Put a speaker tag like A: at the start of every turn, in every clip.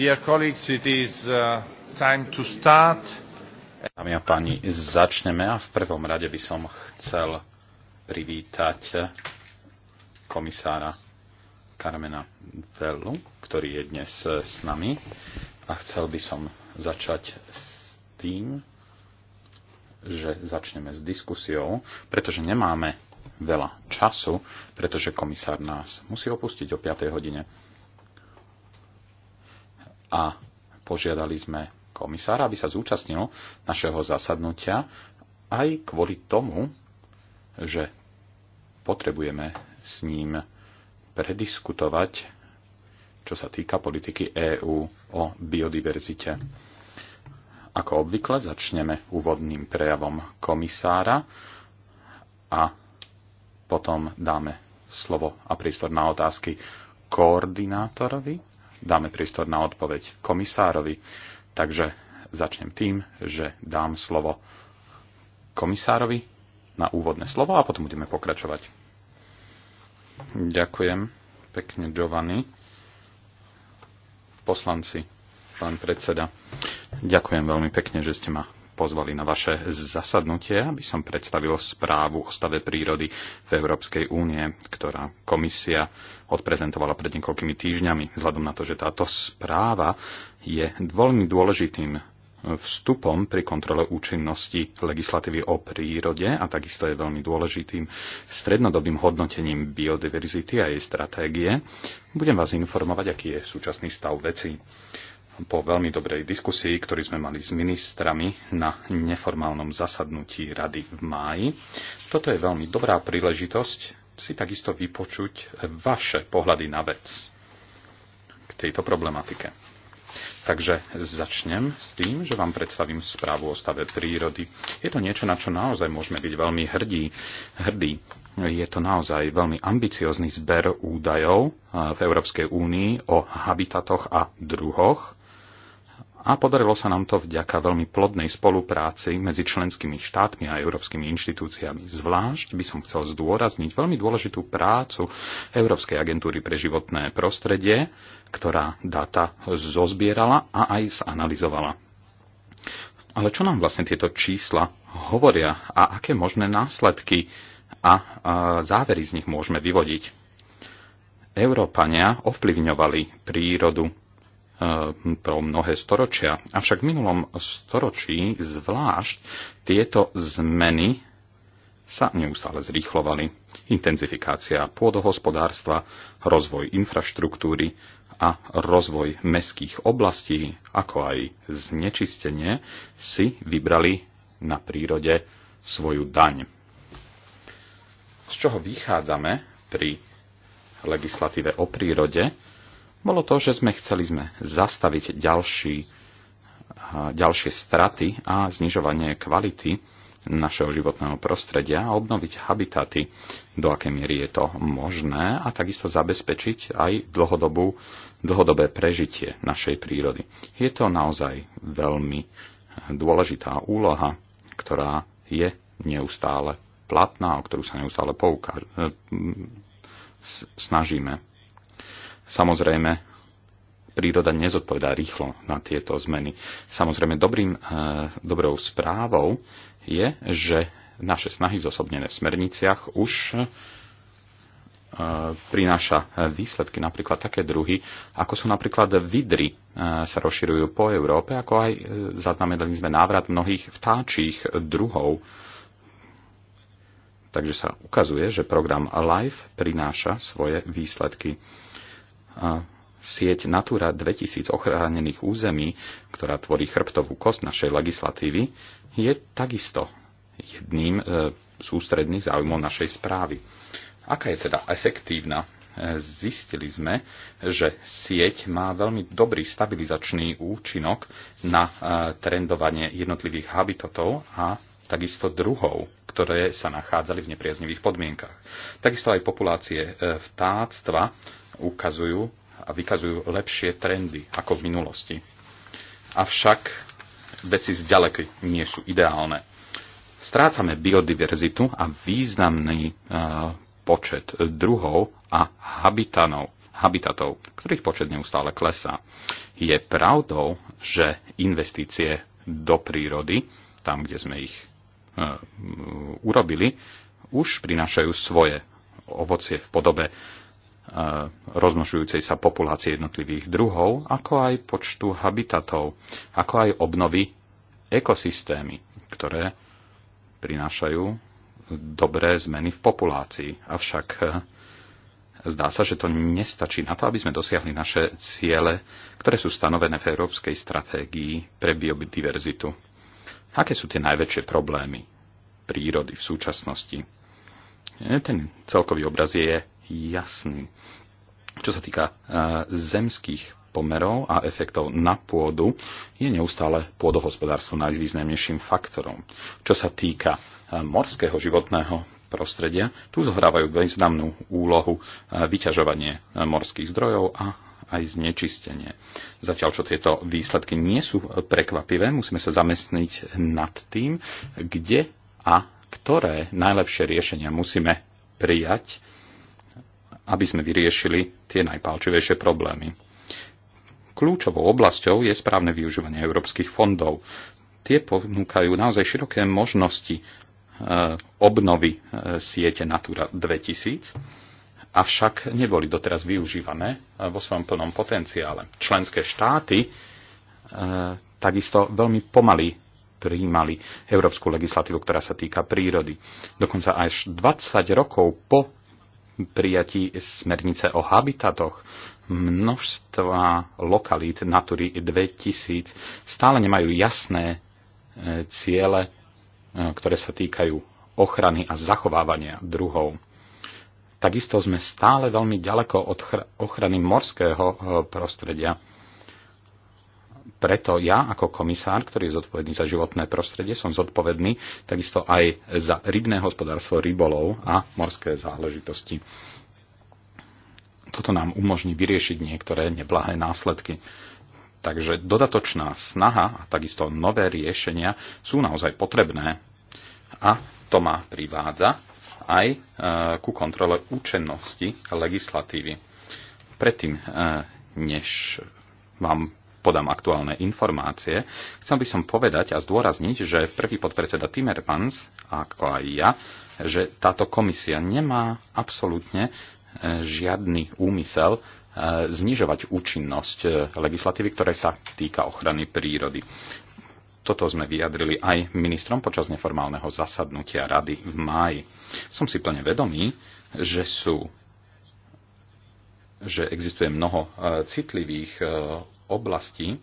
A: Dear colleagues, it is uh, time to start. Dámy a páni, začneme a v prvom rade by som chcel privítať komisára Carmena Vellu, ktorý je dnes uh, s nami. A chcel by som začať s tým, že začneme s diskusiou, pretože nemáme veľa času, pretože komisár nás musí opustiť o 5. hodine a požiadali sme komisára, aby sa zúčastnil našeho zasadnutia aj kvôli tomu, že potrebujeme s ním prediskutovať, čo sa týka politiky EÚ o biodiverzite. Ako obvykle začneme úvodným prejavom komisára a potom dáme slovo a priestor na otázky koordinátorovi dáme priestor na odpoveď komisárovi. Takže začnem tým, že dám slovo komisárovi na úvodné slovo a potom budeme pokračovať. Ďakujem pekne, Giovanni. Poslanci, pán predseda, ďakujem veľmi pekne, že ste ma pozvali na vaše zasadnutie, aby som predstavil správu o stave prírody v Európskej únie, ktorá komisia odprezentovala pred niekoľkými týždňami. Vzhľadom na to, že táto správa je veľmi dôležitým vstupom pri kontrole účinnosti legislatívy o prírode a takisto je veľmi dôležitým strednodobým hodnotením biodiverzity a jej stratégie. Budem vás informovať, aký je súčasný stav veci po veľmi dobrej diskusii, ktorý sme mali s ministrami na neformálnom zasadnutí rady v máji. Toto je veľmi dobrá príležitosť si takisto vypočuť vaše pohľady na vec k tejto problematike. Takže začnem s tým, že vám predstavím správu o stave prírody. Je to niečo, na čo naozaj môžeme byť veľmi hrdí. hrdí. Je to naozaj veľmi ambiciozný zber údajov eh, v Európskej únii o habitatoch a druhoch a podarilo sa nám to vďaka veľmi plodnej spolupráci medzi členskými štátmi a európskymi inštitúciami. Zvlášť by som chcel zdôrazniť veľmi dôležitú prácu Európskej agentúry pre životné prostredie, ktorá data zozbierala a aj zanalizovala. Ale čo nám vlastne tieto čísla hovoria a aké možné následky a závery z nich môžeme vyvodiť? Európania ovplyvňovali prírodu Eh, pro mnohé storočia. Avšak v minulom storočí zvlášť tieto zmeny sa neustále zrýchlovali. Intenzifikácia pôdohospodárstva, rozvoj infraštruktúry a rozvoj meských oblastí, ako aj znečistenie, si vybrali na prírode svoju daň. Z čoho vychádzame pri legislatíve o prírode, bolo to, že sme chceli sme zastaviť ďalší, ďalšie straty a znižovanie kvality našeho životného prostredia a obnoviť habitaty, do akej miery je to možné a takisto zabezpečiť aj dlhodobú, dlhodobé prežitie našej prírody. Je to naozaj veľmi dôležitá úloha, ktorá je neustále platná, o ktorú sa neustále pouka- snažíme. Samozrejme, príroda nezodpovedá rýchlo na tieto zmeny. Samozrejme, dobrým, eh, dobrou správou je, že naše snahy zosobnené v smerniciach už eh, prináša výsledky napríklad také druhy, ako sú napríklad vidry, eh, sa rozširujú po Európe, ako aj zaznamenali sme návrat mnohých vtáčích druhov. Takže sa ukazuje, že program LIFE prináša svoje výsledky sieť Natura 2000 ochránených území, ktorá tvorí chrbtovú kost našej legislatívy, je takisto jedným z e, ústredných záujmov našej správy. Aká je teda efektívna? E, zistili sme, že sieť má veľmi dobrý stabilizačný účinok na e, trendovanie jednotlivých habitatov a takisto druhov, ktoré sa nachádzali v nepriaznivých podmienkach. Takisto aj populácie vtáctva ukazujú a vykazujú lepšie trendy ako v minulosti. Avšak veci zďaleka nie sú ideálne. Strácame biodiverzitu a významný e, počet druhov a habitanov, habitatov, ktorých počet neustále klesá. Je pravdou, že investície do prírody, tam, kde sme ich e, urobili, už prinášajú svoje ovocie v podobe rozmnožujúcej sa populácie jednotlivých druhov, ako aj počtu habitatov, ako aj obnovy ekosystémy, ktoré prinášajú dobré zmeny v populácii. Avšak eh, zdá sa, že to nestačí na to, aby sme dosiahli naše ciele, ktoré sú stanovené v Európskej stratégii pre biodiverzitu. Aké sú tie najväčšie problémy prírody v súčasnosti? Eh, ten celkový obraz je jasný. Čo sa týka e, zemských pomerov a efektov na pôdu, je neustále pôdohospodárstvo najvýznamnejším faktorom. Čo sa týka e, morského životného prostredia, tu zohrávajú významnú úlohu e, vyťažovanie morských zdrojov a aj znečistenie. Zatiaľ, čo tieto výsledky nie sú prekvapivé, musíme sa zamestniť nad tým, kde a ktoré najlepšie riešenia musíme prijať aby sme vyriešili tie najpálčivejšie problémy. Kľúčovou oblasťou je správne využívanie európskych fondov. Tie ponúkajú naozaj široké možnosti e, obnovy e, siete Natura 2000 avšak neboli doteraz využívané e, vo svojom plnom potenciále. Členské štáty takisto veľmi pomaly prijímali európsku legislatívu, ktorá sa týka prírody. Dokonca až 20 rokov po prijatí smernice o habitatoch množstva lokalít Natury 2000 stále nemajú jasné e, ciele, e, ktoré sa týkajú ochrany a zachovávania druhov. Takisto sme stále veľmi ďaleko od ochrany morského e, prostredia preto ja ako komisár, ktorý je zodpovedný za životné prostredie, som zodpovedný takisto aj za rybné hospodárstvo rybolov a morské záležitosti. Toto nám umožní vyriešiť niektoré neblahé následky. Takže dodatočná snaha a takisto nové riešenia sú naozaj potrebné. A to ma privádza aj e, ku kontrole účennosti legislatívy. Predtým, e, než vám podám aktuálne informácie. Chcel by som povedať a zdôrazniť, že prvý podpredseda Timmermans, ako aj ja, že táto komisia nemá absolútne e, žiadny úmysel e, znižovať účinnosť e, legislatívy, ktoré sa týka ochrany prírody. Toto sme vyjadrili aj ministrom počas neformálneho zasadnutia rady v máji. Som si plne vedomý, že sú že existuje mnoho citlivých oblasti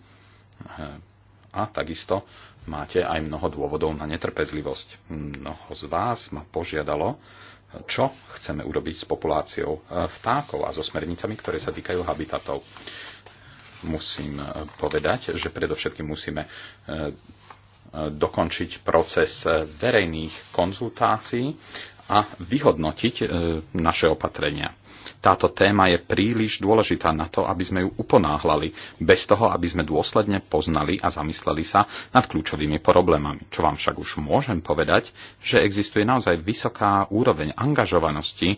A: a takisto máte aj mnoho dôvodov na netrpezlivosť. Mnoho z vás ma požiadalo, čo chceme urobiť s populáciou eh, vtákov a so smernicami, ktoré sa týkajú habitatov. Musím eh, povedať, že predovšetkým musíme eh, dokončiť proces verejných konzultácií a vyhodnotiť naše opatrenia. Táto téma je príliš dôležitá na to, aby sme ju uponáhlali, bez toho, aby sme dôsledne poznali a zamysleli sa nad kľúčovými problémami. Čo vám však už môžem povedať, že existuje naozaj vysoká úroveň angažovanosti e,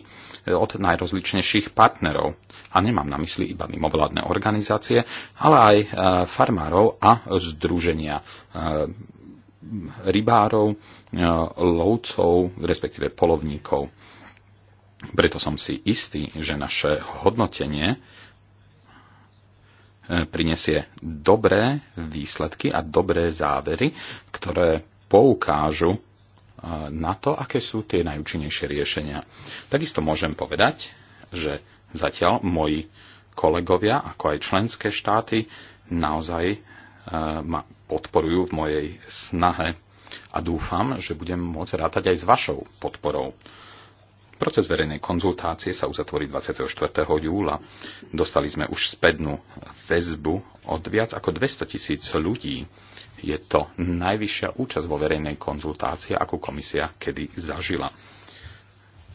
A: od najrozličnejších partnerov. A nemám na mysli iba mimovládne organizácie, ale aj e, farmárov a združenia e, rybárov, lovcov, respektíve polovníkov. Preto som si istý, že naše hodnotenie e, prinesie dobré výsledky a dobré závery, ktoré poukážu e, na to, aké sú tie najúčinnejšie riešenia. Takisto môžem povedať, že zatiaľ moji kolegovia, ako aj členské štáty, naozaj e, ma podporujú v mojej snahe a dúfam, že budem môcť rátať aj s vašou podporou. Proces verejnej konzultácie sa uzatvorí 24. júla. Dostali sme už spätnú väzbu od viac ako 200 tisíc ľudí. Je to najvyššia účasť vo verejnej konzultácii, ako komisia kedy zažila.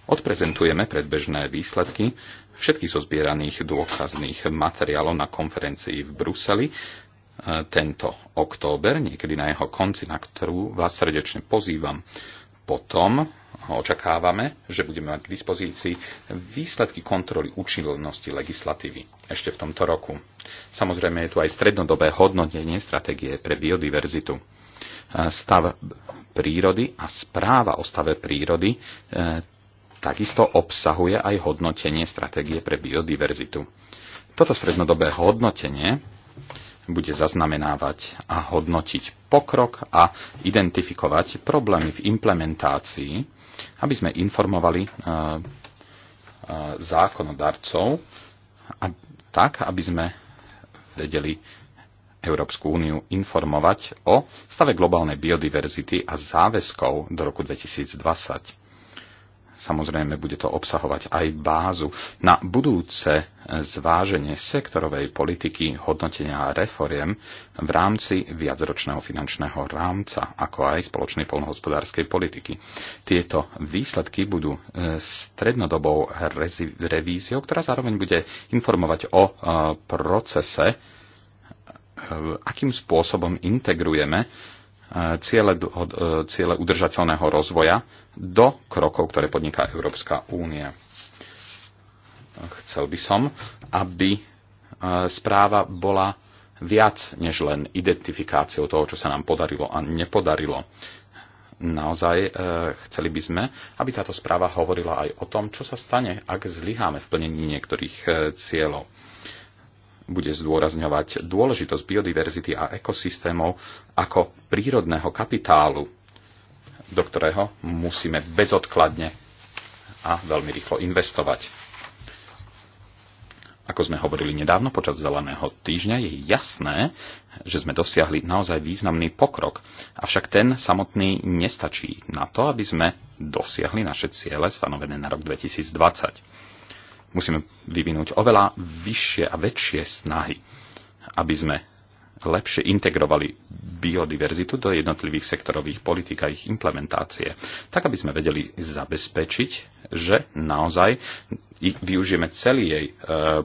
A: Odprezentujeme predbežné výsledky všetkých zozbieraných dôkazných materiálov na konferencii v Bruseli e, tento október, niekedy na jeho konci, na ktorú vás srdečne pozývam potom očakávame, že budeme mať k dispozícii výsledky kontroly účinnosti legislatívy ešte v tomto roku. Samozrejme je tu aj strednodobé hodnotenie stratégie pre biodiverzitu. Stav prírody a správa o stave prírody e, takisto obsahuje aj hodnotenie stratégie pre biodiverzitu. Toto strednodobé hodnotenie bude zaznamenávať a hodnotiť pokrok a identifikovať problémy v implementácii, aby sme informovali e, e, zákonodarcov a tak, aby sme vedeli Európsku úniu informovať o stave globálnej biodiverzity a záväzkov do roku 2020 Samozrejme, bude to obsahovať aj bázu na budúce zváženie sektorovej politiky hodnotenia a reforiem v rámci viacročného finančného rámca, ako aj spoločnej polnohospodárskej politiky. Tieto výsledky budú e, strednodobou revíziou, ktorá zároveň bude informovať o e, procese, e, akým spôsobom integrujeme E, ciele, e, ciele udržateľného rozvoja do krokov, ktoré podniká Európska únia. Chcel by som, aby e, správa bola viac než len identifikáciou toho, čo sa nám podarilo a nepodarilo. Naozaj e, chceli by sme, aby táto správa hovorila aj o tom, čo sa stane, ak zlyháme v plnení niektorých e, cieľov bude zdôrazňovať dôležitosť biodiverzity a ekosystémov ako prírodného kapitálu, do ktorého musíme bezodkladne a veľmi rýchlo investovať. Ako sme hovorili nedávno počas zeleného týždňa, je jasné, že sme dosiahli naozaj významný pokrok, avšak ten samotný nestačí na to, aby sme dosiahli naše ciele stanovené na rok 2020 musíme vyvinúť oveľa vyššie a väčšie snahy, aby sme lepšie integrovali biodiverzitu do jednotlivých sektorových politik a ich implementácie, tak aby sme vedeli zabezpečiť, že naozaj využijeme celý jej e,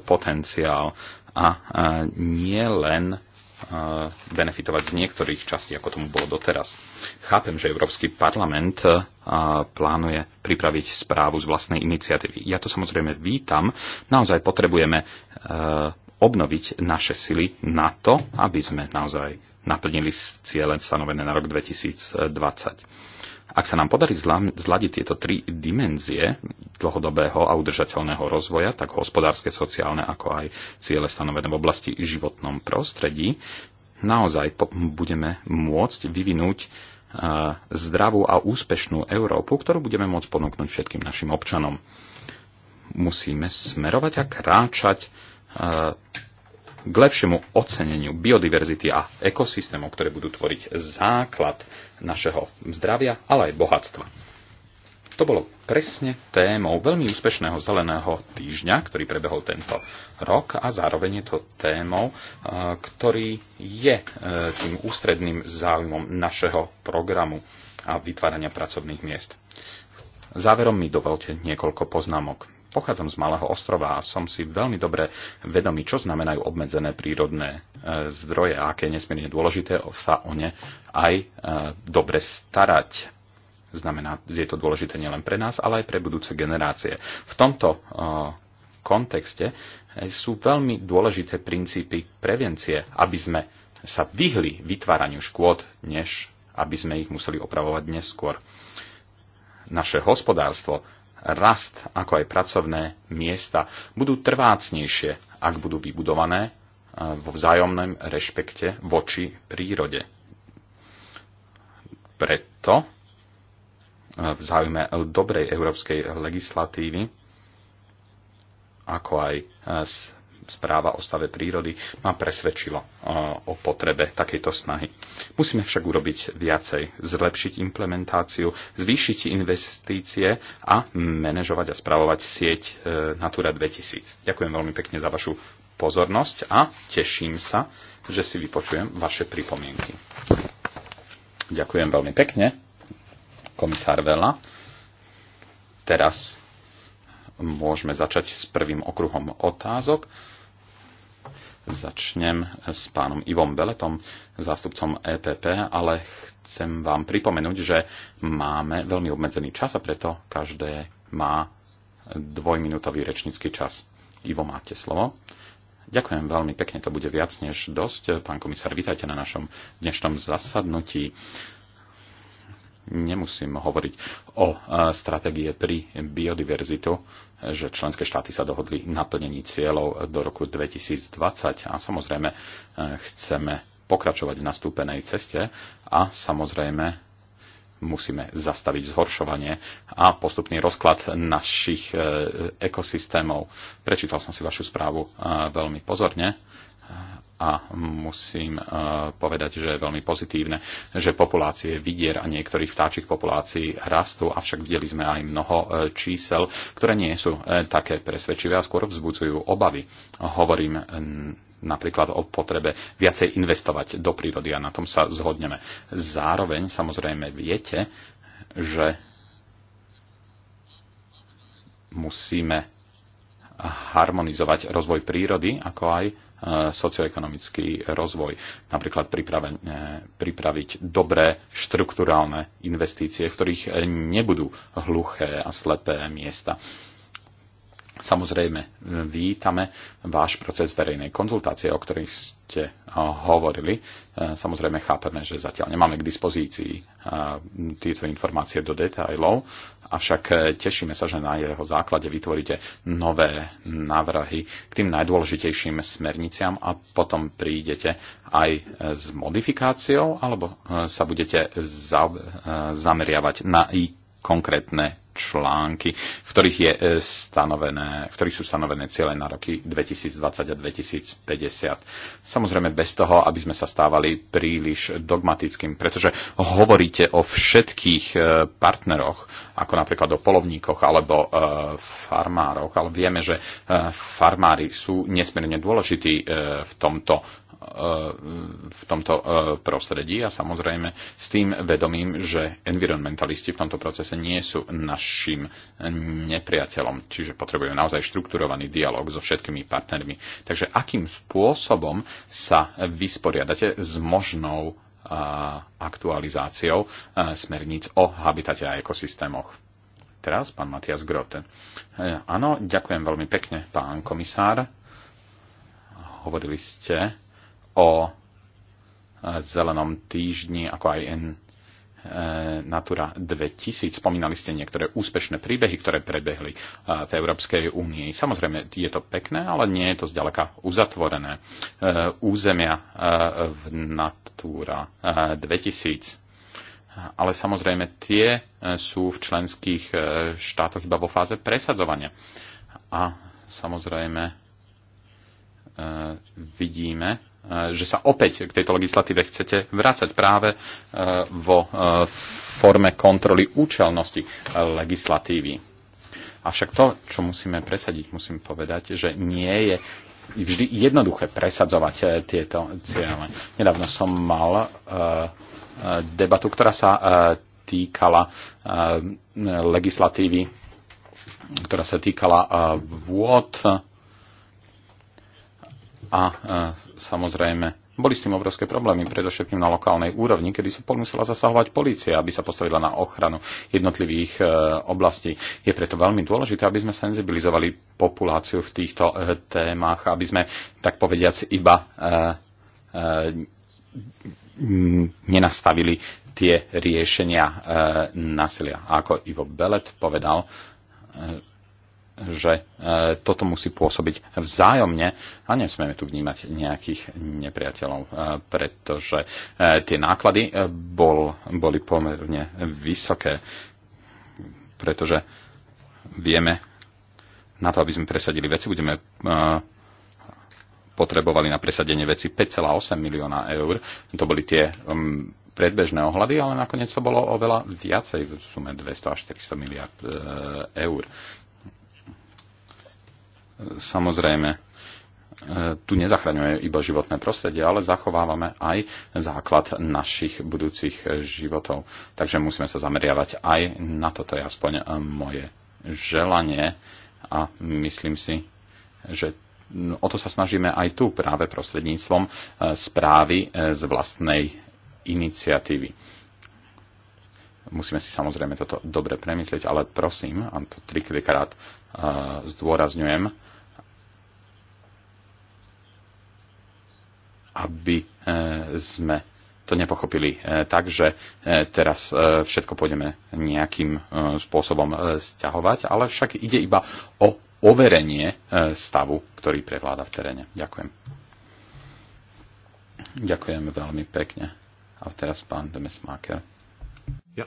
A: potenciál a e, nie len benefitovať z niektorých častí, ako tomu bolo doteraz. Chápem, že Európsky parlament plánuje pripraviť správu z vlastnej iniciatívy. Ja to samozrejme vítam. Naozaj potrebujeme e, obnoviť naše sily na to, aby sme naozaj naplnili ciele stanovené na rok 2020 ak sa nám podarí zladiť tieto tri dimenzie dlhodobého a udržateľného rozvoja, tak hospodárske, sociálne, ako aj ciele stanovené v oblasti životnom prostredí, naozaj budeme môcť vyvinúť e, zdravú a úspešnú Európu, ktorú budeme môcť ponúknuť všetkým našim občanom. Musíme smerovať a kráčať e, k lepšiemu oceneniu biodiverzity a ekosystémov, ktoré budú tvoriť základ našeho zdravia, ale aj bohatstva. To bolo presne témou veľmi úspešného zeleného týždňa, ktorý prebehol tento rok a zároveň je to témou, e, ktorý je e, tým ústredným záujmom našeho programu a vytvárania pracovných miest. Záverom mi dovolte niekoľko poznámok Pochádzam z malého ostrova a som si veľmi dobre vedomý, čo znamenajú obmedzené prírodné e, zdroje a aké je nesmierne dôležité sa o ne aj e, dobre starať. Znamená, je to dôležité nielen pre nás, ale aj pre budúce generácie. V tomto e, kontexte sú veľmi dôležité princípy prevencie, aby sme sa vyhli vytváraniu škôd, než aby sme ich museli opravovať neskôr. Naše hospodárstvo rast, ako aj pracovné miesta budú trvácnejšie, ak budú vybudované eh, vo vzájomnom rešpekte voči prírode. Preto eh, v záujme dobrej európskej legislatívy, ako aj eh, správa o stave prírody ma presvedčilo e, o potrebe takejto snahy. Musíme však urobiť viacej, zlepšiť implementáciu, zvýšiť investície a manažovať a spravovať sieť e, Natura 2000. Ďakujem veľmi pekne za vašu pozornosť a teším sa, že si vypočujem vaše pripomienky. Ďakujem veľmi pekne, komisár Vela. Teraz môžeme začať s prvým okruhom otázok. Začnem s pánom Ivom Beletom, zástupcom EPP, ale chcem vám pripomenúť, že máme veľmi obmedzený čas a preto každé má dvojminútový rečnícky čas. Ivo, máte slovo. Ďakujem veľmi pekne, to bude viac než dosť. Pán komisár, vítajte na našom dnešnom zasadnutí. Nemusím hovoriť o e, stratégie pri biodiverzitu, že členské štáty sa dohodli naplnení cieľov do roku 2020 a samozrejme e, chceme pokračovať v nastúpenej ceste a samozrejme musíme zastaviť zhoršovanie a postupný rozklad našich e, ekosystémov. Prečítal som si vašu správu e, veľmi pozorne a musím e, povedať, že je veľmi pozitívne, že populácie vidier a niektorých vtáčich populácií rastú, avšak videli sme aj mnoho e, čísel, ktoré nie sú e, také presvedčivé a skôr vzbudzujú obavy. Hovorím napríklad o potrebe viacej investovať do prírody a na tom sa zhodneme. Zároveň samozrejme viete, že musíme harmonizovať rozvoj prírody, ako aj E, socioekonomický rozvoj. Napríklad e, pripraviť dobré štrukturálne investície, v ktorých e, nebudú hluché a slepé miesta Samozrejme, vítame váš proces verejnej konzultácie, o ktorých ste eh, hovorili. Eh, samozrejme, chápeme, že zatiaľ nemáme k dispozícii eh, tieto informácie do detailov, avšak tešíme sa, že na jeho základe vytvoríte nové návrhy k tým najdôležitejším smerniciam a potom prídete aj s modifikáciou alebo sa budete zameriavať na konkrétne články, v ktorých, je e, stanovené, v ktorých sú stanovené ciele na roky 2020 a 2050. Samozrejme bez toho, aby sme sa stávali príliš dogmatickým, pretože hovoríte o všetkých e, partneroch, ako napríklad o polovníkoch alebo e, farmároch, ale vieme, že farmári sú nesmierne dôležití v tomto Eh, v tomto eh, prostredí a samozrejme s tým vedomím, že environmentalisti v tomto procese nie sú našim nepriateľom, čiže potrebujú naozaj štrukturovaný dialog so všetkými partnermi. Takže akým spôsobom sa vysporiadate s možnou eh, aktualizáciou smerníc o habitate a ekosystémoch. Teraz pán Matias Grote. Áno, ďakujem veľmi pekne, pán komisár. Hovorili ste o e, zelenom týždni, ako aj e, Natura 2000. Spomínali ste niektoré úspešné príbehy, ktoré prebehli e, v Európskej únii. Samozrejme, je to pekné, ale nie je to zďaleka uzatvorené. Územia v Natura 2000. Ale samozrejme, tie sú v členských štátoch iba vo fáze presadzovania. A samozrejme, vidíme, E, že sa opäť k tejto legislatíve chcete vrácať práve e, vo e, forme kontroly účelnosti legislatívy. Avšak to, čo musíme presadiť, musím povedať, že nie je vždy jednoduché presadzovať tieto ciele. Nedávno som mal debatu, ktorá sa týkala legislatívy, ktorá sa týkala vôd a e, samozrejme boli s tým obrovské problémy, predovšetkým na lokálnej úrovni, kedy sa musela zasahovať polícia, aby sa postavila na ochranu jednotlivých e, oblastí. Je preto veľmi dôležité, aby sme senzibilizovali populáciu v týchto e, témach, aby sme, tak povediac, iba nenastavili tie riešenia násilia. A ako Ivo Belet povedal, že e, toto musí pôsobiť vzájomne a nesmieme tu vnímať nejakých nepriateľov, e, pretože e, tie náklady bol, boli pomerne vysoké, pretože vieme, na to, aby sme presadili veci, budeme potrebovali na presadenie veci 5,8 milióna eur. To boli tie predbežné ohľady, ale nakoniec to bolo oveľa viacej v sume 200 až 400 miliard eur. Samozrejme, e, tu nezachraňuje iba životné prostredie, ale zachovávame aj základ našich budúcich životov. Takže musíme sa zameriavať aj na toto, je aspoň e, moje želanie a myslím si, že o to sa snažíme aj tu práve prostredníctvom e, správy z vlastnej iniciatívy Musíme si samozrejme toto dobre premyslieť, ale prosím, a to trikrát eh, zdôrazňujem, aby eh, sme to nepochopili eh, tak, že teraz všetko pôjdeme nejakým spôsobom stiahovať, ale však ide iba o overenie stavu, ktorý prevláda v teréne. Ďakujem. Ďakujem veľmi pekne. A teraz pán Demesmaker. Eh,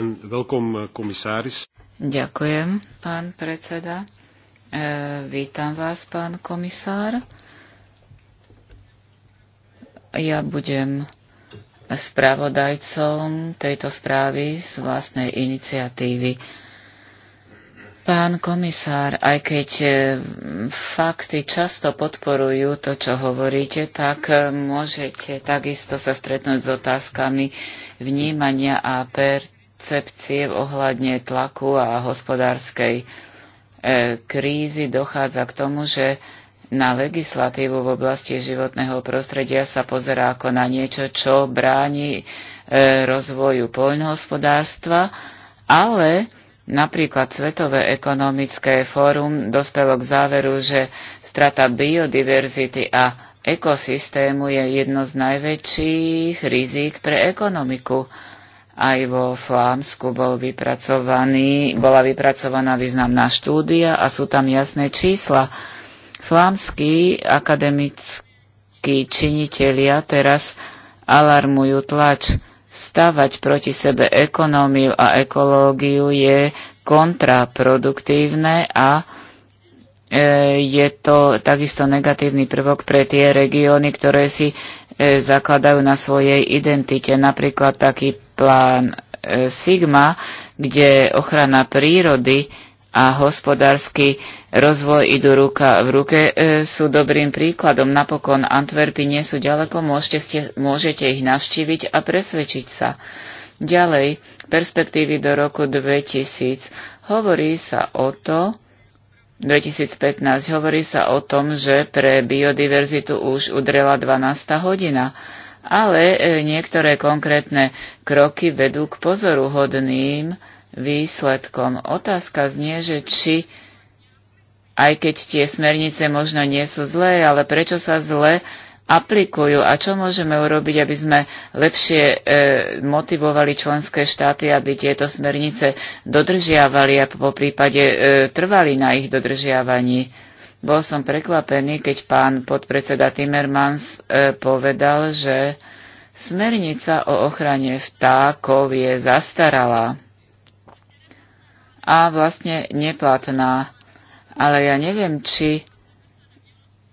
A: eh,
B: Ďakujem, pán predseda. E, vítam vás, pán komisár. Ja budem spravodajcom tejto správy z vlastnej iniciatívy. Pán komisár, aj keď e, fakty často podporujú to, čo hovoríte, tak e, môžete takisto sa stretnúť s otázkami vnímania a percepcie ohľadne tlaku a hospodárskej e, krízy. Dochádza k tomu, že na legislatívu v oblasti životného prostredia sa pozerá ako na niečo, čo bráni rozvoju poľnohospodárstva, ale Napríklad Svetové ekonomické fórum dospelo k záveru, že strata biodiverzity a ekosystému je jedno z najväčších rizík pre ekonomiku. Aj vo Flámsku bol vypracovaný, bola vypracovaná významná štúdia a sú tam jasné čísla. Flámsky akademickí činitelia teraz alarmujú tlač stavať proti sebe ekonómiu a ekológiu je kontraproduktívne a e, je to takisto negatívny prvok pre tie regióny, ktoré si e, zakladajú na svojej identite. Napríklad taký plán e, Sigma, kde ochrana prírody a hospodársky rozvoj idú ruka v ruke, e, sú dobrým príkladom. Napokon Antwerpy nie sú ďaleko, môžete, ste, môžete ich navštíviť a presvedčiť sa. Ďalej, perspektívy do roku 2000. Hovorí sa o to, 2015 hovorí sa o tom, že pre biodiverzitu už udrela 12. hodina, ale e, niektoré konkrétne kroky vedú k pozoruhodným výsledkom. Otázka znie, že či aj keď tie smernice možno nie sú zlé, ale prečo sa zle aplikujú a čo môžeme urobiť, aby sme lepšie e, motivovali členské štáty, aby tieto smernice dodržiavali a po prípade e, trvali na ich dodržiavaní. Bol som prekvapený, keď pán podpredseda Timmermans e, povedal, že smernica o ochrane vtákov je zastaralá a vlastne neplatná. Ale ja neviem, či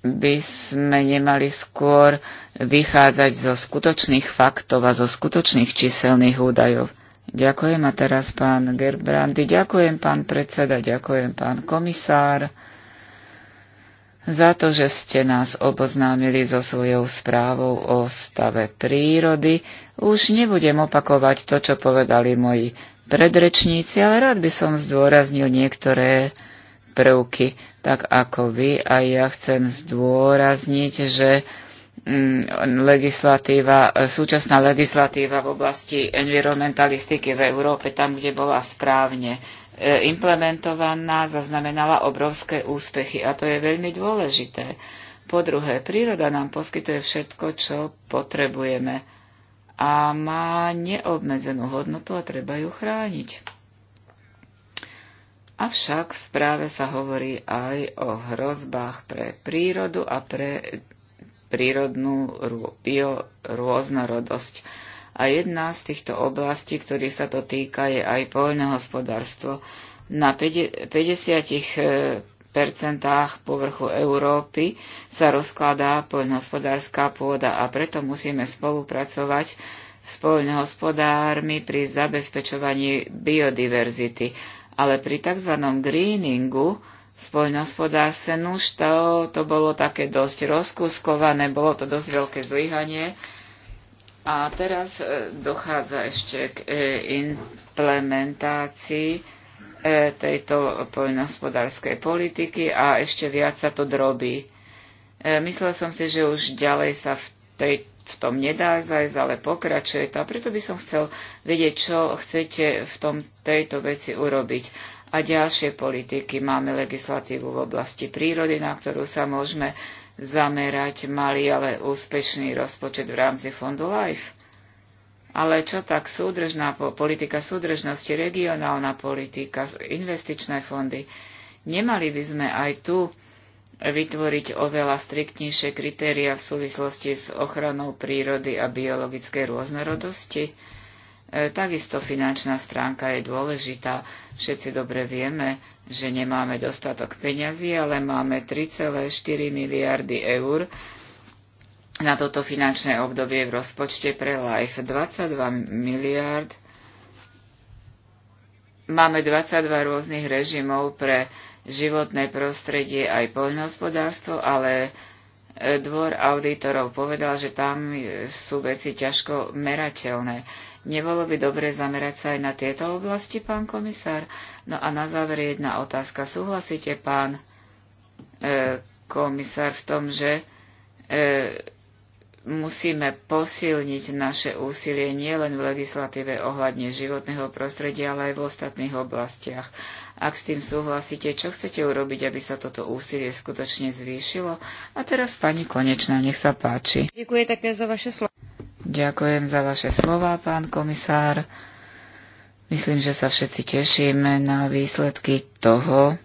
B: by sme nemali skôr vychádzať zo skutočných faktov a zo skutočných číselných údajov. Ďakujem a teraz pán Gerbrandy, ďakujem pán predseda, ďakujem pán komisár za to, že ste nás oboznámili so svojou správou o stave prírody. Už nebudem opakovať to, čo povedali moji predrečníci, ale rád by som zdôraznil niektoré prvky, tak ako vy. A ja chcem zdôrazniť, že mm, legislatíva, súčasná legislatíva v oblasti environmentalistiky v Európe, tam, kde bola správne e, implementovaná, zaznamenala obrovské úspechy a to je veľmi dôležité. Po druhé, príroda nám poskytuje všetko, čo potrebujeme a má neobmedzenú hodnotu a treba ju chrániť. Avšak v správe sa hovorí aj o hrozbách pre prírodu a pre prírodnú biorôznorodosť. A jedna z týchto oblastí, ktorých sa to týka, je aj poľnohospodárstvo. Na 50 percentách povrchu Európy sa rozkladá poľnohospodárska pôda a preto musíme spolupracovať s poľnohospodármi pri zabezpečovaní biodiverzity. Ale pri tzv. greeningu v poľnohospodárstve už to, to bolo také dosť rozkuskované, bolo to dosť veľké zlyhanie. A teraz e, dochádza ešte k e, implementácii E, tejto poľnohospodárskej politiky a ešte viac sa to drobí. E, Myslel som si, že už ďalej sa v, tej, v tom nedá zajsť, ale pokračuje to a preto by som chcel vedieť, čo chcete v tom, tejto veci urobiť. A ďalšie politiky. Máme legislatívu v oblasti prírody, na ktorú sa môžeme zamerať. Malý, ale úspešný rozpočet v rámci fondu LIFE ale čo tak súdržná politika súdržnosti, regionálna politika, investičné fondy? Nemali by sme aj tu vytvoriť oveľa striktnejšie kritéria v súvislosti s ochranou prírody a biologickej rôznorodosti? E, takisto finančná stránka je dôležitá. Všetci dobre vieme, že nemáme dostatok peňazí, ale máme 3,4 miliardy eur na toto finančné obdobie v rozpočte pre LIFE 22 miliard. Máme 22 rôznych režimov pre životné prostredie aj poľnohospodárstvo, ale e, dvor auditorov povedal, že tam e, sú veci ťažko merateľné. Nebolo by dobre zamerať sa aj na tieto oblasti, pán komisár? No a na záver jedna otázka. Súhlasíte, pán e, komisár, v tom, že e, musíme posilniť naše úsilie nielen v legislatíve ohľadne životného prostredia, ale aj v ostatných oblastiach. Ak s tým súhlasíte, čo chcete urobiť, aby sa toto úsilie skutočne zvýšilo? A teraz pani Konečná, nech sa páči. Ďakujem také za vaše slova. Ďakujem za vaše slova, pán komisár. Myslím, že sa všetci tešíme na výsledky toho,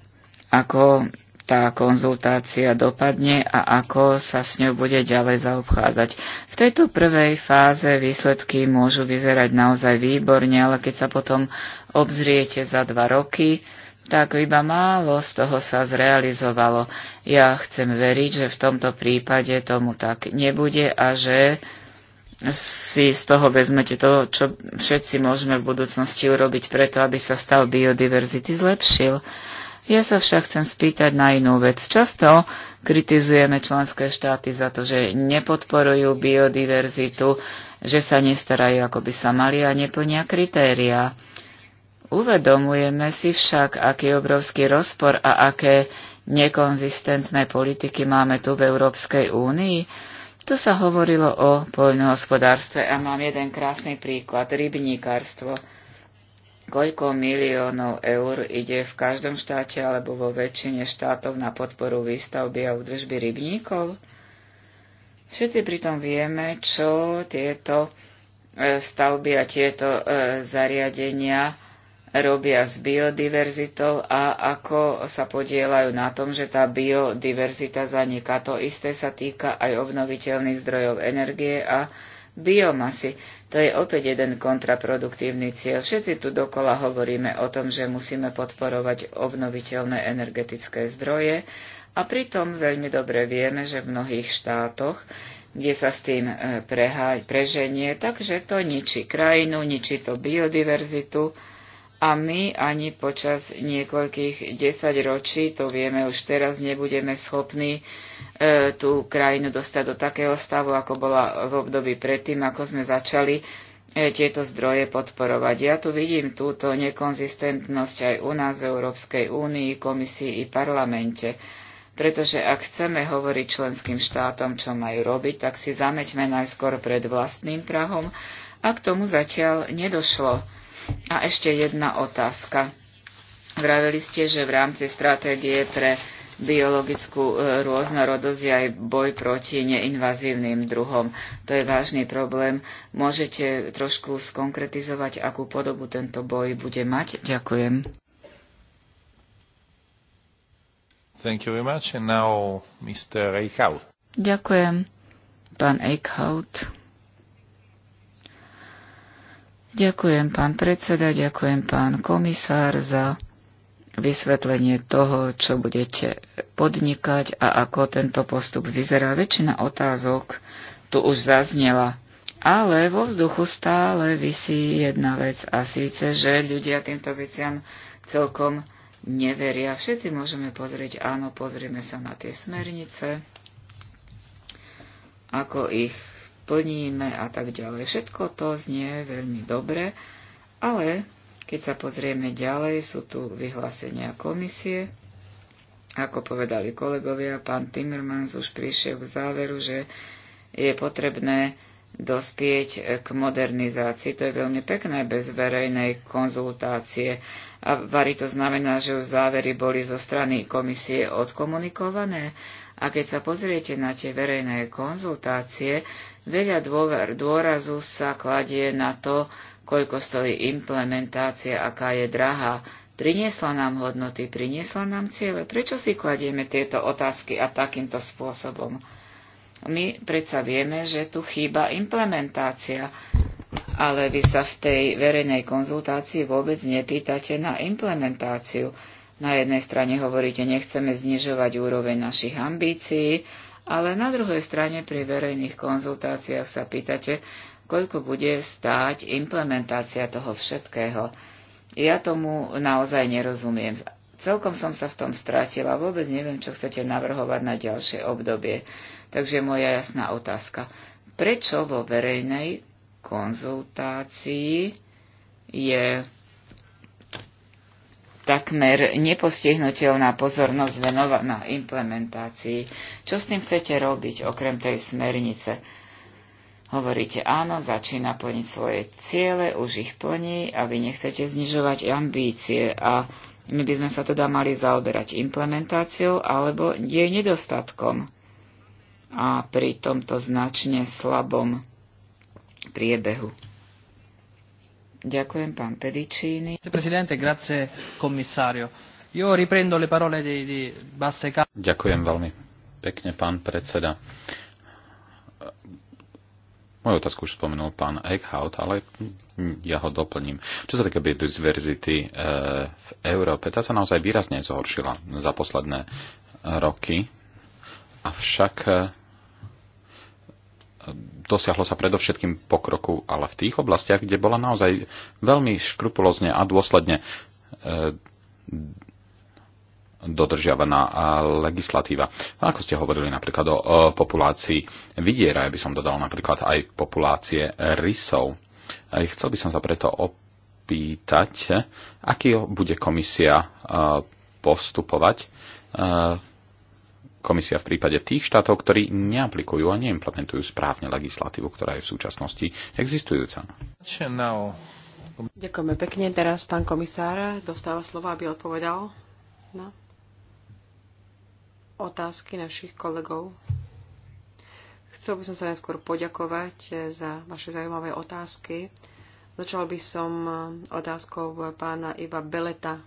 B: ako tá konzultácia dopadne a ako sa s ňou bude ďalej zaobchádzať. V tejto prvej fáze výsledky môžu vyzerať naozaj výborne, ale keď sa potom obzriete za dva roky, tak iba málo z toho sa zrealizovalo. Ja chcem veriť, že v tomto prípade tomu tak nebude a že si z toho vezmete to, čo všetci môžeme v budúcnosti urobiť preto, aby sa stav biodiverzity zlepšil. Ja sa však chcem spýtať na inú vec. Často kritizujeme členské štáty za to, že nepodporujú biodiverzitu, že sa nestarajú, ako by sa mali a neplnia kritériá. Uvedomujeme si však, aký obrovský rozpor a aké nekonzistentné politiky máme tu v Európskej únii. Tu sa hovorilo o poľnohospodárstve a mám jeden krásny príklad, rybníkarstvo koľko miliónov eur ide v každom štáte alebo vo väčšine štátov na podporu výstavby a údržby rybníkov? Všetci pritom vieme, čo tieto e, stavby a tieto e, zariadenia robia s biodiverzitou a ako sa podielajú na tom, že tá biodiverzita zaniká. To isté sa týka aj obnoviteľných zdrojov energie a biomasy. To je opäť jeden kontraproduktívny cieľ. Všetci tu dokola hovoríme o tom, že musíme podporovať obnoviteľné energetické zdroje a pritom veľmi dobre vieme, že v mnohých štátoch, kde sa s tým e, preženie, takže to ničí krajinu, ničí to biodiverzitu a my ani počas niekoľkých desaťročí, to vieme už teraz, nebudeme schopní e, tú krajinu dostať do takého stavu, ako bola v období predtým, ako sme začali e, tieto zdroje podporovať. Ja tu vidím túto nekonzistentnosť aj u nás v Európskej únii, komisii i parlamente. Pretože ak chceme hovoriť členským štátom, čo majú robiť, tak si zameťme najskôr pred vlastným prahom a k tomu zatiaľ nedošlo a ešte jedna otázka. Vraveli ste, že v rámci stratégie pre biologickú e, rôznorodosť aj boj proti neinvazívnym druhom. To je vážny problém. Môžete trošku skonkretizovať, akú podobu tento boj bude mať? Ďakujem.
A: Thank you very much. And now Mr.
B: Ďakujem, pán Eichhout. Ďakujem, pán predseda, ďakujem, pán komisár, za vysvetlenie toho, čo budete podnikať a ako tento postup vyzerá. Väčšina otázok tu už zaznela. Ale vo vzduchu stále vysí jedna vec a síce, že ľudia týmto veciam celkom neveria. Všetci môžeme pozrieť, áno, pozrieme sa na tie smernice, ako ich plníme a tak ďalej. Všetko to znie veľmi dobre, ale keď sa pozrieme ďalej, sú tu vyhlásenia komisie. Ako povedali kolegovia, pán Timmermans už prišiel k záveru, že je potrebné dospieť k modernizácii. To je veľmi pekné bez verejnej konzultácie. A varí to znamená, že už závery boli zo strany komisie odkomunikované. A keď sa pozriete na tie verejné konzultácie, Veľa dôver, dôrazu sa kladie na to, koľko stojí implementácia, aká je drahá. Priniesla nám hodnoty, priniesla nám ciele. Prečo si kladieme tieto otázky a takýmto spôsobom? My predsa vieme, že tu chýba implementácia, ale vy sa v tej verejnej konzultácii vôbec nepýtate na implementáciu. Na jednej strane hovoríte, nechceme znižovať úroveň našich ambícií, ale na druhej strane pri verejných konzultáciách sa pýtate, koľko bude stáť implementácia toho všetkého. Ja tomu naozaj nerozumiem. Celkom som sa v tom stratila, vôbec neviem, čo chcete navrhovať na ďalšie obdobie. Takže moja jasná otázka. Prečo vo verejnej konzultácii je takmer nepostihnutelná pozornosť venovaná implementácii. Čo s tým chcete robiť, okrem tej smernice? Hovoríte áno, začína plniť svoje ciele, už ich plní a vy nechcete znižovať ambície a my by sme sa teda mali zaoberať implementáciou alebo jej nedostatkom. A pri tomto značne slabom priebehu. Ďakujem, pán Pedicini. Presidente, grazie, Io riprendo le parole di, di Basseca.
C: Ďakujem
A: veľmi pekne, pán predseda. Moju otázku už spomenul pán Eckhout, ale ja ho doplním. Čo sa týka biodiverzity eh, v Európe, tá sa naozaj výrazne zhoršila za posledné roky, avšak eh, dosiahlo sa predovšetkým pokroku, ale v tých oblastiach, kde bola naozaj veľmi škrupulózne a dôsledne eh, dodržiavaná eh, legislatíva. Ako ste hovorili napríklad o eh, populácii vidiera, ja by som dodal napríklad aj populácie rysov. Chcel by som sa preto opýtať, aký bude komisia postupovať Komisia v prípade tých štátov, ktorí neaplikujú a neimplementujú správne legislatívu, ktorá je v súčasnosti existujúca.
C: Ďakujeme pekne. Teraz pán komisár dostáva slovo, aby odpovedal na otázky našich kolegov. Chcel by som sa najskôr poďakovať za vaše zaujímavé otázky. Začal by som otázkou pána Iva Beleta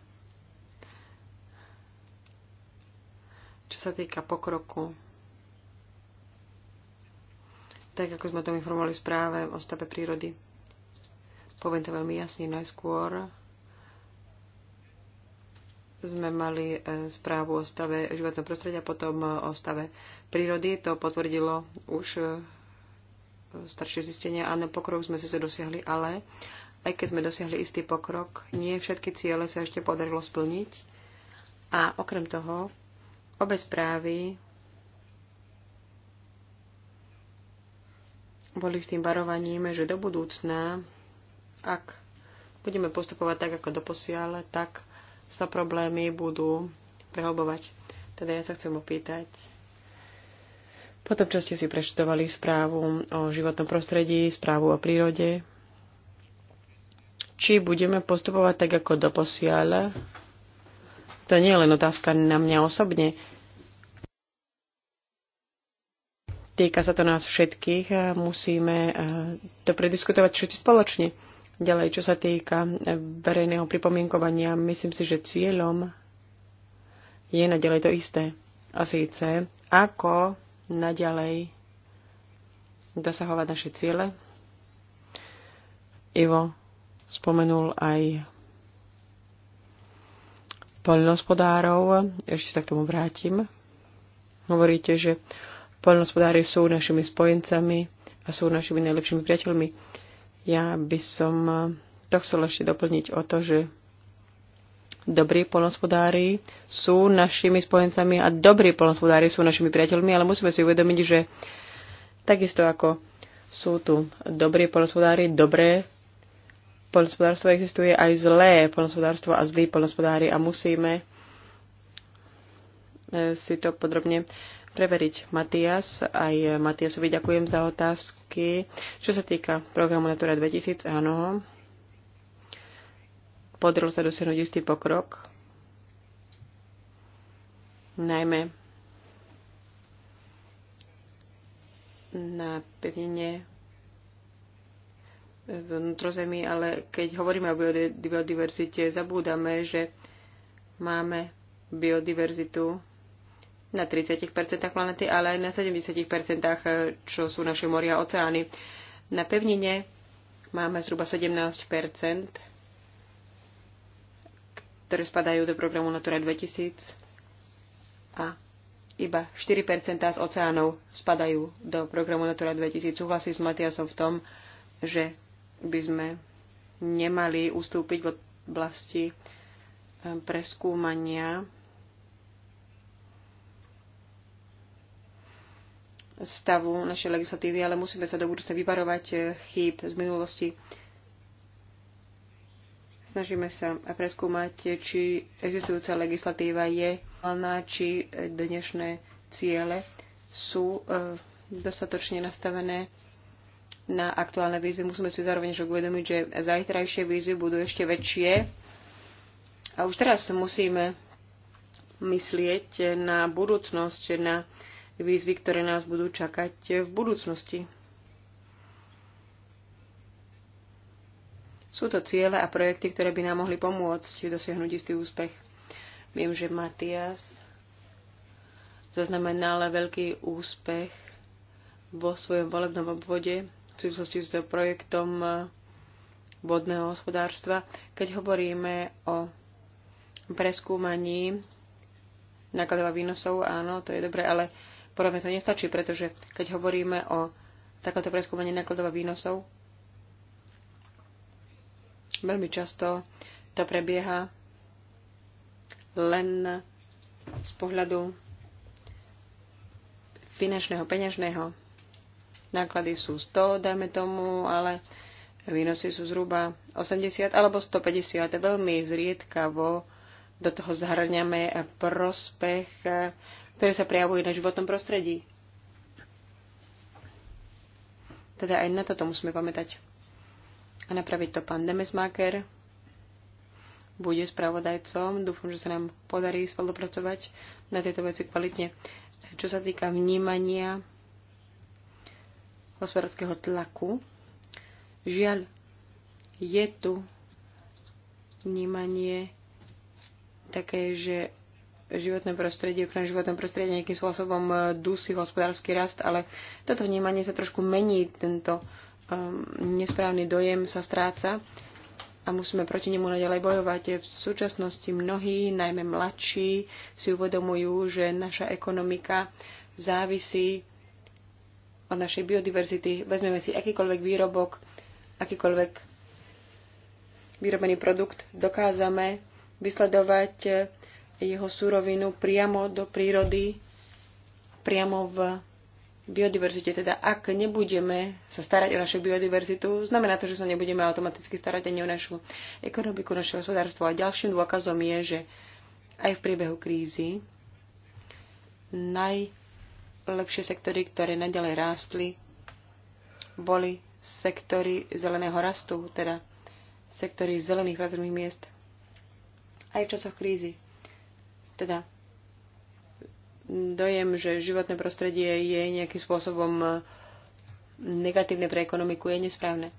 C: čo sa týka pokroku, tak ako sme to informovali v správe o stave prírody, poviem to veľmi jasne, najskôr sme mali e, správu o stave životného prostredia, potom e, o stave prírody. To potvrdilo už e, staršie zistenia. Áno, pokrok sme sa dosiahli, ale aj keď sme dosiahli istý pokrok, nie všetky ciele sa ešte podarilo splniť. A okrem toho, Obe správy boli s tým varovaním, že do budúcna, ak budeme postupovať tak, ako doposiaľ, tak sa problémy budú prehlbovať. Teda ja sa chcem opýtať, potom čo ste si preštudovali správu o životnom prostredí, správu o prírode, či budeme postupovať tak, ako doposiaľ, to nie je len otázka na mňa osobne. Týka sa to nás všetkých a musíme e, to prediskutovať všetci spoločne. Ďalej, čo sa týka e, verejného pripomienkovania, myslím si, že cieľom je naďalej to isté. A síce, ako naďalej dosahovať naše ciele. Ivo spomenul aj poľnohospodárov, ešte sa k tomu vrátim. Hovoríte, že poľnohospodári sú našimi spojencami a sú našimi najlepšími priateľmi. Ja by som to chcel ešte doplniť o to, že dobrí polnospodári sú našimi spojencami a dobrí polnospodári sú našimi priateľmi, ale musíme si uvedomiť, že takisto ako sú tu dobrí polnospodári, dobré poľnospodárstvo existuje aj zlé poľnospodárstvo a zlí poľnospodári a musíme e, si to podrobne preveriť. Matias, aj Matiasovi ďakujem za otázky. Čo sa týka programu Natura 2000, áno, podarilo sa dosiahnuť istý pokrok, najmä na pevnine vnútrozemí, ale keď hovoríme o biodiverzite, zabúdame, že máme biodiverzitu na 30% planety, ale aj na 70%, eh, čo sú naše moria a oceány. Na pevnine máme zhruba 17%, ktoré spadajú do programu Natura 2000 a iba 4% z oceánov spadajú do programu Natura 2000. Súhlasím s Matiasom v tom, že by sme nemali ustúpiť v oblasti e, preskúmania stavu našej legislatívy, ale musíme sa do budúcna vyvarovať e, chýb z minulosti. Snažíme sa preskúmať, e, či existujúca legislatíva je plná, či dnešné ciele sú dostatočne nastavené na aktuálne výzvy. Musíme si zároveň uvedomiť, že zajtrajšie výzvy budú ešte väčšie. A už teraz musíme myslieť na budúcnosť, na výzvy, ktoré nás budú čakať v budúcnosti. Sú to ciele a projekty, ktoré by nám mohli pomôcť dosiahnuť istý úspech. Viem, že Matias zaznamenal veľký úspech vo svojom volebnom obvode v súvislosti s projektom eh, vodného hospodárstva. Keď hovoríme o preskúmaní nákladov a výnosov, áno, to je dobre, ale podľa mňa to nestačí, pretože keď hovoríme o takéto preskúmaní nákladov a výnosov, veľmi často to prebieha len z pohľadu finančného, peňažného náklady sú 100, dajme tomu, ale výnosy sú zhruba 80 alebo 150. Veľmi zriedkavo do toho zahrňame prospech, ktorý sa prejavuje na životnom prostredí. Teda aj na toto musíme pamätať. A napraviť to pán Demesmaker bude spravodajcom. Dúfam, že sa nám podarí spolupracovať na tieto veci kvalitne. Čo sa týka vnímania hospodárskeho tlaku. Žiaľ, je tu vnímanie také, že životné prostredie, okrem životného prostredia nejakým spôsobom eh, dusí hospodársky rast, ale toto vnímanie sa trošku mení, tento um, nesprávny dojem sa stráca a musíme proti nemu naďalej bojovať. V súčasnosti mnohí, najmä mladší, si uvedomujú, že naša ekonomika závisí od našej biodiverzity. Vezmeme si akýkoľvek výrobok, akýkoľvek vyrobený produkt, dokážeme vysledovať eh, jeho súrovinu priamo do prírody, priamo v biodiverzite. Teda ak nebudeme sa starať o našu biodiverzitu, znamená to, že sa nebudeme automaticky starať ani o našu ekonomiku, naše hospodárstvo. A ďalším dôkazom je, že aj v priebehu krízy naj Lepšie sektory, ktoré nadalej rástli, boli sektory zeleného rastu, teda sektory zelených pracovných miest. Aj v časoch krízy. Teda dojem, že životné prostredie je nejakým spôsobom e, negatívne pre ekonomiku, je nesprávne.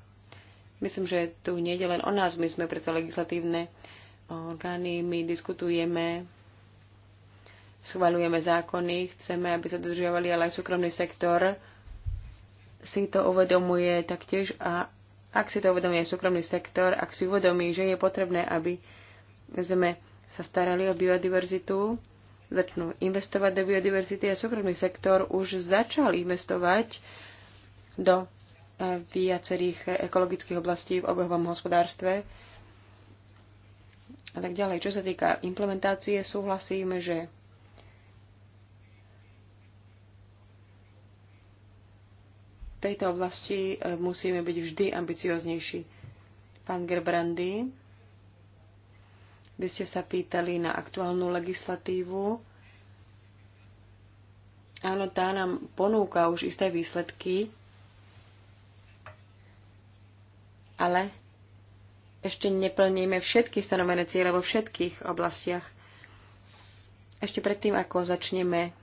C: Myslím, že tu nie je len o nás, my sme predsa legislatívne orgány, my diskutujeme schvaľujeme zákony, chceme, aby sa dodržiavali, ale aj súkromný sektor si to uvedomuje taktiež a ak si to uvedomuje súkromný sektor, ak si uvedomí, že je potrebné, aby sme sa starali o biodiverzitu, začnú investovať do biodiverzity a súkromný sektor už začal investovať do eh, viacerých ekologických oblastí v obehovom hospodárstve a tak ďalej. Čo sa týka implementácie, súhlasíme, že tejto oblasti e, musíme byť vždy ambicioznejší. Pán Gerbrandy, vy ste sa pýtali na aktuálnu legislatívu. Áno, tá nám ponúka už isté výsledky, ale ešte neplníme všetky stanovené ciele vo všetkých oblastiach. Ešte predtým, ako začneme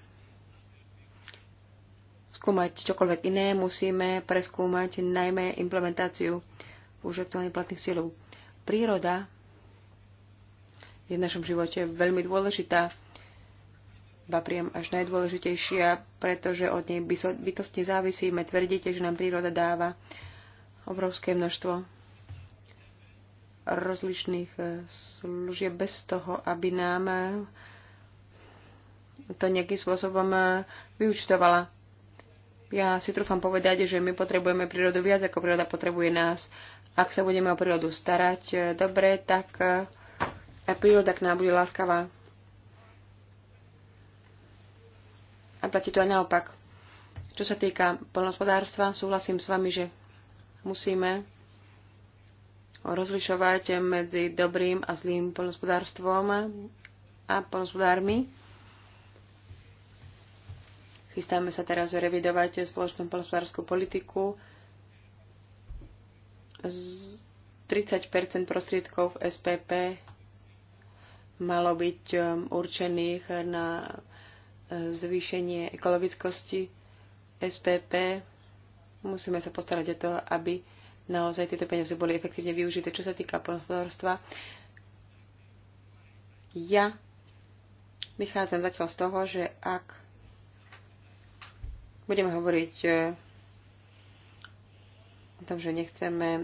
C: skúmať čokoľvek iné, musíme preskúmať najmä implementáciu už aktuálne platných cieľov. Príroda je v našom živote veľmi dôležitá, ba priam až najdôležitejšia, pretože od nej bytostne závisíme. Tvrdíte, že nám príroda dáva obrovské množstvo rozličných e, služieb bez toho, aby nám to nejakým spôsobom e, vyučtovala. Ja si trúfam povedať, že my potrebujeme prírodu viac, ako príroda potrebuje nás. Ak sa budeme o prírodu starať eh, dobre, tak eh, príroda k nám bude láskavá. A platí to aj naopak. Čo sa týka polnospodárstva, súhlasím s vami, že musíme rozlišovať medzi dobrým a zlým polnospodárstvom a polnospodármi Chystáme sa teraz revidovať spoločnú hospodárskú politiku. Z 30 prostriedkov v SPP malo byť um, určených na e, zvýšenie ekologickosti SPP. Musíme sa postarať o to, aby naozaj tieto peniaze boli efektívne využité. Čo sa týka polospodárstva. ja vychádzam zatiaľ z toho, že ak Budeme hovoriť e, o tom, že nechceme e, e,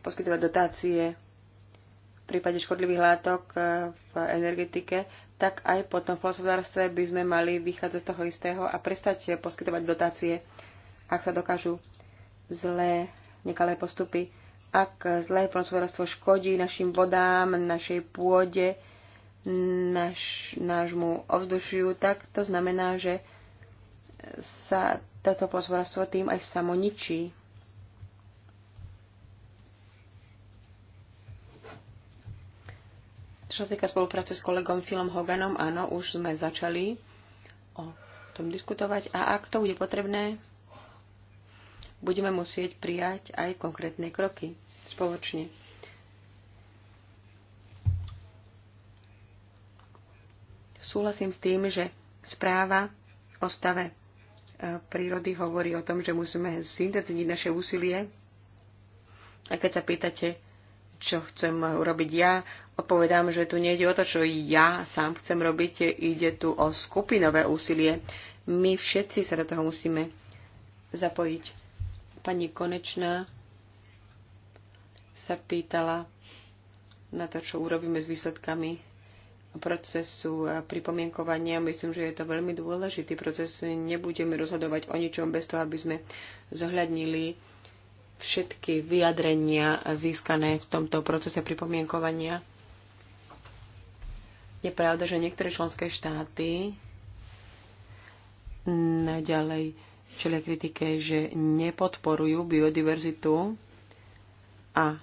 C: poskytovať dotácie v prípade škodlivých látok v energetike, tak aj potom v hospodárstve by sme mali vychádzať z toho istého a prestať poskytovať dotácie, ak sa dokážu zlé nekalé postupy, ak zlé plnospodárstvo škodí našim vodám, našej pôde, nášmu ovzdušiu, tak to znamená, že sa táto plnospodárstvo tým aj samo ničí. Čo sa týka spolupráce s kolegom Filom Hoganom, áno, už sme začali o tom diskutovať a ak to bude potrebné, budeme musieť prijať aj konkrétne kroky spoločne. Súhlasím s tým, že správa o stave prírody hovorí o tom, že musíme zintenzívniť naše úsilie. A keď sa pýtate, čo chcem urobiť ja, odpovedám, že tu nejde o to, čo ja sám chcem robiť, ide tu o skupinové úsilie. My všetci sa do toho musíme zapojiť. Pani Konečná sa pýtala na to, čo urobíme s výsledkami procesu pripomienkovania. Myslím, že je to veľmi dôležitý proces. Nebudeme rozhodovať o ničom bez toho, aby sme zohľadnili všetky vyjadrenia získané v tomto procese pripomienkovania. Je pravda, že niektoré členské štáty naďalej čelia kritike, že nepodporujú biodiverzitu a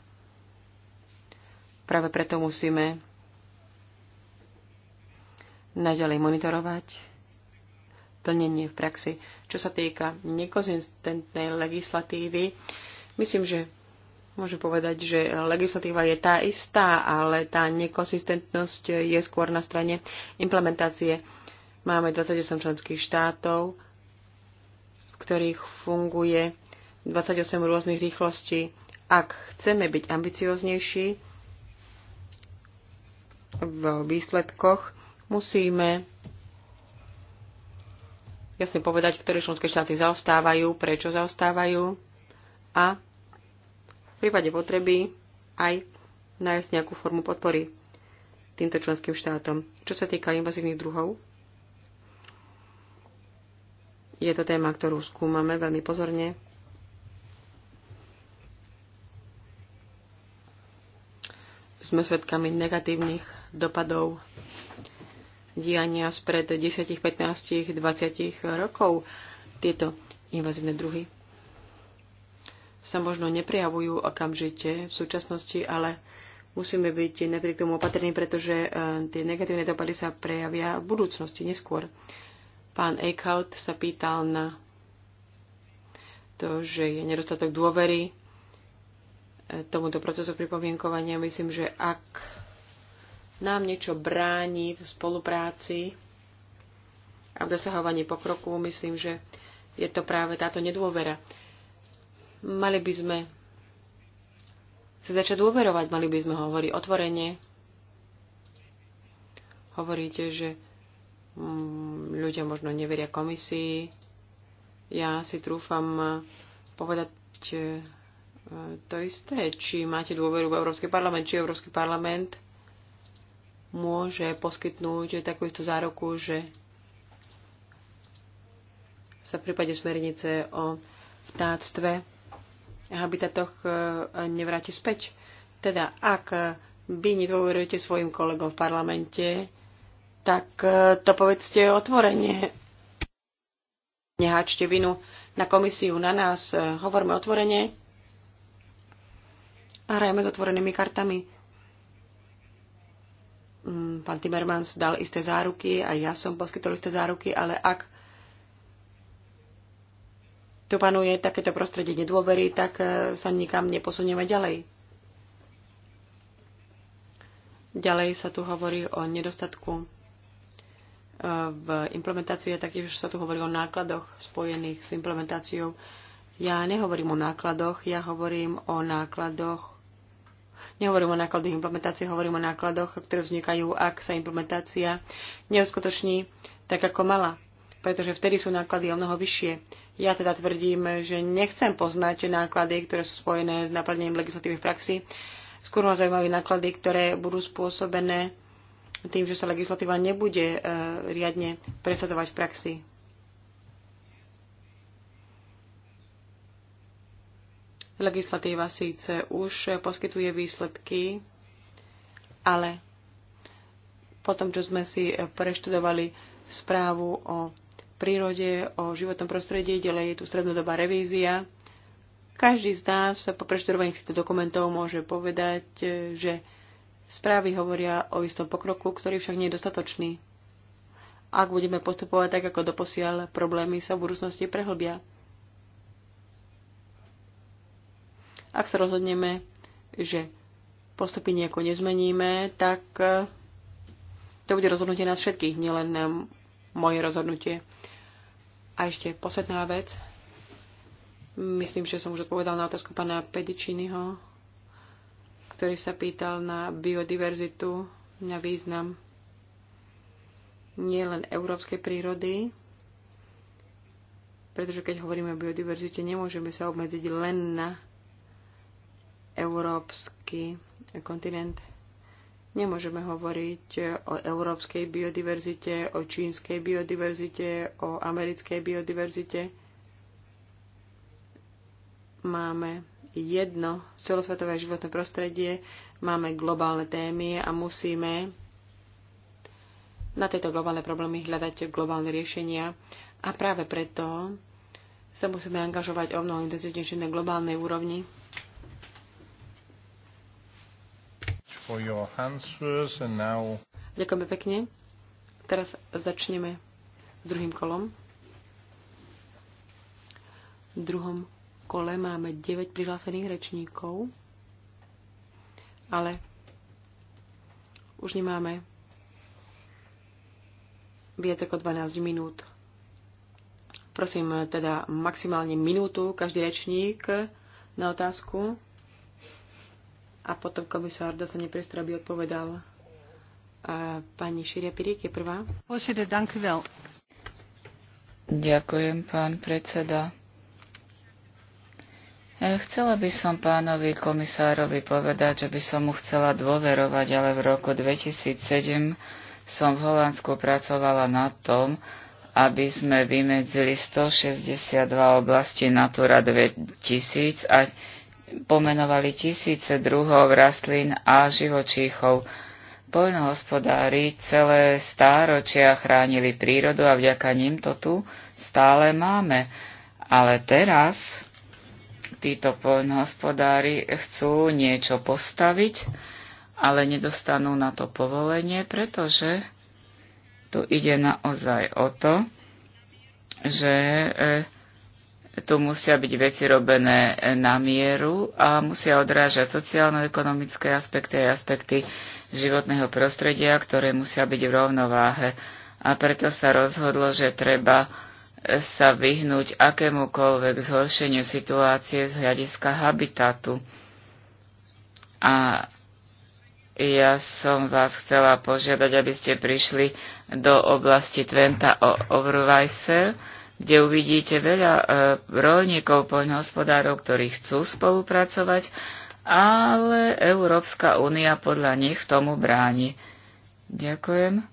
C: práve preto musíme naďalej monitorovať plnenie v praxi. Čo sa týka nekonzistentnej legislatívy, myslím, že môžem povedať, že legislatíva je tá istá, ale tá nekonzistentnosť je skôr na strane implementácie. Máme 28 členských štátov, v ktorých funguje 28 rôznych rýchlostí. Ak chceme byť ambicioznejší v výsledkoch, Musíme jasne povedať, ktoré členské štáty zaostávajú, prečo zaostávajú a v prípade potreby aj nájsť nejakú formu podpory týmto členským štátom. Čo sa týka invazívnych druhov, je to téma, ktorú skúmame veľmi pozorne. Sme svedkami negatívnych dopadov diania spred 10, 15, 20 rokov. Tieto invazívne druhy sa možno neprejavujú okamžite v súčasnosti, ale musíme byť napriek tomu opatrní, pretože e, tie negatívne dopady sa prejavia v budúcnosti neskôr. Pán Eichhout sa pýtal na to, že je nedostatok dôvery e, tomuto procesu pripomienkovania. Myslím, že ak nám niečo bráni v spolupráci a v dosahovaní pokroku, myslím, že je to práve táto nedôvera. Mali by sme sa začať dôverovať, mali by sme hovoriť otvorene. Hovoríte, že mm, ľudia možno neveria komisii. Ja si trúfam eh, povedať eh, to isté, či máte dôveru v Európsky parlament, či Európsky parlament môže poskytnúť takúto zároku, záruku, že sa v prípade smernice o vtáctve a habitatoch e, nevráti späť. Teda, ak vy nedôverujete svojim kolegom v parlamente, tak e, to povedzte otvorene. Neháčte vinu na komisiu, na nás. E, hovorme otvorene a hrajeme s otvorenými kartami. Mm, pán Timmermans dal isté záruky, a ja som poskytol isté záruky, ale ak tu panuje takéto prostredie nedôvery, tak e, sa nikam neposunieme ďalej. Ďalej sa tu hovorí o nedostatku e, v implementácii a taktiež sa tu hovorí o nákladoch spojených s implementáciou. Ja nehovorím o nákladoch, ja hovorím o nákladoch Nehovorím o nákladoch implementácie, hovorím o nákladoch, ktoré vznikajú, ak sa implementácia neuskutoční tak, ako mala. Pretože vtedy sú náklady o mnoho vyššie. Ja teda tvrdím, že nechcem poznať náklady, ktoré sú spojené s naplnením legislatívy v praxi. Skôr ma zaujímavé náklady, ktoré budú spôsobené tým, že sa legislatíva nebude e, riadne presadovať v praxi. Legislatíva síce už poskytuje výsledky, ale potom, čo sme si preštudovali správu o prírode, o životnom prostredí, ďalej je tu strednodobá revízia. Každý z nás sa po preštudovaní týchto dokumentov môže povedať, že správy hovoria o istom pokroku, ktorý však nie je dostatočný. Ak budeme postupovať tak, ako doposiaľ, problémy sa v budúcnosti prehlbia. Ak sa rozhodneme, že postupy nejako nezmeníme, tak e, to bude rozhodnutie nás všetkých, nielen e, moje rozhodnutie. A ešte posledná vec. Myslím, že som už odpovedal na otázku pána Pedičiniho, ktorý sa pýtal na biodiverzitu, na význam nielen európskej prírody, pretože keď hovoríme o biodiverzite, nemôžeme sa obmedziť len na európsky kontinent. Nemôžeme hovoriť o európskej biodiverzite, o čínskej biodiverzite, o americkej biodiverzite. Máme jedno celosvetové životné prostredie, máme globálne témy a musíme na tieto globálne problémy hľadať globálne riešenia. A práve preto sa musíme angažovať o mnoho intenzívnejšie na globálnej úrovni.
A: for your answers and now...
C: Ďakujeme pekne. Teraz začneme s druhým kolom. V druhom kole máme 9 prihlásených rečníkov, ale už nemáme viac ako 12 minút. Prosím teda maximálne minútu každý rečník na otázku a potom komisár sa priestor, aby odpovedal. E, pani Širia Pirík je prvá.
B: Ďakujem, pán predseda. E, chcela by som pánovi komisárovi povedať, že by som mu chcela dôverovať, ale v roku 2007 som v Holandsku pracovala na tom, aby sme vymedzili 162 oblasti Natura 2000 a pomenovali tisíce druhov rastlín a živočíchov. Poľnohospodári celé stáročia chránili prírodu a vďaka nim to tu stále máme. Ale teraz títo poľnohospodári chcú niečo postaviť, ale nedostanú na to povolenie, pretože tu ide naozaj o to, že eh, tu musia byť veci robené na mieru a musia odrážať sociálno-ekonomické aspekty a aspekty životného prostredia, ktoré musia byť v rovnováhe. A preto sa rozhodlo, že treba sa vyhnúť akémukoľvek zhoršeniu situácie z hľadiska habitatu. A ja som vás chcela požiadať, aby ste prišli do oblasti Tventa o Overweiser, kde uvidíte veľa e, rolníkov, poľnohospodárov, ktorí chcú spolupracovať, ale Európska únia podľa nich tomu bráni. Ďakujem.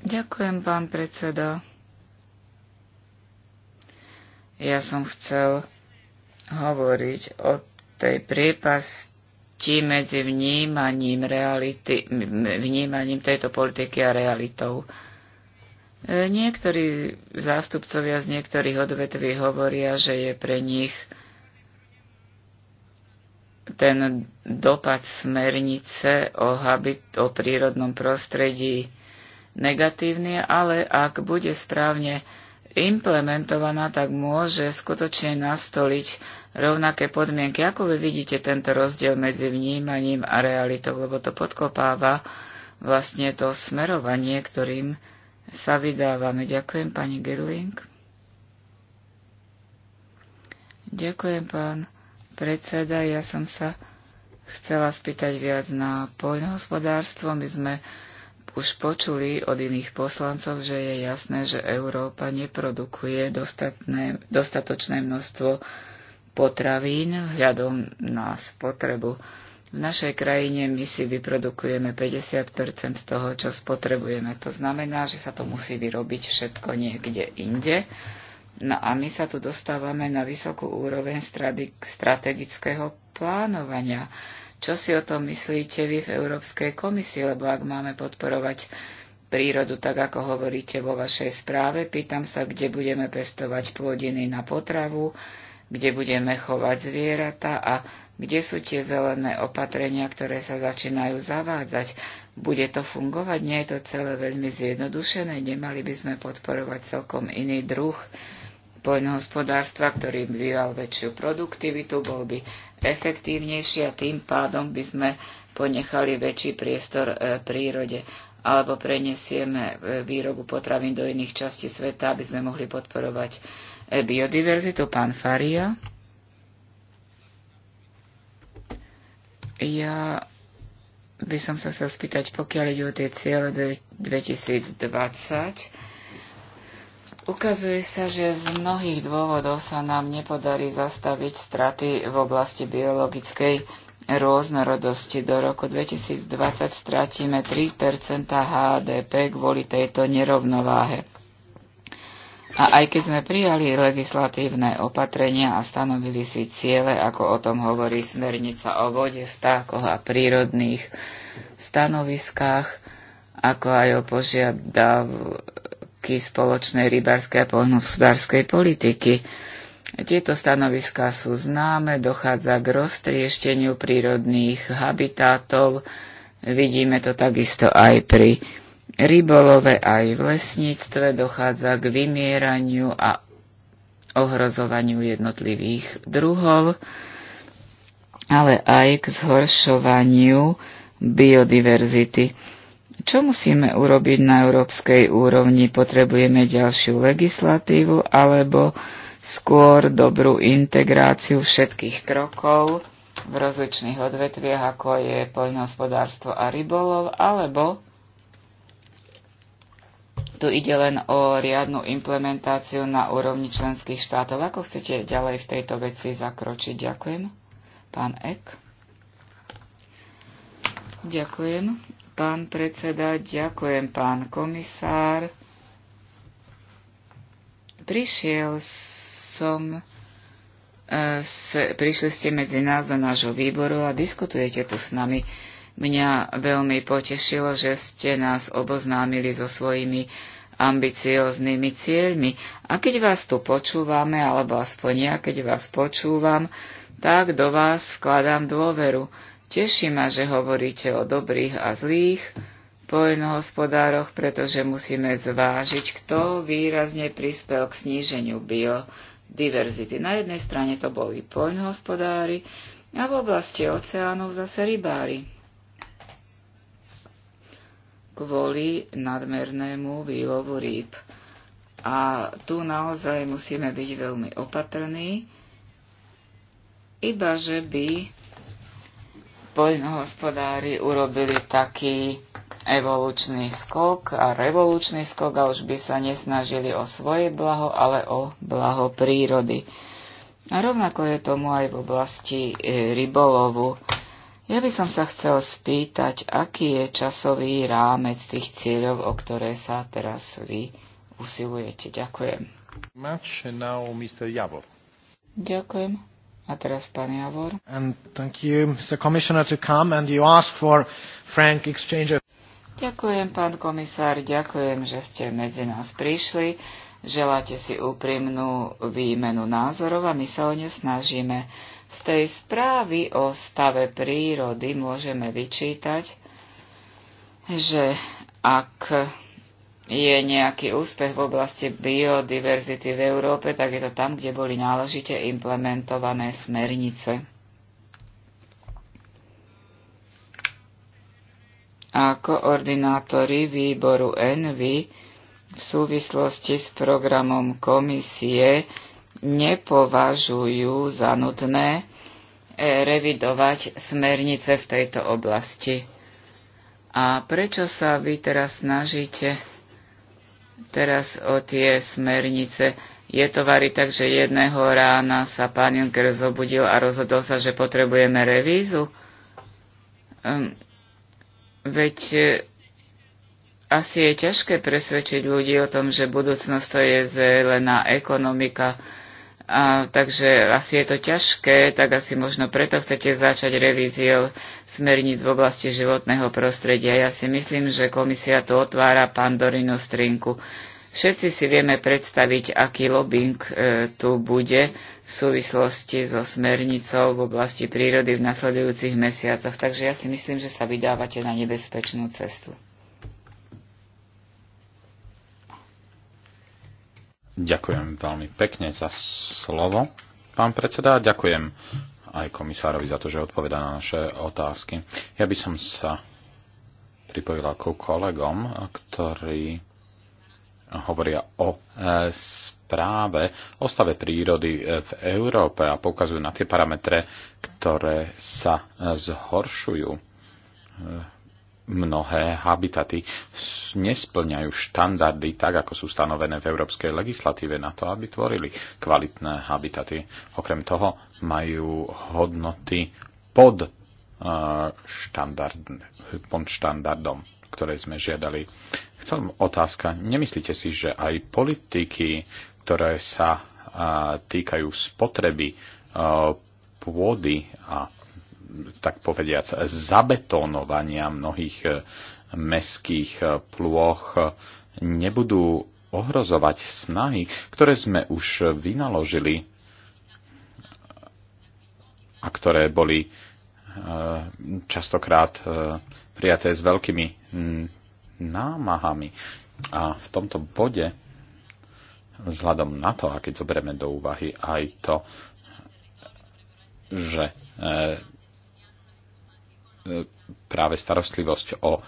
B: Ďakujem, pán predseda. Ja som chcel hovoriť o tej priepasti medzi vnímaním, reality, vnímaním tejto politiky a realitou. E, niektorí zástupcovia z niektorých odvetví hovoria, že je pre nich ten dopad smernice o, habit, o prírodnom prostredí negatívny, ale ak bude správne implementovaná, tak môže skutočne nastoliť rovnaké podmienky. Ako vy vidíte tento rozdiel medzi vnímaním a realitou, lebo to podkopáva vlastne to smerovanie, ktorým sa vydávame. Ďakujem, pani Gerling. Ďakujem, pán predseda. Ja som sa chcela spýtať viac na poľnohospodárstvo. My sme už počuli od iných poslancov, že je jasné, že Európa neprodukuje dostatné, dostatočné množstvo potravín vzhľadom na spotrebu v našej krajine my si vyprodukujeme 50 toho, čo spotrebujeme. To znamená, že sa to musí vyrobiť všetko niekde inde. No a my sa tu dostávame na vysokú úroveň strategického plánovania. Čo si o tom myslíte vy v Európskej komisii? Lebo ak máme podporovať prírodu, tak ako hovoríte vo vašej správe, pýtam sa, kde budeme pestovať plodiny na potravu, kde budeme chovať zvieratá a kde sú tie zelené opatrenia, ktoré sa začínajú zavádzať? Bude to fungovať? Nie je to celé veľmi zjednodušené? Nemali by sme podporovať celkom iný druh poľnohospodárstva, ktorý by mal väčšiu produktivitu, bol by efektívnejší a tým pádom by sme ponechali väčší priestor e, prírode alebo prenesieme e, výrobu potravín do iných častí sveta, aby sme mohli podporovať e, biodiverzitu. Pán Faria. Ja by som sa chcel spýtať, pokiaľ ide o tie cieľe 2020, ukazuje sa, že z mnohých dôvodov sa nám nepodarí zastaviť straty v oblasti biologickej rôznorodosti. Do roku 2020 stratíme 3 HDP kvôli tejto nerovnováhe. A aj keď sme prijali legislatívne opatrenia a stanovili si ciele, ako o tom hovorí smernica o vode, vtákoch a prírodných stanoviskách, ako aj o požiadavky spoločnej rybárskej a poľnohospodárskej politiky. Tieto stanoviská sú známe, dochádza k roztriešteniu prírodných habitátov, vidíme to takisto aj pri rybolove aj v lesníctve dochádza k vymieraniu a ohrozovaniu jednotlivých druhov, ale aj k zhoršovaniu biodiverzity. Čo musíme urobiť na európskej úrovni? Potrebujeme ďalšiu legislatívu alebo skôr dobrú integráciu všetkých krokov v rozličných odvetviach, ako je poľnohospodárstvo a rybolov, alebo tu ide len o riadnu implementáciu na úrovni členských štátov. Ako chcete ďalej v tejto veci zakročiť? Ďakujem. Pán Ek. Ďakujem. Pán predseda, ďakujem. Pán komisár. Prišiel som eh, prišli ste medzi nás do nášho výboru a diskutujete tu s nami. Mňa veľmi potešilo, že ste nás oboznámili so svojimi ambicióznymi cieľmi. A keď vás tu počúvame, alebo aspoň ja, keď vás počúvam, tak do vás vkladám dôveru. Teší ma, že hovoríte o dobrých a zlých poľnohospodároch, pretože musíme zvážiť, kto výrazne prispel k sníženiu biodiverzity. Na jednej strane to boli poľnohospodári a v oblasti oceánov zase rybári kvôli nadmernému výlovu rýb. A tu naozaj musíme byť veľmi opatrní, iba že by poľnohospodári urobili taký evolučný skok a revolučný skok a už by sa nesnažili o svoje blaho, ale o blaho prírody. A rovnako je tomu aj v oblasti e, rybolovu ja by som sa chcel spýtať, aký je časový rámec tých cieľov, o ktoré sa teraz vy usilujete. Ďakujem.
A: Much now, Mr. Javor.
B: Ďakujem. A teraz pán Javor.
A: And thank you, Mr. Commissioner, to come and you ask for frank exchange of...
B: Ďakujem, pán komisár, ďakujem, že ste medzi nás prišli. Želáte si úprimnú výmenu názorov a my sa o ňu snažíme. Z tej správy o stave prírody môžeme vyčítať, že ak je nejaký úspech v oblasti biodiverzity v Európe, tak je to tam, kde boli náležite implementované smernice. A koordinátori výboru ENVY v súvislosti s programom komisie nepovažujú za nutné e, revidovať smernice v tejto oblasti. A prečo sa vy teraz snažíte teraz o tie smernice? Je to vary tak, že jedného rána sa pán Juncker zobudil a rozhodol sa, že potrebujeme revízu? Um, veď e, asi je ťažké presvedčiť ľudí o tom, že budúcnosť to je zelená ekonomika, a, takže asi je to ťažké, tak asi možno preto chcete začať revíziou smerníc v oblasti životného prostredia. Ja si myslím, že komisia tu otvára pandorinu strinku. Všetci si vieme predstaviť, aký lobbying e, tu bude v súvislosti so smernicou v oblasti prírody v nasledujúcich mesiacoch. Takže ja si myslím, že sa vydávate na nebezpečnú cestu.
A: Ďakujem veľmi pekne za slovo, pán predseda. ďakujem aj komisárovi za to, že odpovedá na naše otázky. Ja by som sa pripojila ku kolegom, ktorí hovoria o e, správe o stave prírody e, v Európe a poukazujú na tie parametre, ktoré sa e, zhoršujú mnohé habitaty nesplňajú štandardy tak, ako sú stanovené v európskej legislatíve na to, aby tvorili kvalitné habitaty. Okrem toho majú hodnoty pod, eh, štandard, pod štandardom, ktoré sme žiadali. Chcem otázka, nemyslíte si, že aj politiky, ktoré sa eh, týkajú spotreby eh, pôdy a tak povediac, zabetónovania mnohých e, meských e, plôch e, nebudú ohrozovať snahy, ktoré sme už vynaložili a ktoré boli častokrát prijaté s veľkými námahami. A v tomto bode, vzhľadom na to, a keď zoberieme do úvahy aj to, že práve starostlivosť o e,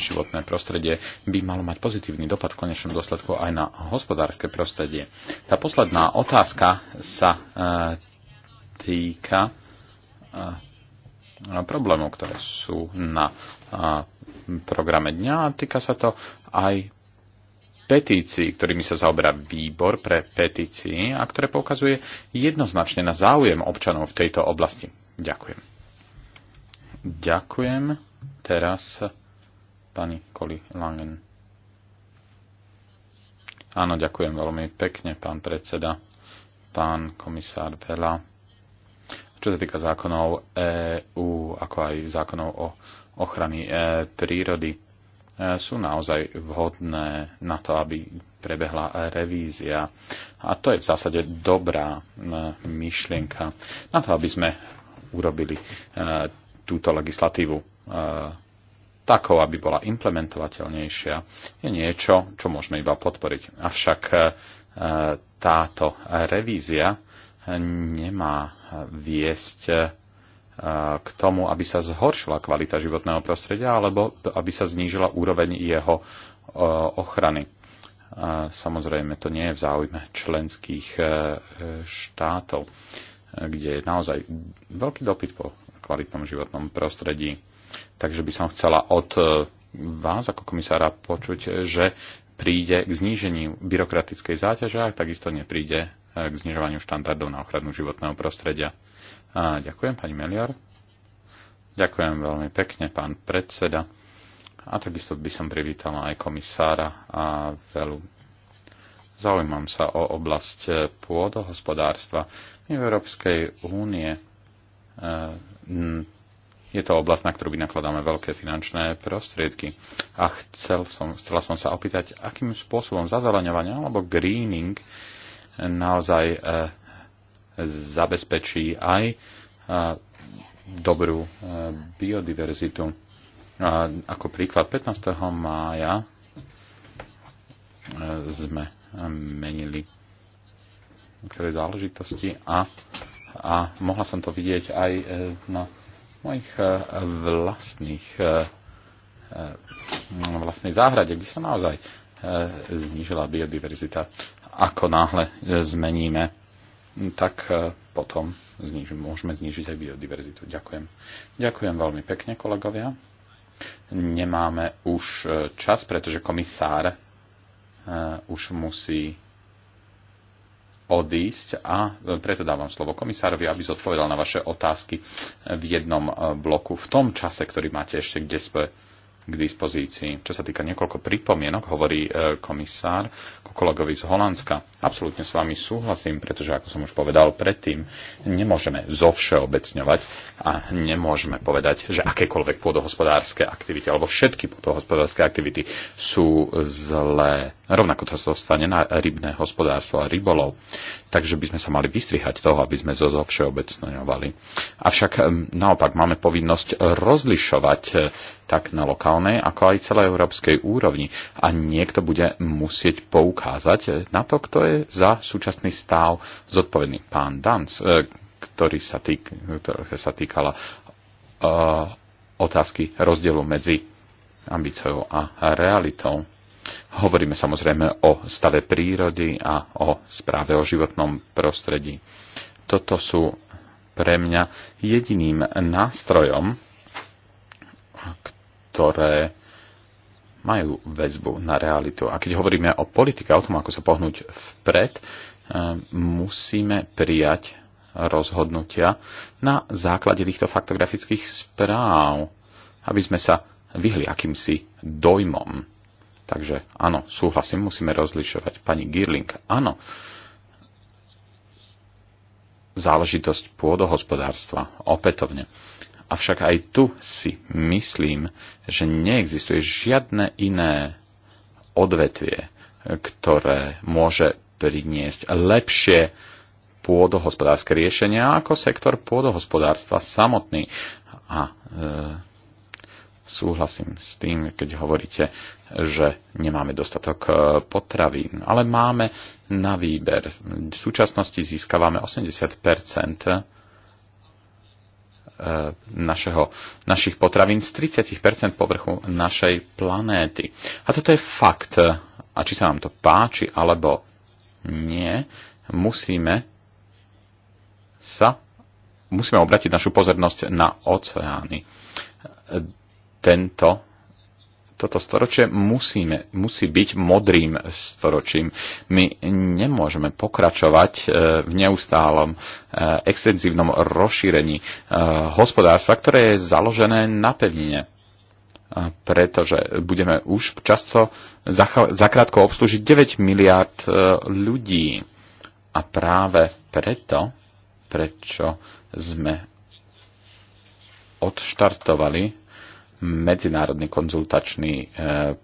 A: životné prostredie by malo mať pozitívny dopad v konečnom dôsledku aj na hospodárske prostredie. Tá posledná otázka sa e, týka e, problémov, ktoré sú na programe dňa a týka sa to aj petícií, ktorými sa zaoberá výbor pre petícii a ktoré poukazuje jednoznačne na záujem občanov v tejto oblasti. Ďakujem. Ďakujem. Teraz pani Koli Langen. Áno, ďakujem veľmi pekne, pán predseda, pán komisár Vela. Čo sa týka zákonov EÚ, ako aj zákonov o ochrany e, prírody, e, sú naozaj vhodné na to, aby prebehla revízia. A to je v zásade dobrá e, myšlienka na to, aby sme urobili túto legislatívu e, takou, aby bola implementovateľnejšia, je niečo, čo môžeme iba podporiť. Avšak e, táto revízia nemá viesť e, k tomu, aby sa zhoršila kvalita životného prostredia alebo aby sa znížila úroveň jeho ochrany. Samozrejme, to nie je v záujme členských štátov, kde je naozaj veľký dopyt po kvalitnom životnom prostredí. Takže by som chcela od e, vás ako komisára počuť, že príde k zníženiu byrokratickej záťaže a takisto nepríde e, k znižovaniu štandardov na ochranu životného prostredia. A ďakujem, pani Melior. Ďakujem veľmi pekne, pán predseda. A takisto by som privítala aj komisára a veľu. Zaujímam sa o oblasť e, pôdohospodárstva. My v Európskej únie Mm. je to oblasť, na ktorú vynakladáme veľké finančné prostriedky. A chcel som, chcela som sa opýtať, akým spôsobom zazeleňovanie alebo greening naozaj e, zabezpečí aj e, dobrú e, biodiverzitu. Ako príklad, 15. mája sme menili niektoré záležitosti a a mohla som to vidieť aj e, na mojich e, vlastných e, vlastnej záhrade, kde sa naozaj znížila biodiverzita. Ako náhle zmeníme, tak potom znižím, môžeme znížiť aj biodiverzitu. Ďakujem. Ďakujem veľmi pekne, kolegovia. Nemáme už čas, pretože komisár už musí odísť a e, preto dávam slovo komisárovi, aby zodpovedal na vaše otázky v jednom e, bloku v tom čase, ktorý máte ešte kde sme k dispozícii. Čo sa týka niekoľko pripomienok, hovorí e, komisár kolegovi z Holandska. Absolútne s vami súhlasím, pretože, ako som už povedal predtým, nemôžeme zovšeobecňovať a nemôžeme povedať, že akékoľvek pôdohospodárske aktivity alebo všetky pôdohospodárske aktivity sú zlé Rovnako to sa dostane na rybné hospodárstvo a rybolov. Takže by sme sa mali vystrihať toho, aby sme zo, zo všeobecňovali. Avšak naopak máme povinnosť rozlišovať eh, tak na lokálnej, ako aj celej európskej úrovni. A niekto bude musieť poukázať eh, na to, kto je za súčasný stav zodpovedný. Pán Danc, eh, ktorý sa, týk, ktorý sa týkala uh, otázky rozdielu medzi ambíciou a realitou. Hovoríme samozrejme o stave prírody a o správe o životnom prostredí. Toto sú pre mňa jediným nástrojom, ktoré majú väzbu na realitu. A keď hovoríme o politike, o tom, ako sa pohnúť vpred, musíme prijať rozhodnutia na základe týchto faktografických správ, aby sme sa vyhli akýmsi dojmom Takže áno, súhlasím, musíme rozlišovať. Pani Girling, áno, záležitosť pôdohospodárstva, opätovne. Avšak aj tu si myslím, že neexistuje žiadne iné odvetvie, ktoré môže priniesť lepšie pôdohospodárske riešenia ako sektor pôdohospodárstva samotný. A e, súhlasím s tým, keď hovoríte, že nemáme dostatok e, potravín, ale máme na výber. V súčasnosti získavame 80 e, našeho, našich potravín z 30 povrchu našej planéty. A toto je fakt. A či sa nám to páči alebo nie, musíme sa musíme obratiť našu pozornosť na oceány tento, toto storočie musíme, musí byť modrým storočím. My nemôžeme pokračovať e, v neustálom e, extenzívnom rozšírení e, hospodárstva, ktoré je založené na pevnine pretože budeme už často zakrátko obslúžiť 9 miliard ľudí. A práve preto, prečo sme odštartovali medzinárodný konzultačný e,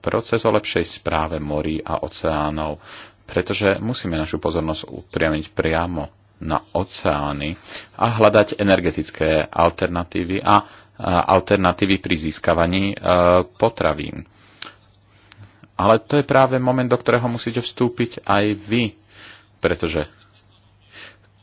A: proces o lepšej správe morí a oceánov, pretože musíme našu pozornosť upriamiť priamo na oceány a hľadať energetické alternatívy a e, alternatívy pri získavaní e, potravín. Ale to je práve moment, do ktorého musíte vstúpiť aj vy, pretože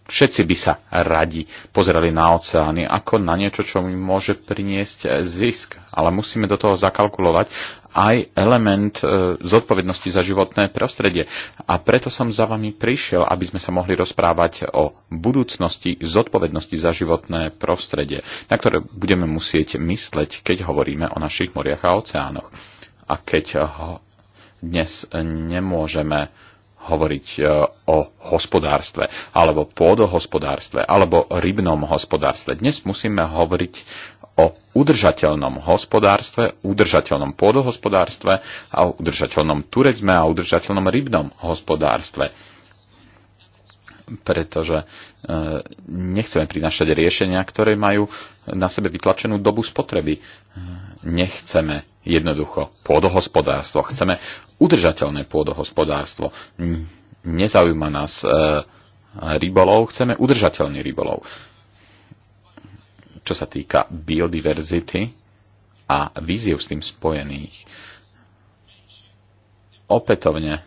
A: všetci by sa radi pozerali na oceány ako na niečo, čo mi môže priniesť e, zisk. Ale musíme do toho zakalkulovať aj element e, zodpovednosti za životné prostredie. A preto som za vami prišiel, aby sme sa mohli rozprávať o budúcnosti zodpovednosti za životné prostredie, na ktoré budeme musieť mysleť, keď hovoríme o našich moriach a oceánoch. A keď ho dnes nemôžeme hovoriť e, o hospodárstve, alebo pôdohospodárstve, alebo rybnom hospodárstve. Dnes musíme hovoriť o udržateľnom hospodárstve, udržateľnom pôdohospodárstve a o udržateľnom turecme a udržateľnom rybnom hospodárstve pretože e, nechceme prinašať riešenia, ktoré majú na sebe vytlačenú dobu spotreby. E, nechceme jednoducho pôdohospodárstvo, chceme udržateľné pôdohospodárstvo. Nezaujíma nás e, rybolov, chceme udržateľný rybolov. Čo sa týka biodiverzity a víziev s tým spojených, opätovne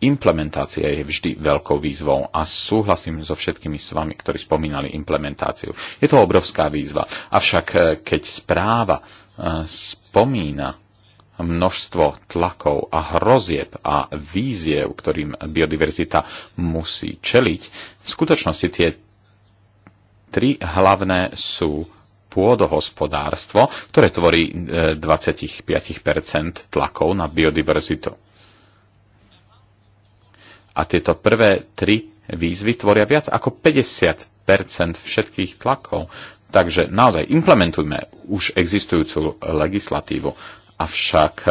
A: implementácia je vždy veľkou výzvou a súhlasím so všetkými s vami, ktorí spomínali implementáciu. Je to obrovská výzva. Avšak eh, keď správa eh, spomína množstvo tlakov a hrozieb a víziev, ktorým biodiverzita musí čeliť, v skutočnosti tie tri hlavné sú pôdohospodárstvo, ktoré tvorí 25 eh, tlakov na biodiverzitu a tieto prvé tri výzvy tvoria viac ako 50 všetkých tlakov. Takže naozaj implementujme už existujúcu legislatívu. Avšak e,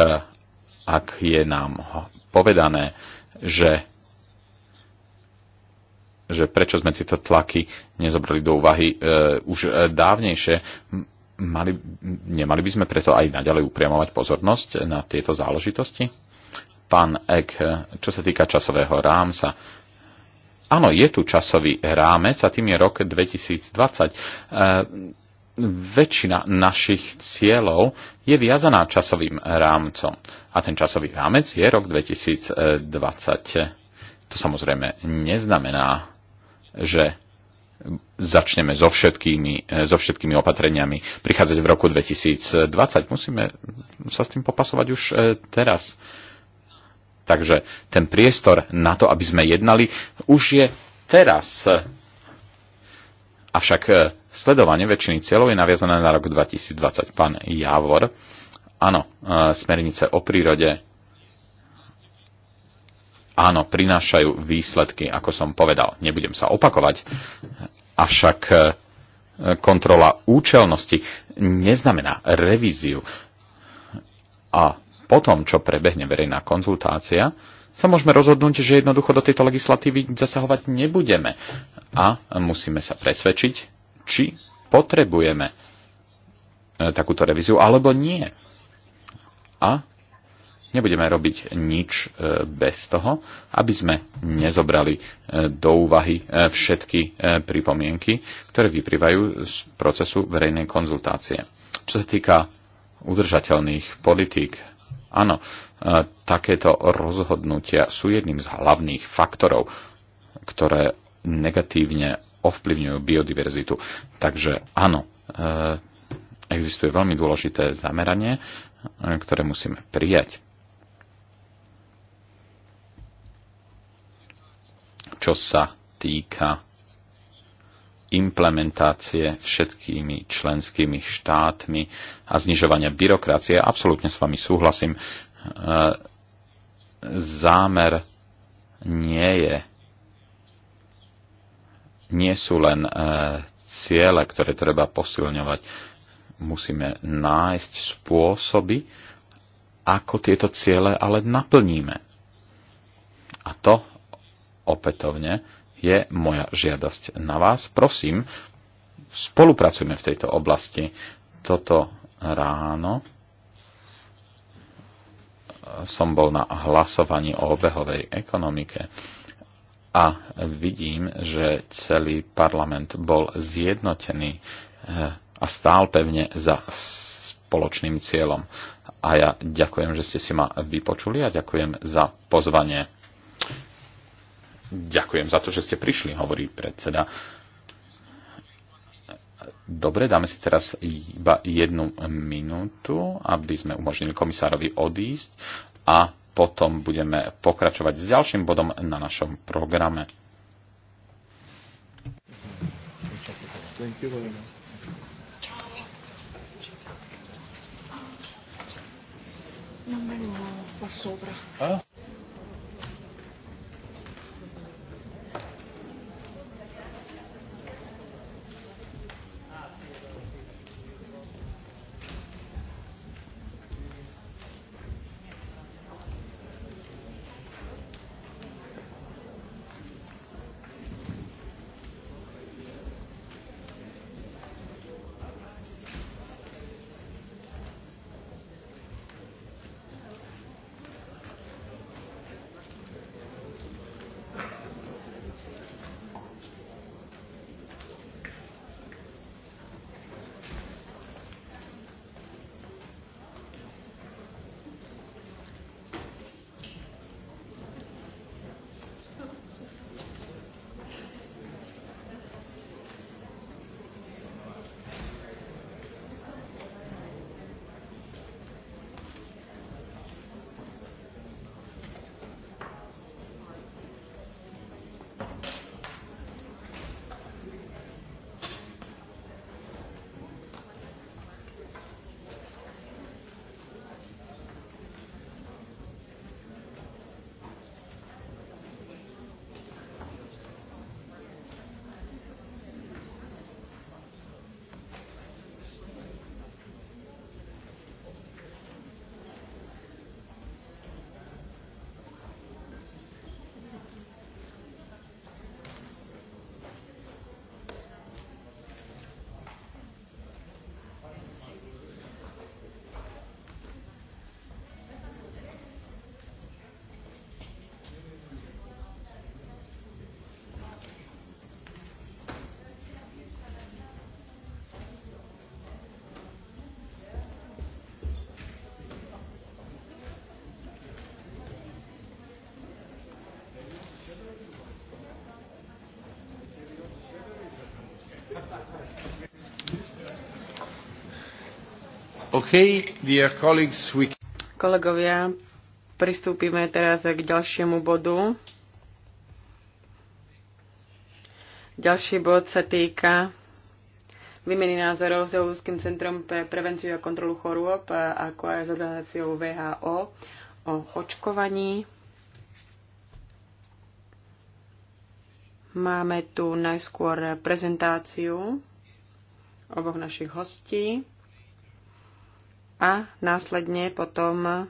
A: ak je nám povedané, že, že prečo sme tieto tlaky nezobrali do úvahy e, už e, dávnejšie, mali, nemali by sme preto aj naďalej upriamovať pozornosť na tieto záležitosti? pán Ek, čo sa týka časového rámca. Áno, je tu časový rámec a tým je rok 2020. E, väčšina našich cieľov je viazaná časovým rámcom. A ten časový rámec je rok 2020. To samozrejme neznamená, že začneme so všetkými, e, so všetkými opatreniami prichádzať v roku 2020. Musíme sa s tým popasovať už e, teraz. Takže ten priestor na to, aby sme jednali, už je teraz. Avšak e, sledovanie väčšiny cieľov je naviazané na rok 2020. Pán Javor, áno, e, smernice o prírode áno, prinášajú výsledky, ako som povedal. Nebudem sa opakovať, avšak e, kontrola účelnosti neznamená revíziu. A po tom, čo prebehne verejná konzultácia, sa môžeme rozhodnúť, že jednoducho do tejto legislatívy zasahovať nebudeme. A musíme sa presvedčiť, či potrebujeme e, takúto revíziu alebo nie. A nebudeme robiť nič e, bez toho, aby sme nezobrali e, do úvahy všetky pripomienky, ktoré vyprývajú z procesu verejnej konzultácie. Čo sa týka udržateľných politík Áno, e, takéto rozhodnutia sú jedným z hlavných faktorov, ktoré negatívne ovplyvňujú biodiverzitu. Takže áno, e, existuje veľmi dôležité zameranie, e, ktoré musíme prijať. Čo sa týka implementácie všetkými členskými štátmi a znižovania byrokracie. Absolútne s vami súhlasím. E, zámer nie je nie sú len e, ciele, ktoré treba posilňovať. Musíme nájsť spôsoby, ako tieto ciele ale naplníme. A to opätovne je moja žiadosť na vás. Prosím, spolupracujme v tejto oblasti. Toto ráno som bol na hlasovaní o obehovej ekonomike a vidím, že celý parlament bol zjednotený eh, a stál pevne za spoločným cieľom. A ja ďakujem, že ste si ma vypočuli a ďakujem za pozvanie. Ďakujem za to, že ste prišli, hovorí predseda. Dobre, dáme si teraz iba jednu minútu, aby sme umožnili komisárovi odísť a potom budeme pokračovať s ďalším bodom na našom programe. Thank you very much.
B: Non me
A: Okay, dear colleagues, we...
C: Kolegovia, pristúpime teraz k ďalšiemu bodu. Ďalší bod sa týka výmeny názorov s Európskym centrom pre prevenciu a kontrolu chorôb, ako aj s organizáciou VHO o očkovaní. Máme tu najskôr prezentáciu oboch našich hostí a následne potom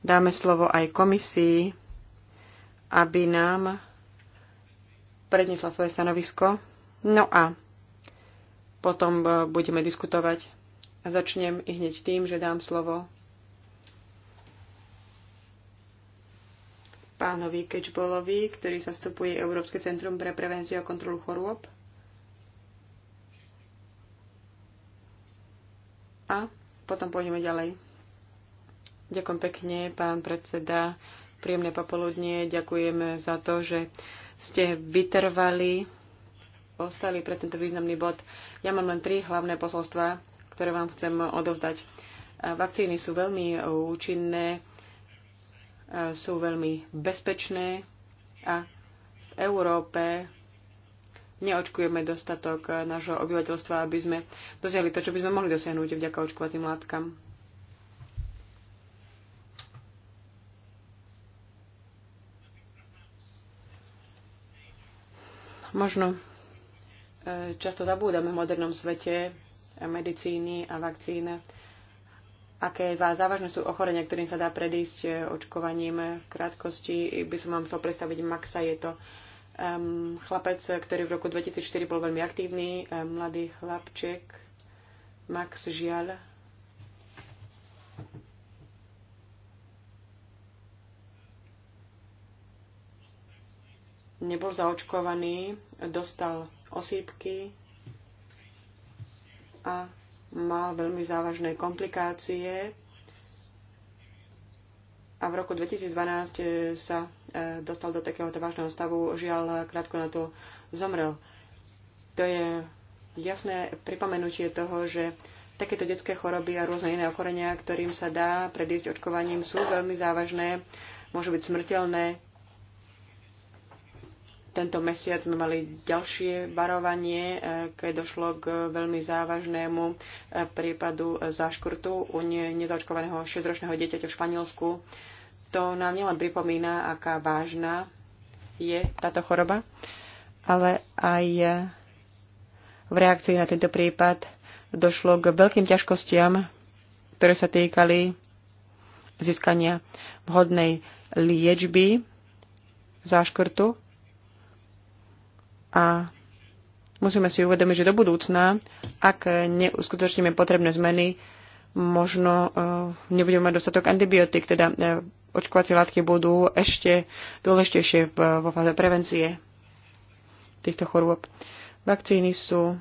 C: dáme slovo aj komisii, aby nám prednesla svoje stanovisko. No a potom e, budeme diskutovať. A začnem i hneď tým, že dám slovo pánovi Kečbolovi, ktorý zastupuje Európske centrum pre prevenciu a kontrolu chorôb. a potom pôjdeme ďalej. Ďakujem pekne, pán predseda. Príjemné popoludnie. Ďakujeme za to, že ste vytrvali, ostali pre tento významný bod. Ja mám len tri hlavné posolstva, ktoré vám chcem odovzdať. Vakcíny sú veľmi účinné, sú veľmi bezpečné a v Európe neočkujeme dostatok eh, nášho obyvateľstva, aby sme dosiahli to, čo by sme mohli dosiahnuť vďaka očkovacím látkam. Možno eh, často zabúdame v modernom svete eh, medicíny a vakcín, aké závažné sú ochorenia, ktorým sa dá predísť očkovaním v krátkosti. By som vám chcel predstaviť Maxa, je to um, chlapec, ktorý v roku 2004 bol veľmi aktívny, um, mladý chlapček, Max Žial. Nebol zaočkovaný, dostal osýpky a mal veľmi závažné komplikácie a v roku 2012 eh, sa dostal do takéhoto vážneho stavu, žiaľ krátko na to zomrel. To je jasné pripomenutie toho, že takéto detské choroby a rôzne iné ochorenia, ktorým sa dá predísť očkovaním, sú veľmi závažné, môžu byť smrteľné. Tento mesiac sme mali ďalšie varovanie, e, keď došlo k veľmi závažnému e, prípadu záškurtu u nezaočkovaného 6-ročného dieťaťa v Španielsku to nám nielen pripomína, aká vážna je táto choroba, ale aj v reakcii na tento prípad došlo k veľkým ťažkostiam, ktoré sa týkali získania vhodnej liečby záškrtu. A musíme si uvedomiť, že do budúcna, ak neuskutočníme potrebné zmeny, možno eh, nebudeme mať dostatok antibiotík, teda eh, očkovacie látky budú ešte dôležitejšie vo fáze prevencie týchto chorôb. Vakcíny sú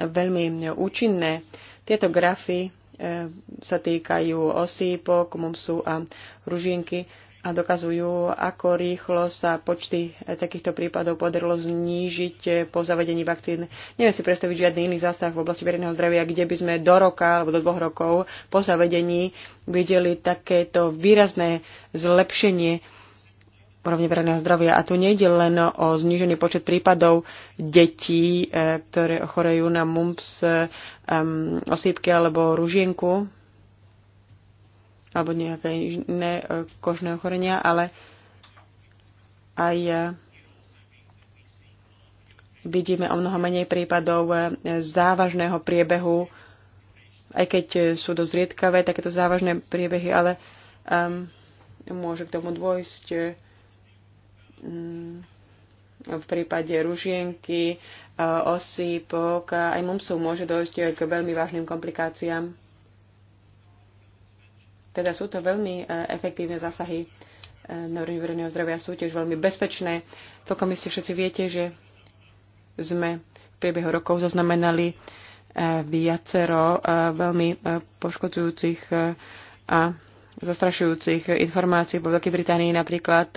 C: veľmi účinné. Tieto grafy eh, sa týkajú osýpok, mumsu a ružinky a dokazujú, ako rýchlo sa počty eh, takýchto prípadov podarilo znížiť eh, po zavedení vakcín. Neviem si predstaviť žiadny iný zásah v oblasti verejného zdravia, kde by sme do roka alebo do dvoch rokov po zavedení videli takéto výrazné zlepšenie úrovne verejného zdravia. A tu nejde len o znížený počet prípadov detí, eh, ktoré ochorejú na mumps, ehm, osýpky alebo ružienku, alebo nejaké iné e, kožné ochorenia, ale aj e, vidíme o mnoho menej prípadov e, závažného priebehu, aj keď sú dosť riedkavé takéto závažné priebehy, ale um, môže k tomu dôjsť um, v prípade ružienky, osýpok, aj mumsov môže dojsť k veľmi vážnym komplikáciám. Teda sú to veľmi e, efektívne zásahy e, na úrovni verejného zdravia, sú tiež veľmi bezpečné. Celkom iste všetci viete, že sme v priebehu rokov zaznamenali e, viacero veľmi poškodzujúcich a zastrašujúcich informácií. Vo Veľkej Británii napríklad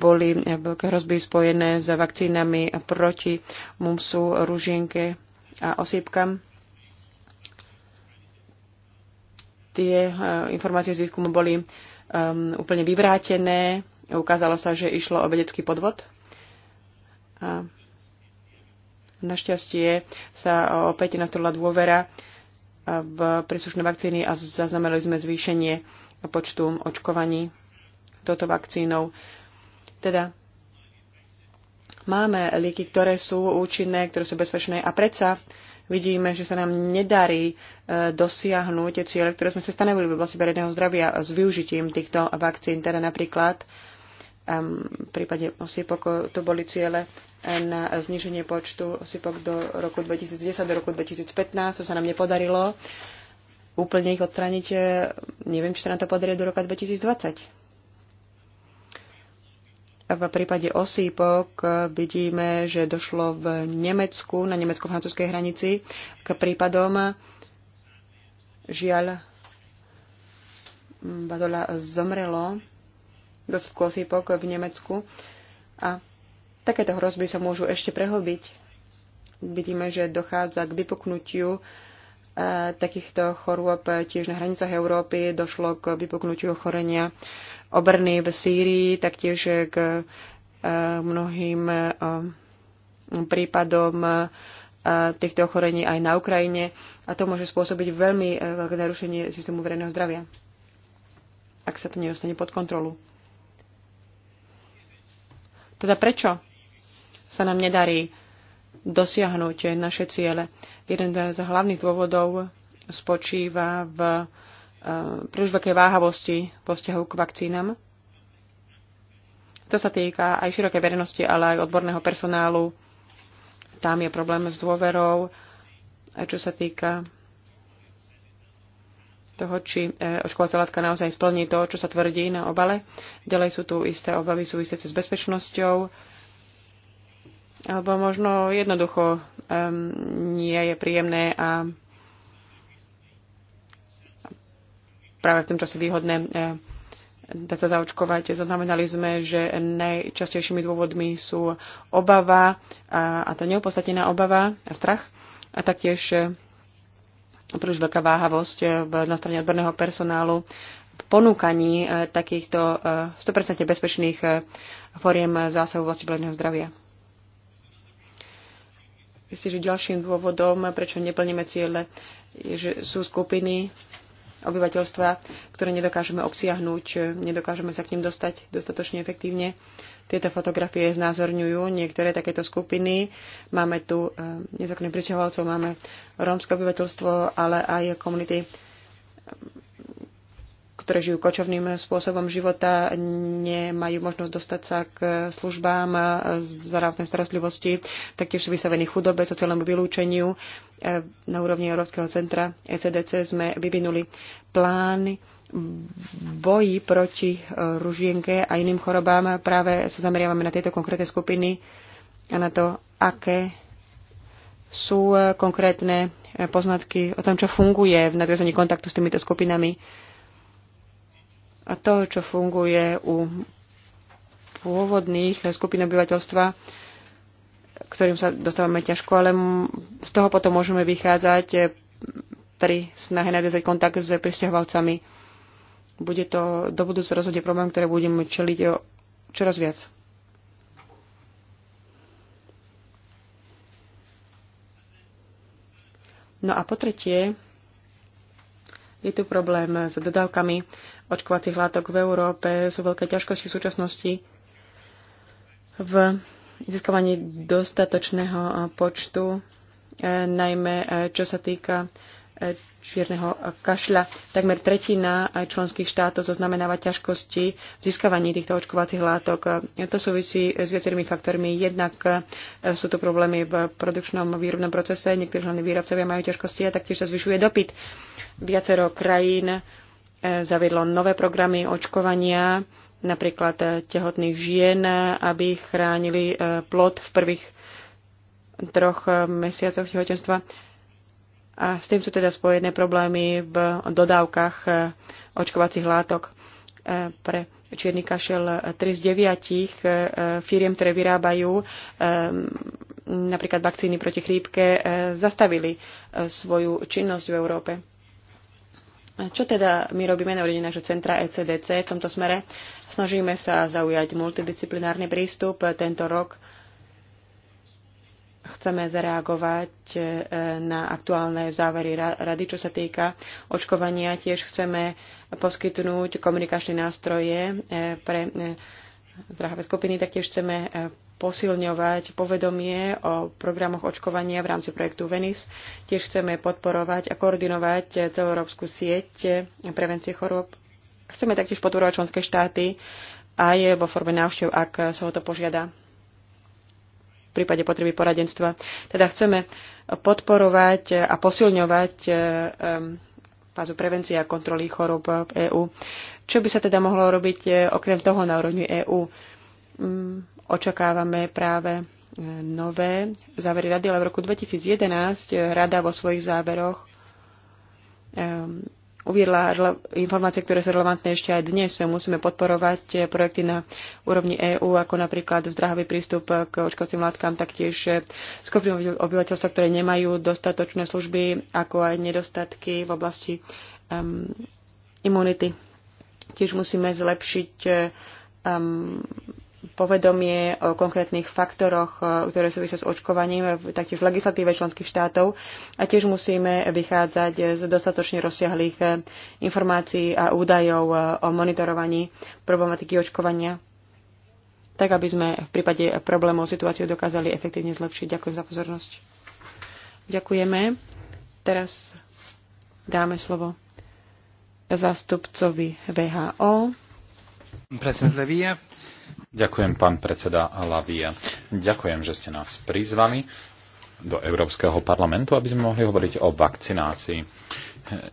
C: boli veľké hrozby spojené s vakcínami proti mumsu, ružienke a osýpkam Tie eh, informácie z výskumu boli um, úplne vyvrátené. Ukázalo sa, že išlo o vedecký podvod. A našťastie sa opäť nastrola dôvera eh, v príslušné vakcíny a zaznamenali sme zvýšenie počtu očkovaní touto vakcínou. Teda máme lieky, ktoré sú účinné, ktoré sú bezpečné a predsa vidíme, že sa nám nedarí e, dosiahnuť tie cieľe, ktoré sme sa stanovili v oblasti verejného zdravia s využitím týchto vakcín. Teda napríklad v prípade osiepok, to boli ciele e, na zniženie počtu osiepok do roku 2010, do roku 2015, to sa nám nepodarilo úplne ich odstrániť. Neviem, či sa nám to podarí do roka 2020. V prípade osýpok vidíme, že došlo v Nemecku, na nemecko-francúzskej hranici, k prípadom žiaľ Badola zomrelo v osýpok v Nemecku a takéto hrozby sa môžu ešte prehlbiť. Vidíme, že dochádza k vypuknutiu e, takýchto chorôb tiež na hranicách Európy. Došlo k vypuknutiu ochorenia obrny v Sýrii, taktiež k eh, mnohým eh, prípadom eh, týchto ochorení aj na Ukrajine a to môže spôsobiť veľmi veľké narušenie systému verejného zdravia, ak sa to nedostane pod kontrolu. Teda prečo sa nám nedarí dosiahnuť naše ciele? Jeden z hlavných dôvodov spočíva v Eh, príliš veľké váhavosti vo vzťahu k vakcínam. To sa týka aj širokej verejnosti, ale aj odborného personálu. Tam je problém s dôverou, aj čo sa týka toho, či eh, očkovacia látka naozaj splní to, čo sa tvrdí na obale. Ďalej sú tu isté obavy súvisiace s bezpečnosťou, alebo možno jednoducho um, nie je príjemné a práve v tom čase výhodné e, dať sa zaočkovať. Zaznamenali sme, že najčastejšími dôvodmi sú obava a, a tá neopodstatnená obava a strach a taktiež e, príliš veľká váhavosť e, na strane odborného personálu v ponúkaní takýchto 100% bezpečných foriem zásahu v oblasti zdravia. Myslím, že ďalším dôvodom, prečo neplníme ciele, je, že sú skupiny obyvateľstva, ktoré nedokážeme obsiahnuť, nedokážeme sa k ním dostať dostatočne efektívne. Tieto fotografie znázorňujú niektoré takéto skupiny. Máme tu eh, nezákonných pričahovalcov, máme rómske obyvateľstvo, ale aj komunity ktoré žijú kočovným spôsobom života, nemajú možnosť dostať sa k službám zdravotnej starostlivosti, taktiež sú vysavení chudobe, sociálnemu vylúčeniu. Na úrovni Európskeho centra ECDC sme vyvinuli plán boji proti ružienke a iným chorobám. Práve sa zameriavame na tieto konkrétne skupiny a na to, aké sú konkrétne poznatky o tom, čo funguje v nadviazaní kontaktu s týmito skupinami a to, čo funguje u pôvodných skupín obyvateľstva, ktorým sa dostávame ťažko, ale z toho potom môžeme vychádzať e, pri snahe nadviazať kontakt s pristahovalcami. Bude to do budúce rozhodne problém, ktoré budeme čeliť čoraz viac. No a po tretie, je tu problém s dodávkami očkovacích látok v Európe. Sú veľké ťažkosti v súčasnosti v získavaní dostatočného eh, počtu, eh, najmä eh, čo sa týka čierneho kašľa. Takmer tretina členských štátov zaznamenáva ťažkosti v získavaní týchto očkovacích látok. To súvisí s viacerými faktormi. Jednak sú tu problémy v produkčnom výrobnom procese, niektorí hlavní výrobcovia majú ťažkosti a taktiež sa zvyšuje dopyt. Viacero krajín zaviedlo nové programy očkovania, napríklad eh, tehotných žien, aby chránili eh, plod v prvých troch eh, mesiacoch tehotenstva. A s tým sú teda spojené problémy v dodávkach očkovacích látok pre čierny kašel 3 z 9 firiem, ktoré vyrábajú napríklad vakcíny proti chrípke, zastavili svoju činnosť v Európe. Čo teda my robíme na rodine našho centra ECDC v tomto smere? Snažíme sa zaujať multidisciplinárny prístup. Tento rok chceme zareagovať e, na aktuálne závery rady, čo sa týka očkovania. Tiež chceme poskytnúť komunikačné nástroje e, pre e, zdravé skupiny, taktiež chceme posilňovať povedomie o programoch očkovania v rámci projektu Venice. Tiež chceme podporovať a koordinovať celoeurópsku sieť prevencie chorôb. Chceme taktiež podporovať členské štáty aj vo forme návštev, ak sa o to požiada v prípade potreby poradenstva. Teda chceme podporovať a posilňovať eh, fázu prevencie a kontroly chorób v EÚ. Čo by sa teda mohlo robiť eh, okrem toho na úrovni EÚ? Mm, očakávame práve e, nové závery rady, ale v roku 2011 e, rada vo svojich záveroch uviedla informácie, ktoré sú relevantné ešte aj dnes. Musíme podporovať e, projekty na úrovni EÚ, ako napríklad zdravý prístup k očkovacím látkam, taktiež skupiny obyvateľstva, ktoré nemajú dostatočné služby, ako aj nedostatky v oblasti um, imunity. Tiež musíme zlepšiť um, povedomie o konkrétnych faktoroch, e, ktoré súvisia s očkovaním, taktiež v legislatíve členských štátov. A tiež musíme vychádzať z dostatočne rozsiahlých e, informácií a údajov e, o monitorovaní problematiky očkovania, tak aby sme v prípade problémov situáciu dokázali efektívne zlepšiť. Ďakujem za pozornosť. Ďakujeme. Teraz dáme slovo zástupcovi VHO.
A: Prezident Leviev. Ďakujem, pán predseda Lavia. Ďakujem, že ste nás prizvali do Európskeho parlamentu, aby sme mohli hovoriť o vakcinácii.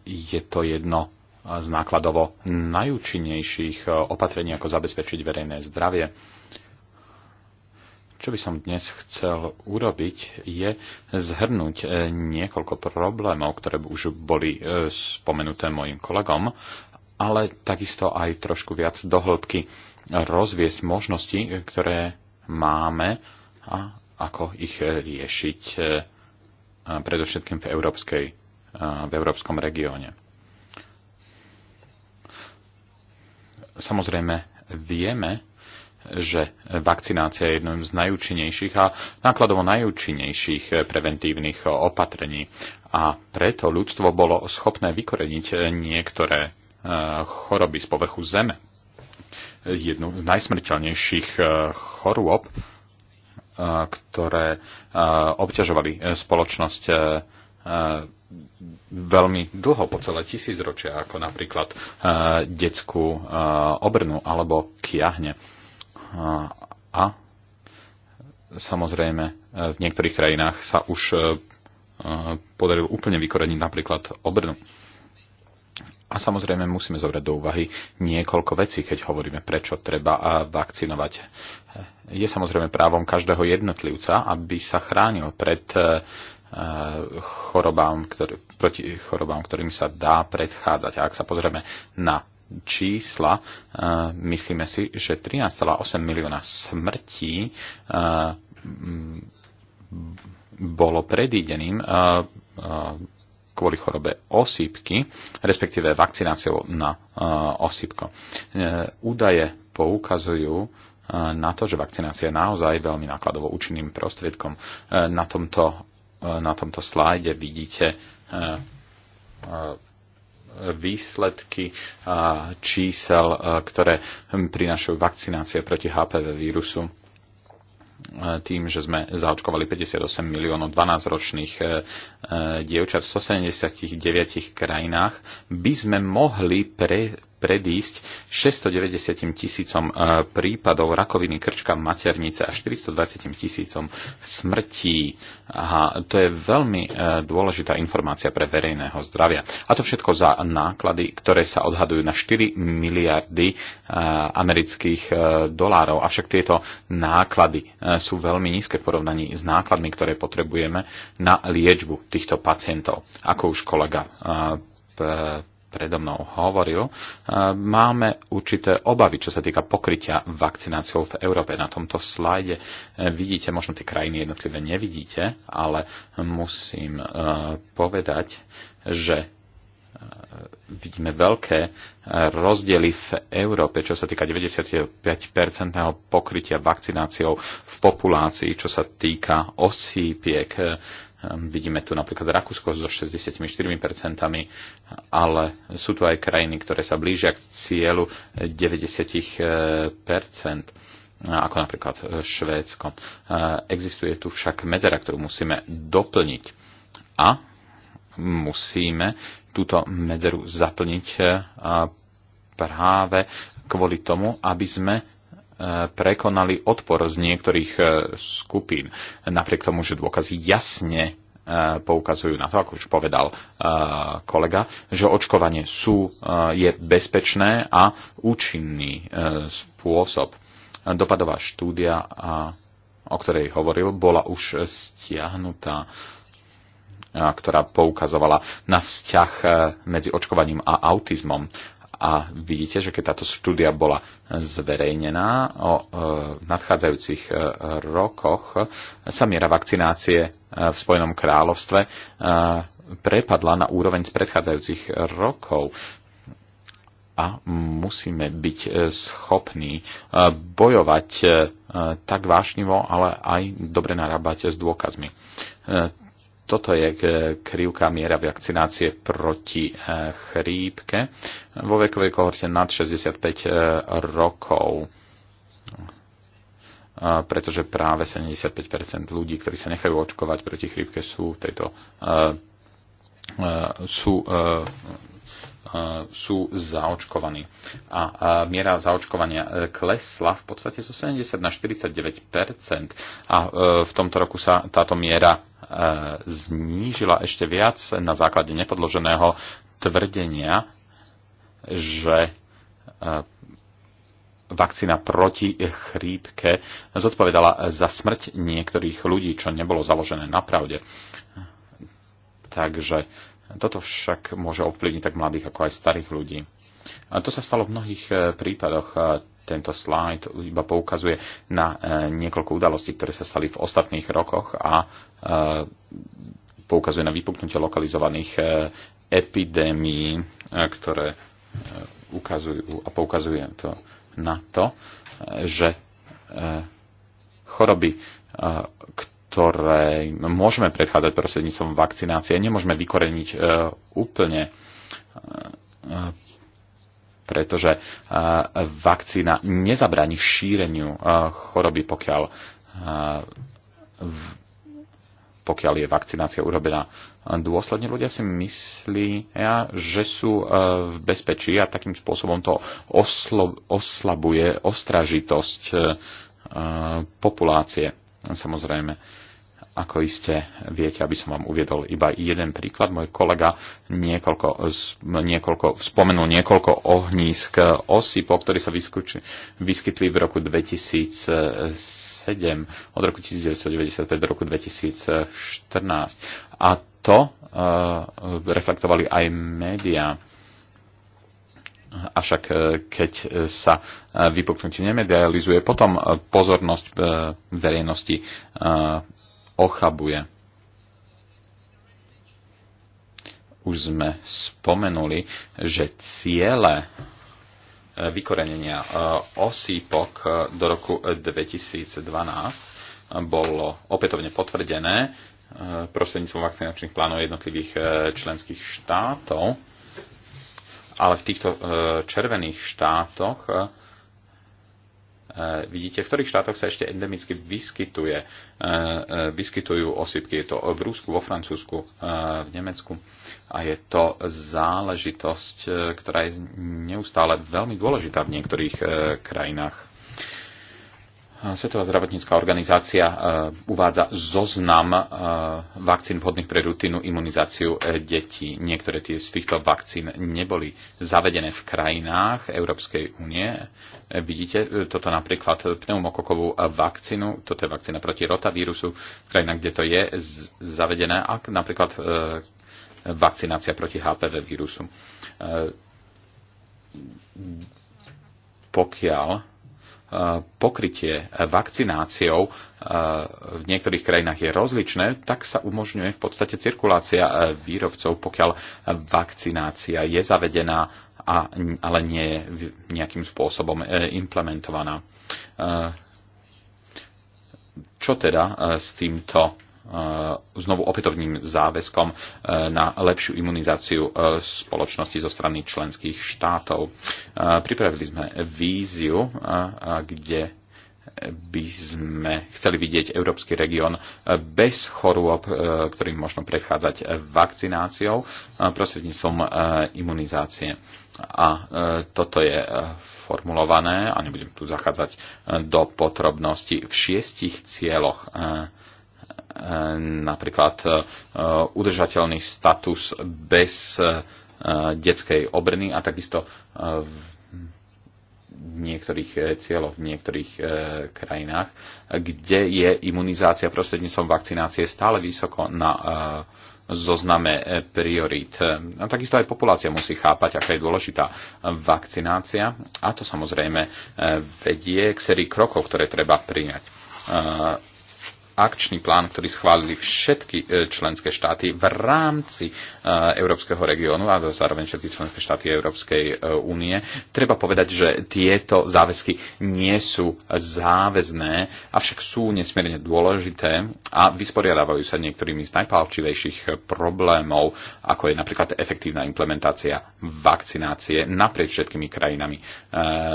A: Je to jedno z nákladovo najúčinnejších opatrení, ako zabezpečiť verejné zdravie. Čo by som dnes chcel urobiť, je zhrnúť niekoľko problémov, ktoré už boli spomenuté mojim kolegom ale takisto aj trošku viac hĺbky rozviesť možnosti, ktoré máme a ako ich riešiť e, predovšetkým v, európskej, e, v európskom regióne. Samozrejme, vieme, že vakcinácia je jedným z najúčinnejších a nákladovo najúčinnejších preventívnych opatrení a preto ľudstvo bolo schopné vykoreniť niektoré choroby z povrchu Zeme. Jednu z najsmrteľnejších eh, chorôb, eh, ktoré eh, obťažovali spoločnosť veľmi dlho, po celé tisícročia, ako napríklad detskú obrnu alebo kiahne. A samozrejme v niektorých krajinách sa už podaril úplne vykoreniť napríklad obrnu. A samozrejme musíme zobrať do úvahy niekoľko vecí, keď hovoríme, prečo treba eh, vakcinovať. Eh, je samozrejme právom každého jednotlivca, aby sa chránil pred eh, chorobám, ktorý, proti chorobám, ktorým sa dá predchádzať. A ak sa pozrieme na čísla, myslíme si, že 13,8 milióna smrtí bolo predídeným kvôli chorobe osýpky, respektíve vakcináciou na eh, osýpko. Eh, údaje poukazujú eh, na to, že vakcinácia je naozaj veľmi nákladovo účinným prostriedkom. Na tomto, na tomto slajde vidíte výsledky čísel, ktoré hm, prinášajú vakcinácie proti HPV vírusu tým, že sme zaočkovali 58 miliónov 12-ročných eh, eh, dievčat v 179 krajinách, by sme mohli pre, predísť 690 tisícom e, prípadov rakoviny krčka maternice a 420 tisícom smrtí. A to je veľmi e, dôležitá informácia pre verejného zdravia. A to všetko za náklady, ktoré sa odhadujú na 4 miliardy e, amerických dolárov. Avšak tieto náklady sú veľmi nízke v porovnaní s nákladmi, ktoré potrebujeme na liečbu týchto pacientov. Ako už kolega predo mnou hovoril, máme určité obavy, čo sa týka pokrytia vakcináciou v Európe. Na tomto slajde e, vidíte, možno tie krajiny jednotlivé nevidíte, ale musím e, povedať, že e, vidíme veľké rozdiely v Európe, čo sa týka 95-percentného pokrytia vakcináciou v populácii, čo sa týka osípiek. Ehm, vidíme tu napríklad Rakúsko so 64%, ale sú tu aj krajiny, ktoré sa blížia k cieľu 90%, eh, ako napríklad eh, Švédsko. Eh, existuje tu však medzera, ktorú musíme doplniť a musíme túto medzeru zaplniť práve kvôli tomu, aby sme prekonali odpor z niektorých e, skupín. Napriek tomu, že dôkazy jasne e, poukazujú na to, ako už povedal e, kolega, že očkovanie sú, je bezpečné a účinný spôsob. Dopadová štúdia, o ktorej hovoril, bola už stiahnutá ktorá poukazovala na vzťah medzi očkovaním a autizmom. A vidíte, že keď táto štúdia bola zverejnená o e, nadchádzajúcich e, rokoch, sa miera vakcinácie e, v Spojenom kráľovstve prepadla na úroveň z predchádzajúcich rokov a musíme byť schopní bojovať tak vášnivo, ale aj dobre narábať s dôkazmi toto je krivka miera vakcinácie proti eh, chrípke vo vekovej kohorte nad 65 eh, rokov eh, pretože práve 75% ľudí, ktorí sa nechajú očkovať proti chrípke, sú, tejto, sú sú zaočkovaní. A miera zaočkovania e, klesla v podstate zo 70 na 49 a e, v tomto roku sa táto miera e, znížila ešte viac na základe nepodloženého tvrdenia, že vakcína proti chrípke zodpovedala za smrť niektorých ľudí, čo nebolo založené na pravde. Takže toto však môže ovplyvniť tak mladých ako aj starých ľudí. A to sa stalo v mnohých e, prípadoch. Tento slide iba poukazuje na e, niekoľko udalostí, ktoré sa stali v ostatných rokoch a e, poukazuje na vypuknutie lokalizovaných epidémií, ktoré ukazujú a poukazuje to na to, že choroby, ktoré môžeme predchádzať prostredníctvom vakcinácie. Nemôžeme vykoreniť e, úplne, e, e, pretože vakcína nezabráni šíreniu choroby, pokiaľ, pokiaľ je vakcinácia urobená dôsledne. Ľudia si myslia, že sú v bezpečí a takým spôsobom to oslo, oslabuje ostražitosť populácie. Samozrejme ako iste viete, aby som vám uviedol iba jeden príklad, môj kolega niekoľko, niekoľko, spomenul niekoľko ohnízk po ktorí sa vyskytli v roku 2007, od roku 1995 do roku 2014. A to uh, reflektovali aj médiá. Avšak eh, keď sa eh, vypuknutie nemedializuje, potom pozornosť verejnosti ochabuje. Už sme spomenuli, že ciele e, vykorenenia e, osýpok e, do roku 2012 bolo opätovne potvrdené prostredníctvom vakcinačných plánov jednotlivých členských štátov, ale v týchto červených štátoch Eh, vidíte, v ktorých štátoch sa ešte endemicky vyskytuje, eh, eh, vyskytujú osýpky. Je to v Rusku, vo Francúzsku, v Nemecku. A je to záležitosť, ktorá je neustále veľmi dôležitá v niektorých krajinách. Svetová zdravotnícká organizácia e, uvádza zoznam e, vakcín vhodných pre rutinu imunizáciu e, detí. Niektoré z týchto vakcín neboli zavedené v krajinách Európskej únie. Vidíte toto napríklad pneumokokovú vakcínu, toto je vakcína proti rotavírusu v krajinách, kde to je zavedené, a napríklad vakcinácia proti HPV vírusu. Pokiaľ pokrytie vakcináciou eh, v niektorých krajinách je rozličné, tak sa umožňuje v podstate cirkulácia eh, výrobcov, pokiaľ vakcinácia je zavedená, a, ale nie je nejakým spôsobom eh, implementovaná. Čo teda s týmto znovu opätovným záväzkom e, na lepšiu imunizáciu e, spoločnosti zo strany členských štátov. E, pripravili sme víziu, kde by sme chceli vidieť európsky región bez chorôb, ktorým možno prechádzať vakcináciou prostredníctvom imunizácie. A toto je formulované, a nebudem tu zachádzať do potrobnosti, v šiestich cieľoch Eh, napríklad eh, udržateľný status bez eh, detskej obrny a takisto v niektorých cieľoch, v niektorých krajinách, kde je imunizácia prostredníctvom vakcinácie stále vysoko na zozname priorít. A takisto aj populácia musí chápať, aká je dôležitá vakcinácia a to samozrejme vedie k sérii krokov, ktoré treba prijať akčný plán, ktorý schválili všetky e, členské štáty v rámci e, Európskeho regiónu a zároveň všetky členské štáty Európskej e, únie. Treba povedať, že tieto záväzky nie sú záväzné, avšak sú nesmierne dôležité a vysporiadávajú sa niektorými z najpálčivejších problémov, ako je napríklad efektívna implementácia vakcinácie naprieč všetkými krajinami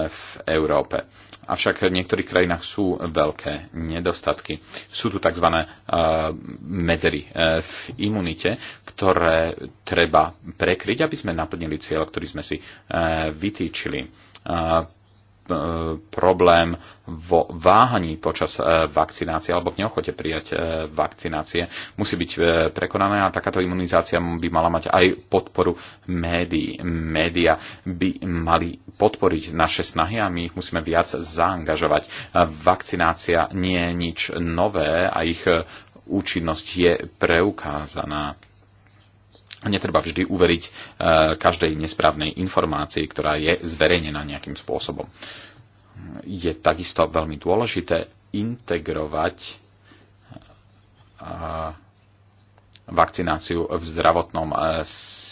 A: v Európe. Avšak v niektorých krajinách sú veľké nedostatky. Sú tu tzv. Eh, medzery eh, v imunite, ktoré treba prekryť, aby sme naplnili cieľ, ktorý sme si eh, vytýčili E, problém vo váhaní počas e, vakcinácie alebo v neochote prijať e, vakcinácie musí byť prekonané a takáto imunizácia by mala mať aj podporu médií. Média by mali podporiť naše snahy a my ich musíme viac zaangažovať. Vakcinácia nie je nič nové a ich účinnosť je preukázaná netreba vždy uveriť e, každej nesprávnej informácii, ktorá je zverejnená nejakým spôsobom. Je takisto veľmi dôležité integrovať e, vakcináciu v zdravotnom e,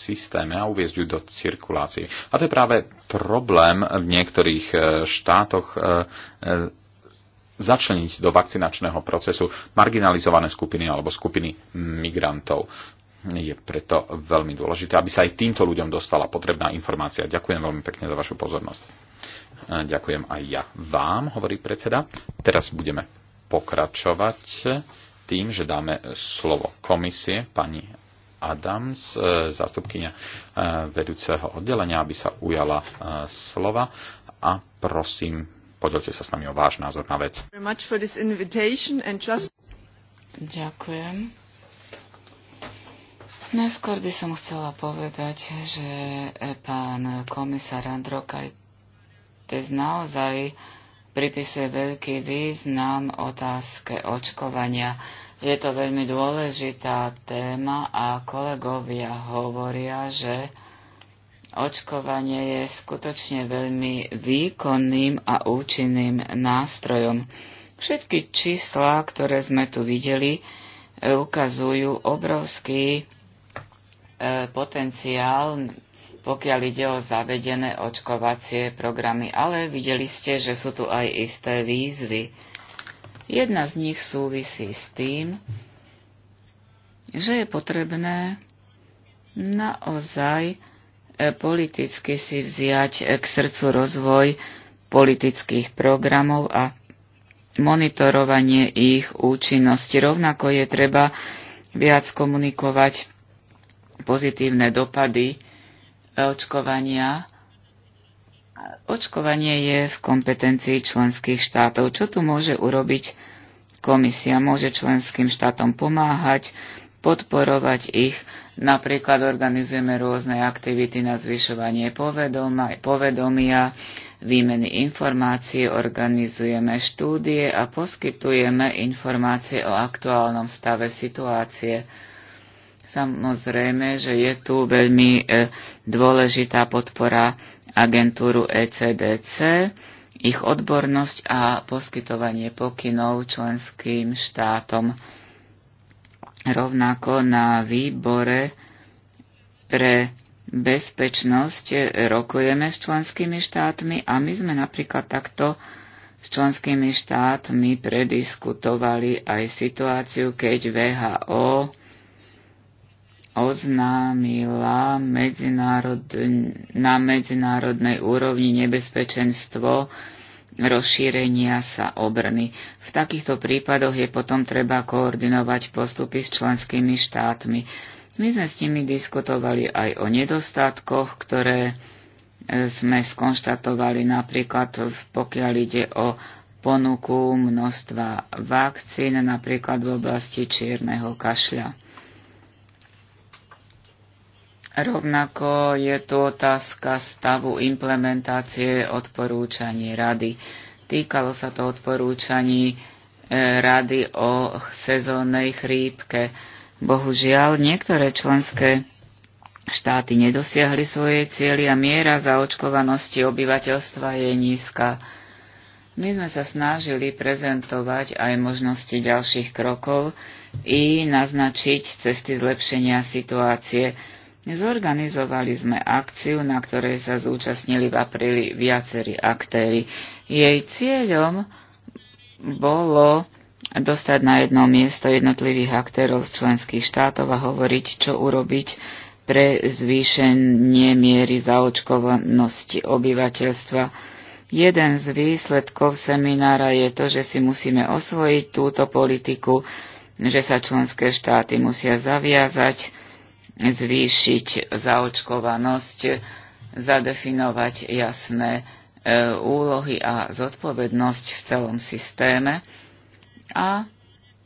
A: systéme a uviezť ju do cirkulácie. A to je práve problém v niektorých štátoch začleniť do vakcinačného procesu marginalizované skupiny alebo skupiny migrantov. Je preto veľmi dôležité, aby sa aj týmto ľuďom dostala potrebná informácia. Ďakujem veľmi pekne za vašu pozornosť. E, ďakujem aj ja vám, hovorí predseda. Teraz budeme pokračovať tým, že dáme slovo komisie pani Adams, e, zástupkynia e, vedúceho oddelenia, aby sa ujala slova a prosím, podelte sa s nami o váš názor na vec.
B: Ďakujem Najskôr by som chcela povedať, že pán komisár Androkajtes naozaj pripisuje veľký význam otázke očkovania. Je to veľmi dôležitá téma a kolegovia hovoria, že očkovanie je skutočne veľmi výkonným a účinným nástrojom. Všetky čísla, ktoré sme tu videli, ukazujú obrovský E, potenciál, pokiaľ ide o zavedené očkovacie programy. Ale videli ste, že sú tu aj isté výzvy. Jedna z nich súvisí s tým, že je potrebné naozaj e, politicky si vziať e, k srdcu rozvoj politických programov a monitorovanie ich účinnosti. Rovnako je treba viac komunikovať pozitívne dopady e, očkovania. Očkovanie je v kompetencii členských štátov. Čo tu môže urobiť komisia? Môže členským štátom pomáhať, podporovať ich. Napríklad organizujeme rôzne aktivity na zvyšovanie povedomia, výmeny informácií, organizujeme štúdie a poskytujeme informácie o aktuálnom stave situácie. Samozrejme, že je tu veľmi e, dôležitá podpora agentúru ECDC, ich odbornosť a poskytovanie pokynov členským štátom. Rovnako na výbore pre bezpečnosť rokujeme s členskými štátmi a my sme napríklad takto s členskými štátmi prediskutovali aj situáciu, keď VHO oznámila medzinárod, na medzinárodnej úrovni nebezpečenstvo rozšírenia sa obrny. V takýchto prípadoch je potom treba koordinovať postupy s členskými štátmi. My sme s nimi diskutovali aj o nedostatkoch, ktoré e, sme skonštatovali napríklad pokiaľ ide o ponuku množstva vakcín, napríklad v oblasti čierneho kašľa. Rovnako je tu otázka stavu implementácie odporúčaní rady. Týkalo sa to odporúčaní e, rady o sezónnej chrípke. Bohužiaľ, niektoré členské štáty nedosiahli svoje cieľy a miera zaočkovanosti obyvateľstva je nízka. My sme sa snažili prezentovať aj možnosti ďalších krokov i naznačiť cesty zlepšenia situácie. Zorganizovali sme akciu, na ktorej sa zúčastnili v apríli viacerí aktéry. Jej cieľom bolo dostať na jedno miesto jednotlivých aktérov z členských štátov a hovoriť, čo urobiť pre zvýšenie miery zaočkovanosti obyvateľstva. Jeden z výsledkov seminára je to, že si musíme osvojiť túto politiku, že sa členské štáty musia zaviazať, zvýšiť zaočkovanosť, zadefinovať jasné e, úlohy a zodpovednosť v celom systéme a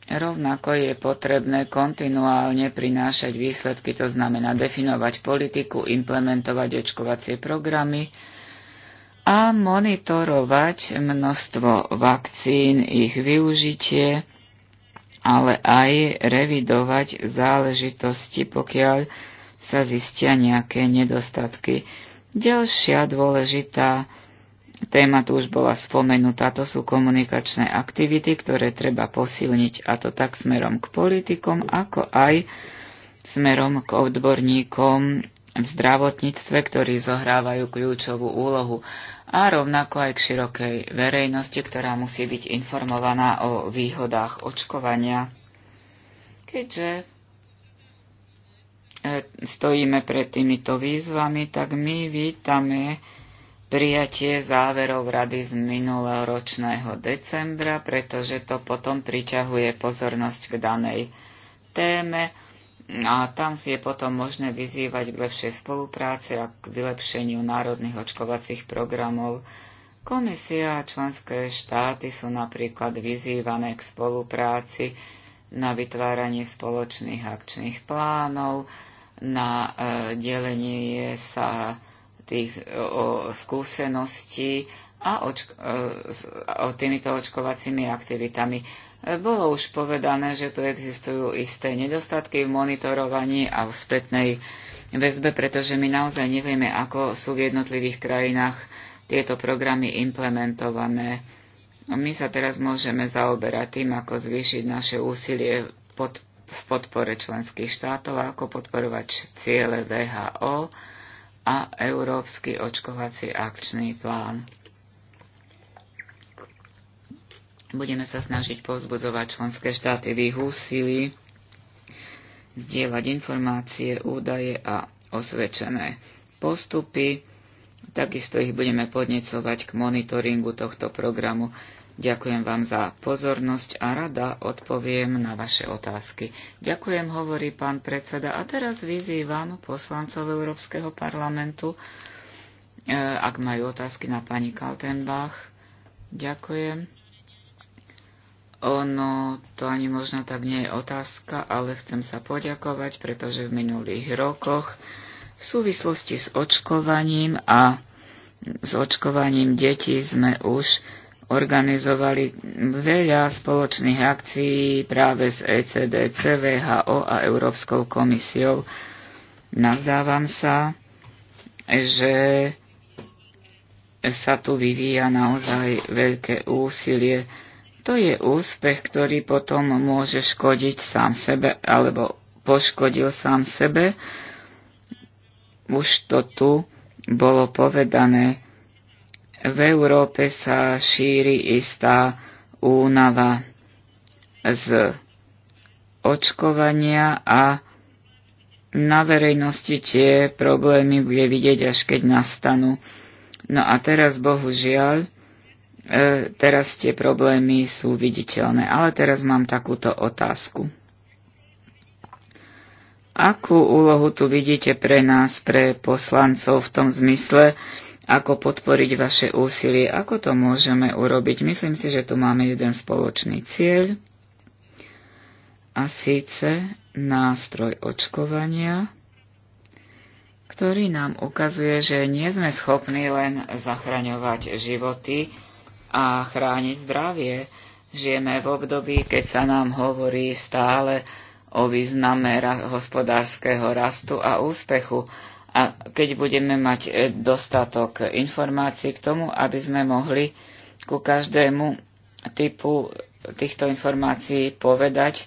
B: rovnako je potrebné kontinuálne prinášať výsledky, to znamená definovať politiku, implementovať očkovacie programy a monitorovať množstvo vakcín, ich využitie, ale aj revidovať záležitosti, pokiaľ sa zistia nejaké nedostatky. Ďalšia dôležitá téma tu už bola spomenutá, to sú komunikačné aktivity, ktoré treba posilniť, a to tak smerom k politikom, ako aj smerom k odborníkom v zdravotníctve, ktorí zohrávajú kľúčovú úlohu a rovnako aj k širokej verejnosti, ktorá musí byť informovaná o výhodách očkovania. Keďže e, stojíme pred týmito výzvami, tak my vítame prijatie záverov rady z minuloročného decembra, pretože to potom priťahuje pozornosť k danej téme No a tam si je potom možné vyzývať k lepšej spolupráci a k vylepšeniu národných očkovacích programov. Komisia a členské štáty sú napríklad vyzývané k spolupráci na vytváranie spoločných akčných plánov, na e, delenie sa tých o skúseností a e, s, o týmito očkovacími aktivitami. Bolo už povedané, že tu existujú isté nedostatky v monitorovaní a v spätnej väzbe, pretože my naozaj nevieme, ako sú v jednotlivých krajinách tieto programy implementované. My sa teraz môžeme zaoberať tým, ako zvýšiť naše úsilie pod, v podpore členských štátov, ako podporovať ciele VHO a Európsky očkovací akčný plán. Budeme sa snažiť povzbudzovať členské štáty v ich úsilí, zdieľať informácie, údaje a osvedčené postupy. Takisto ich budeme podnecovať k monitoringu tohto programu. Ďakujem vám za pozornosť a rada odpoviem na vaše otázky. Ďakujem, hovorí pán predseda. A teraz vyzývam poslancov Európskeho parlamentu, e, ak majú otázky na pani Kaltenbach. Ďakujem. Ono to ani možno tak nie je otázka, ale chcem sa poďakovať, pretože v minulých rokoch v súvislosti s očkovaním a s očkovaním detí sme už organizovali veľa spoločných akcií práve s ECDC, VHO a Európskou komisiou. Nazdávam sa, že sa tu vyvíja naozaj veľké úsilie to je úspech, ktorý potom môže škodiť sám sebe, alebo poškodil sám sebe. Už to tu bolo povedané. V Európe sa šíri istá únava z očkovania a na verejnosti tie problémy bude vidieť, až keď nastanú. No a teraz bohužiaľ E, teraz tie problémy sú viditeľné. Ale teraz mám takúto otázku. Akú úlohu tu vidíte pre nás, pre poslancov v tom zmysle, ako podporiť vaše úsilie, ako to môžeme urobiť. Myslím si, že tu máme jeden spoločný cieľ a síce nástroj očkovania, ktorý nám ukazuje, že nie sme schopní len zachraňovať životy, a chrániť zdravie. Žijeme v období, keď sa nám hovorí stále o význame hospodárskeho rastu a úspechu. A keď budeme mať e, dostatok informácií k tomu, aby sme mohli ku každému typu týchto informácií povedať,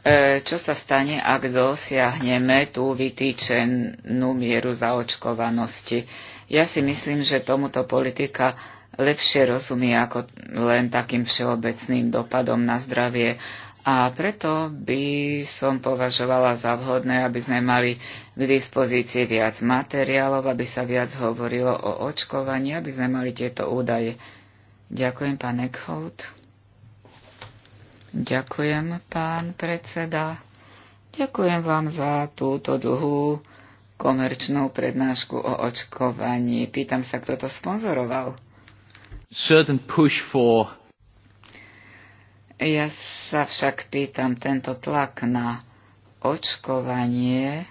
B: e, čo sa stane, ak dosiahneme tú vytýčenú mieru zaočkovanosti. Ja si myslím, že tomuto politika lepšie rozumie ako len takým všeobecným dopadom na zdravie. A preto by som považovala za vhodné, aby sme mali k dispozícii viac materiálov, aby sa viac hovorilo o očkovaní, aby sme mali tieto údaje. Ďakujem, pán Eckhout. Ďakujem, pán predseda. Ďakujem vám za túto dlhú komerčnú prednášku o očkovaní. Pýtam sa, kto to sponzoroval
A: certain push for
B: ja sa však pýtam, tento tlak na očkovanie,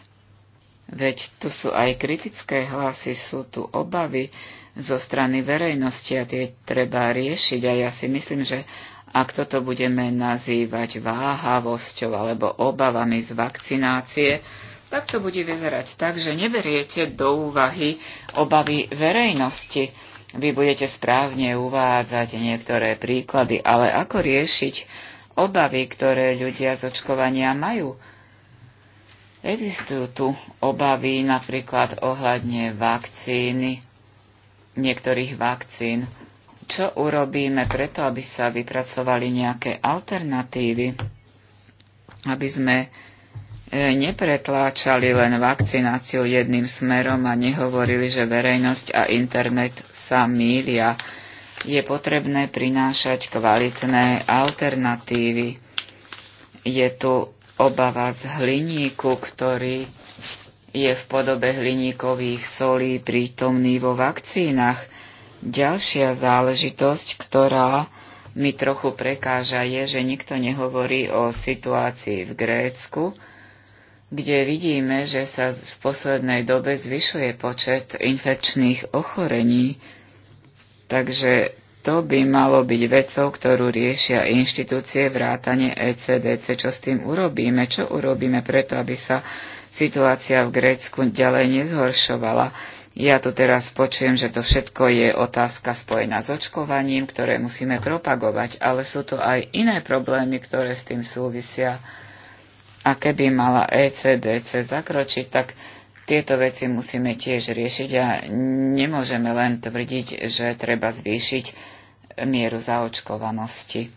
B: veď tu sú aj kritické hlasy, sú tu obavy zo strany verejnosti a tie treba riešiť. A ja si myslím, že ak toto budeme nazývať váhavosťou alebo obavami z vakcinácie, tak to bude vyzerať tak, že neberiete do úvahy obavy verejnosti vy budete správne uvádzať niektoré príklady, ale ako riešiť obavy, ktoré ľudia z očkovania majú? Existujú tu obavy napríklad ohľadne vakcíny, niektorých vakcín. Čo urobíme preto, aby sa vypracovali nejaké alternatívy, aby sme nepretláčali len vakcináciu jedným smerom a nehovorili, že verejnosť a internet sa mília. Je potrebné prinášať kvalitné alternatívy. Je tu obava z hliníku, ktorý je v podobe hliníkových solí prítomný vo vakcínach. Ďalšia záležitosť, ktorá mi trochu prekáža, je, že nikto nehovorí o situácii v Grécku, kde vidíme, že sa v poslednej dobe zvyšuje počet infekčných ochorení. Takže to by malo byť vecou, ktorú riešia inštitúcie vrátane ECDC. Čo s tým urobíme? Čo urobíme preto, aby sa situácia v Grécku ďalej nezhoršovala? Ja tu teraz počujem, že to všetko je otázka spojená s očkovaním, ktoré musíme propagovať, ale sú to aj iné problémy, ktoré s tým súvisia a keby mala ECDC zakročiť, tak tieto veci musíme tiež riešiť a nemôžeme len tvrdiť, že treba zvýšiť mieru zaočkovanosti.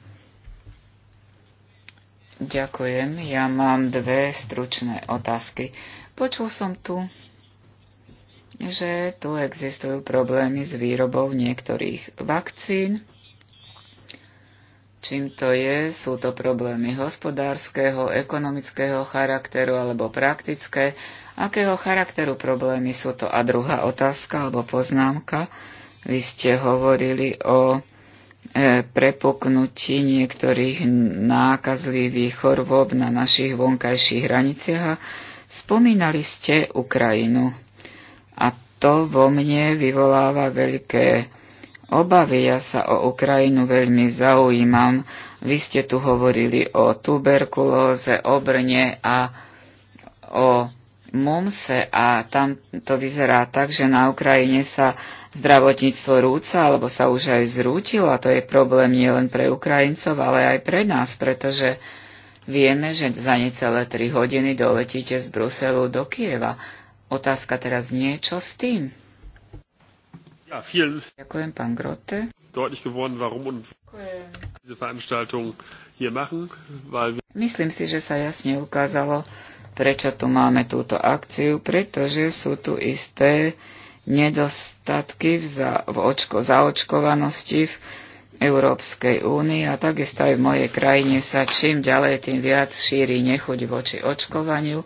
B: Ďakujem. Ja mám dve stručné otázky. Počul som tu, že tu existujú problémy s výrobou niektorých vakcín čím to je, sú to problémy hospodárskeho, ekonomického charakteru alebo praktické, akého charakteru problémy sú to. A druhá otázka alebo poznámka, vy ste hovorili o e, prepuknutí niektorých nákazlivých chorôb na našich vonkajších hraniciach a spomínali ste Ukrajinu. A to vo mne vyvoláva veľké obavy. Ja sa o Ukrajinu veľmi zaujímam. Vy ste tu hovorili o tuberkulóze, o Brne a o Mumse a tam to vyzerá tak, že na Ukrajine sa zdravotníctvo rúca alebo sa už aj zrútilo a to je problém nielen pre Ukrajincov, ale aj pre nás, pretože vieme, že za necelé tri hodiny doletíte z Bruselu do Kieva. Otázka teraz nie, čo s tým? Ďakujem, pán Grote.
A: Deutlich geworden, warum und diese Veranstaltung hier machen, weil wir Myslím si, že
B: sa jasne ukázalo, prečo tu máme túto akciu, pretože sú tu isté nedostatky v, za, v očko, zaočkovanosti v Európskej únii a takisto aj v mojej krajine sa čím ďalej tým viac šíri nechuť voči očkovaniu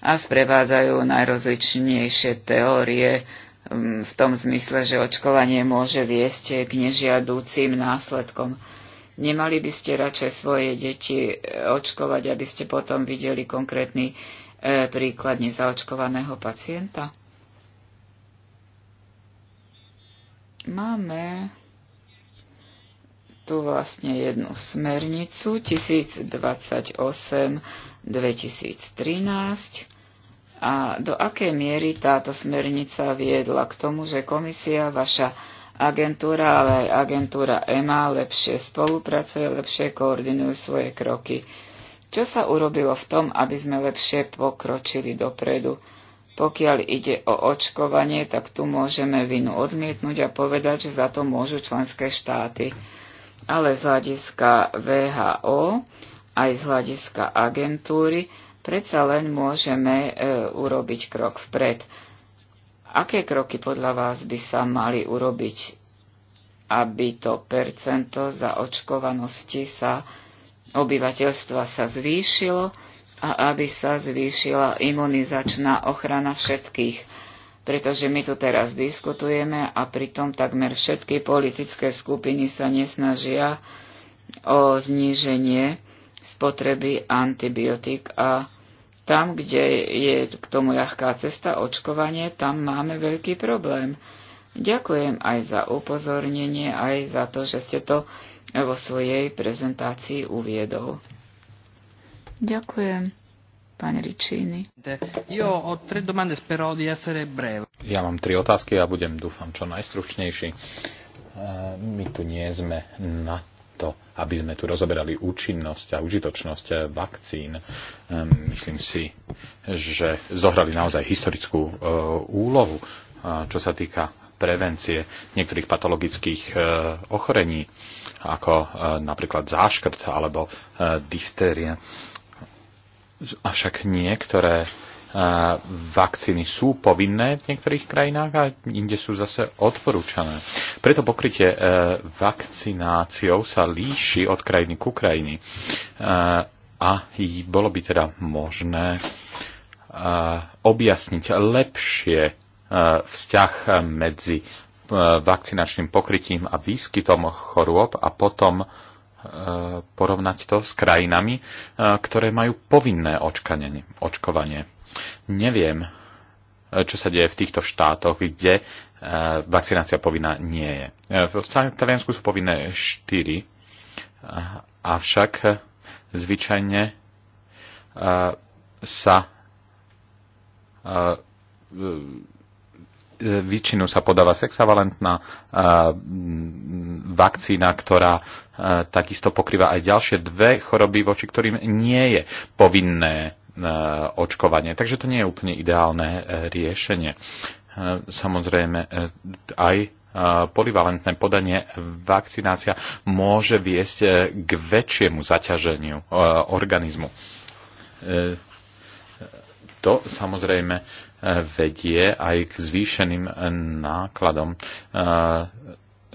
B: a sprevádzajú najrozličnejšie teórie Um, v tom zmysle, že očkovanie môže viesť k nežiadúcim následkom. Nemali by ste radšej svoje deti eh, očkovať, aby ste potom videli konkrétny eh, príklad nezaočkovaného pacienta? Máme tu vlastne jednu smernicu 1028 2013 a do akej miery táto smernica viedla k tomu, že komisia, vaša agentúra, ale aj agentúra EMA lepšie spolupracuje, lepšie koordinujú svoje kroky. Čo sa urobilo v tom, aby sme lepšie pokročili dopredu? Pokiaľ ide o očkovanie, tak tu môžeme vinu odmietnúť a povedať, že za to môžu členské štáty. Ale z hľadiska VHO, aj z hľadiska agentúry, predsa len môžeme e, urobiť krok vpred. Aké kroky podľa vás by sa mali urobiť, aby to percento zaočkovanosti sa obyvateľstva sa zvýšilo a aby sa zvýšila imunizačná ochrana všetkých? pretože my tu teraz diskutujeme a pritom takmer všetky politické skupiny sa nesnažia o zníženie spotreby antibiotík a tam, kde je k tomu ľahká cesta očkovanie, tam máme veľký problém. Ďakujem aj za upozornenie, aj za to, že ste to vo svojej prezentácii uviedol. Ďakujem, pán Ričíny.
A: Ja mám tri otázky a budem, dúfam, čo najstručnejší. E, my tu nie sme na to, aby sme tu rozoberali účinnosť a užitočnosť eh, vakcín, ehm, myslím si, že zohrali naozaj historickú eh, úlohu, eh, čo sa týka prevencie niektorých patologických ochorení, ako napríklad záškrt alebo dystéria. Avšak niektoré vakcíny sú povinné v niektorých krajinách a inde sú zase odporúčané. Preto pokrytie e, vakcináciou sa líši od krajiny ku krajiny e, a bolo by teda možné e, objasniť lepšie vzťah medzi vakcinačným pokrytím a výskytom chorôb a potom porovnať to s krajinami, ktoré majú povinné očkovanie. Neviem, e, čo sa deje v týchto štátoch, kde e, vakcinácia povinná nie je. E, v Taliansku sú povinné 4, avšak zvyčajne sa výčinu sa podáva sexavalentná vakcína, ktorá takisto pokrýva aj ďalšie dve choroby, voči ktorým nie je povinné očkovanie. Takže to nie je úplne ideálne e, riešenie. E, samozrejme, e, aj polivalentné podanie vakcinácia môže viesť k väčšiemu zaťaženiu organizmu. To samozrejme vedie aj k zvýšeným nákladom 140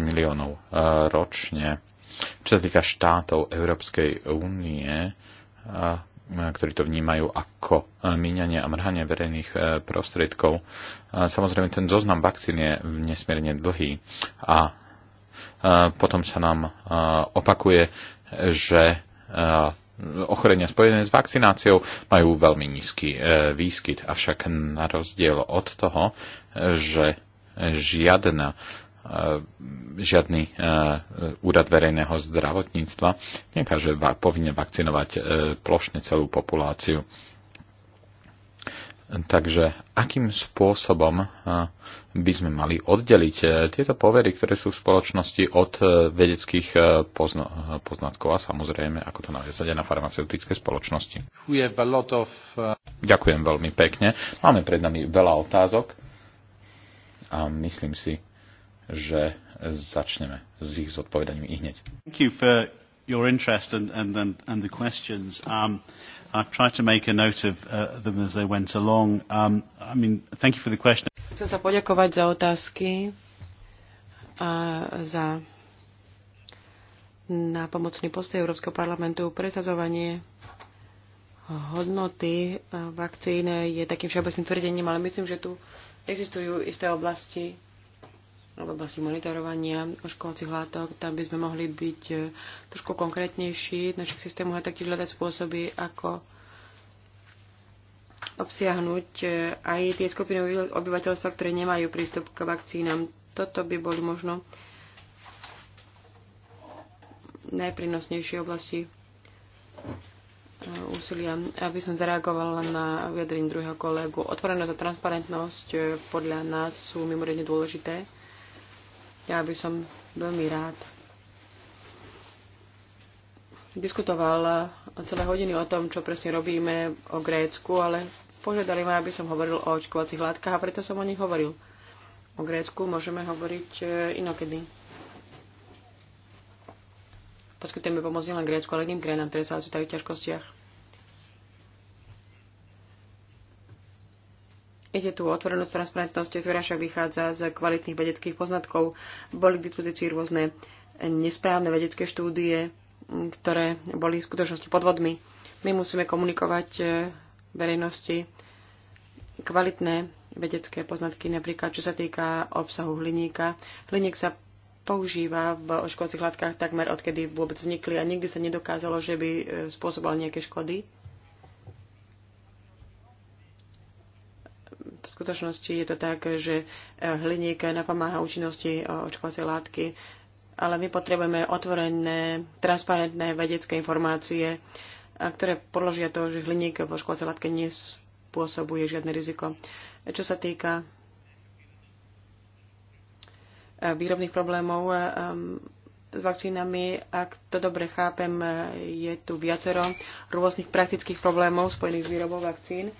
A: miliónov ročne. Čo sa týka štátov Európskej únie, E, ktorí to vnímajú ako e, míňanie a mrhanie verejných e, prostriedkov. Samozrejme, ten zoznam vakcín je nesmierne dlhý a potom sa nám opakuje, že ochorenia spojené s vakcináciou majú veľmi nízky výskyt. Avšak na rozdiel od toho, že žiadna E, žiadny e, úrad verejného zdravotníctva nekáže povinne vakcinovať e, plošne celú populáciu. Takže akým spôsobom by sme mali oddeliť tieto povery, ktoré sú v spoločnosti od vedeckých pozno- poznatkov a samozrejme, ako to naviazať na farmaceutické spoločnosti? Of... Ďakujem veľmi pekne. Máme pred nami veľa otázok a myslím si, že začneme s ich zodpovedaním i hneď. Thank you for your interest and, and, and the questions. Um, I've tried to make a note of uh, them as they went along. Um, I mean, thank you for the question.
C: Chcem sa poďakovať za otázky a za na pomocný postoj Európskeho parlamentu presazovanie hodnoty vakcín je takým všeobecným tvrdením, ale myslím, že tu existujú isté oblasti, v oblasti monitorovania očkovacích látok, tam by sme mohli byť e, trošku konkrétnejší v našich systémoch a taktiež hľadať spôsoby, ako obsiahnuť e, aj tie skupiny obyvateľstva, ktoré nemajú prístup k vakcínám. Toto by boli možno najprínosnejšie oblasti e, úsilia, aby som zareagovala na vyjadrenie druhého kolegu. Otvorenosť a transparentnosť podľa nás sú mimoriadne dôležité ja by som veľmi rád diskutoval celé hodiny o tom, čo presne robíme o Grécku, ale požiadali ma, aby som hovoril o očkovacích látkach a preto som o nich hovoril. O Grécku môžeme hovoriť e, inokedy. Poskytujeme pomoc nielen Grécku, ale iným krajinám, ktoré sa ocitajú v ťažkostiach. Ide tu o otvorenosť, transparentnosť, ktorá však vychádza z kvalitných vedeckých poznatkov. Boli k dispozícii rôzne nesprávne vedecké štúdie, ktoré boli v skutočnosti podvodmi. My musíme komunikovať e, verejnosti kvalitné vedecké poznatky, napríklad čo sa týka obsahu hliníka. Hliník sa používa v očkovacích látkach takmer odkedy vôbec vznikli a nikdy sa nedokázalo, že by e, spôsoboval nejaké škody. v skutočnosti je to tak, že eh, hliník napomáha účinnosti eh, očkovacej látky, ale my potrebujeme otvorené, transparentné vedecké informácie, ktoré podložia to, že hliník v očkovacej látke nespôsobuje žiadne riziko. Eh, čo sa týka výrobných problémov s vakcínami, ak to dobre chápem, je tu viacero rôznych praktických problémov spojených s výrobou vakcín.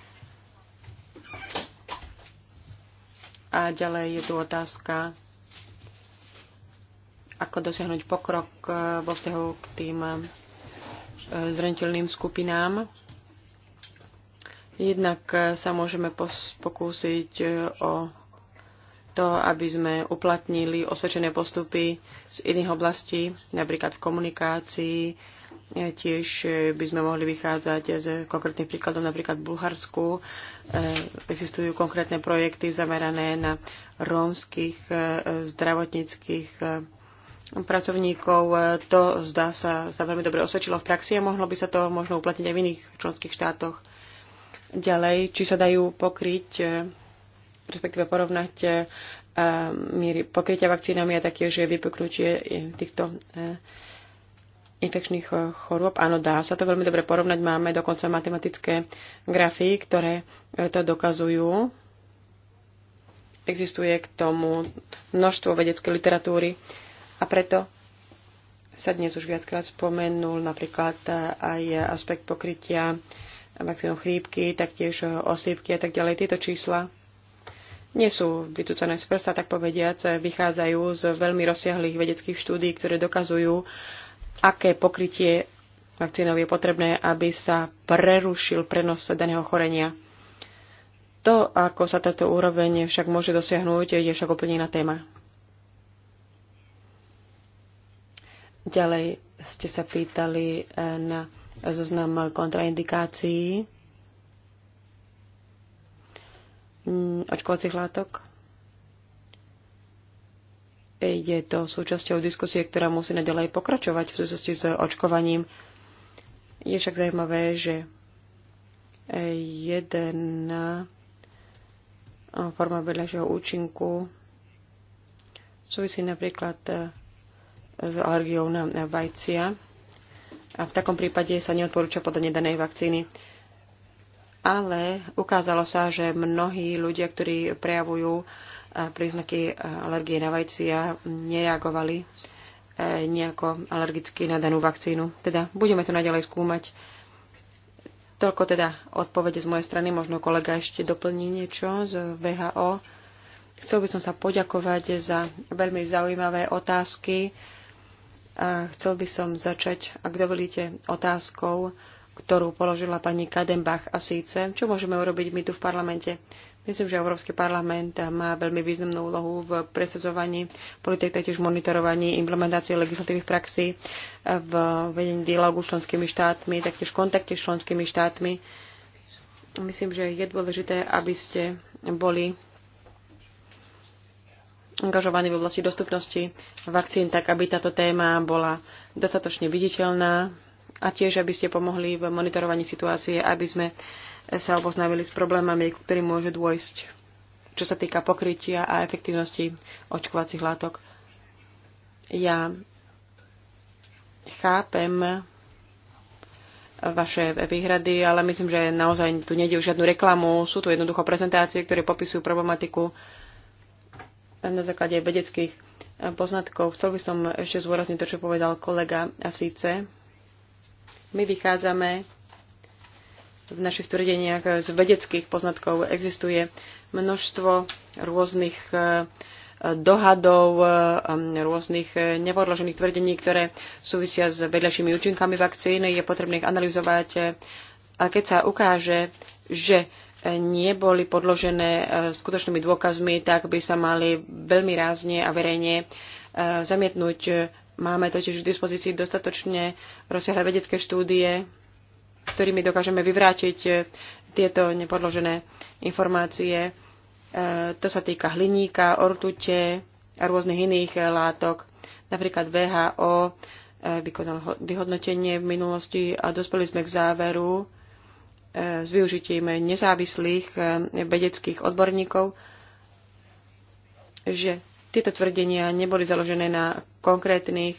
C: A ďalej je tu otázka, ako dosiahnuť pokrok e, vo vzťahu k tým e, zraniteľným skupinám. Jednak e, sa môžeme pokúsiť o to, aby sme uplatnili osvedčené postupy z iných oblastí, napríklad v komunikácii, Tiež eh, by sme mohli vychádzať z konkrétnych príkladov, napríklad v Bulharsku eh, existujú konkrétne projekty zamerané na rómskych eh, zdravotníckých pracovníkov. To zdá sa, sa veľmi dobre osvedčilo v praxi a mohlo by sa to možno uplatniť aj v iných členských štátoch. Ďalej, či sa dajú pokryť, respektíve porovnať míry pokrytia vakcínami a taktiež vypuknutie týchto infekčných eh, chorôb. Áno, dá sa to veľmi dobre porovnať. Máme dokonca matematické grafy, ktoré eh, to dokazujú. Existuje k tomu množstvo vedeckej literatúry a preto sa dnes už viackrát spomenul napríklad eh, aj aspekt pokrytia vakcínou chrípky, taktiež osýpky a tak ďalej. Tieto čísla nie sú vytúcané z prsta, tak povediac, vychádzajú z veľmi rozsiahlých vedeckých štúdí, ktoré dokazujú, aké pokrytie vakcínov je potrebné, aby sa prerušil prenos daného chorenia. To, ako sa táto úroveň však môže dosiahnuť, je však úplne iná téma. Ďalej ste sa pýtali eh, na zoznam kontraindikácií mm, očkovacích látok je to súčasťou diskusie, ktorá musí nadalej pokračovať v súvislosti s očkovaním. Je však zaujímavé, že jeden eh, forma vedľajšieho účinku súvisí napríklad eh, s alergiou na vajcia a v takom prípade sa neodporúča podanie danej vakcíny. Ale ukázalo sa, že mnohí ľudia, ktorí prejavujú príznaky alergie na vajcia nereagovali e, nejako alergicky na danú vakcínu. Teda budeme to naďalej skúmať. Toľko teda odpovede z mojej strany. Možno kolega ešte doplní niečo z VHO. Chcel by som sa poďakovať za veľmi zaujímavé otázky. A chcel by som začať, ak dovolíte, otázkou, ktorú položila pani Kadenbach a síce, čo môžeme urobiť my tu v parlamente. Myslím, že Európsky parlament má veľmi významnú úlohu v presadzovaní politik, taktiež monitorovaní implementácie legislatívnych praxí, v vedení dialogu s členskými štátmi, taktiež v kontakte s členskými štátmi. Myslím, že je dôležité, aby ste boli angažovaní v oblasti dostupnosti vakcín, tak aby táto téma bola dostatočne viditeľná a tiež, aby ste pomohli v monitorovaní situácie, aby sme sa oboznámili s problémami, ku ktorým môže dôjsť, čo sa týka pokrytia a efektívnosti očkovacích látok. Ja chápem vaše výhrady, ale myslím, že naozaj tu nejde o žiadnu reklamu. Sú tu jednoducho prezentácie, ktoré popisujú problematiku na základe vedeckých poznatkov. Chcel by som ešte zúrazniť to, čo povedal kolega a síce my vychádzame v našich tvrdeniach z vedeckých poznatkov existuje množstvo rôznych e, dohadov, e, rôznych e, nevodložených tvrdení, ktoré súvisia s vedľajšími účinkami vakcíny. Je potrebné ich analyzovať. A keď sa ukáže, že nie boli podložené skutočnými dôkazmi, tak by sa mali veľmi rázne a verejne zamietnúť. Máme totiž k dispozícii dostatočne rozsiahle vedecké štúdie ktorými dokážeme vyvrátiť e, tieto nepodložené informácie. E, to sa týka hliníka, ortute a rôznych iných e, látok. Napríklad VHO vykonal vyhodnotenie v minulosti a dospeli sme k záveru s využitím nezávislých vedeckých odborníkov, že tieto tvrdenia neboli založené na konkrétnych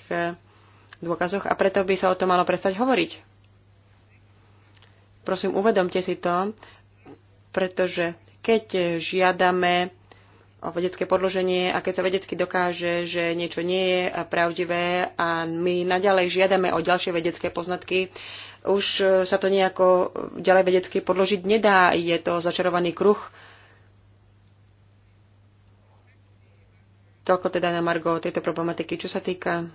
C: dôkazoch a preto by sa o tom malo prestať hovoriť. Prosím, uvedomte si to, pretože keď žiadame o vedecké podloženie a keď sa vedecky dokáže, že niečo nie je pravdivé a my naďalej žiadame o ďalšie vedecké poznatky, už sa to nejako ďalej vedecky podložiť nedá. Je to začarovaný kruh. Toľko teda na Margo tejto problematiky. Čo sa týka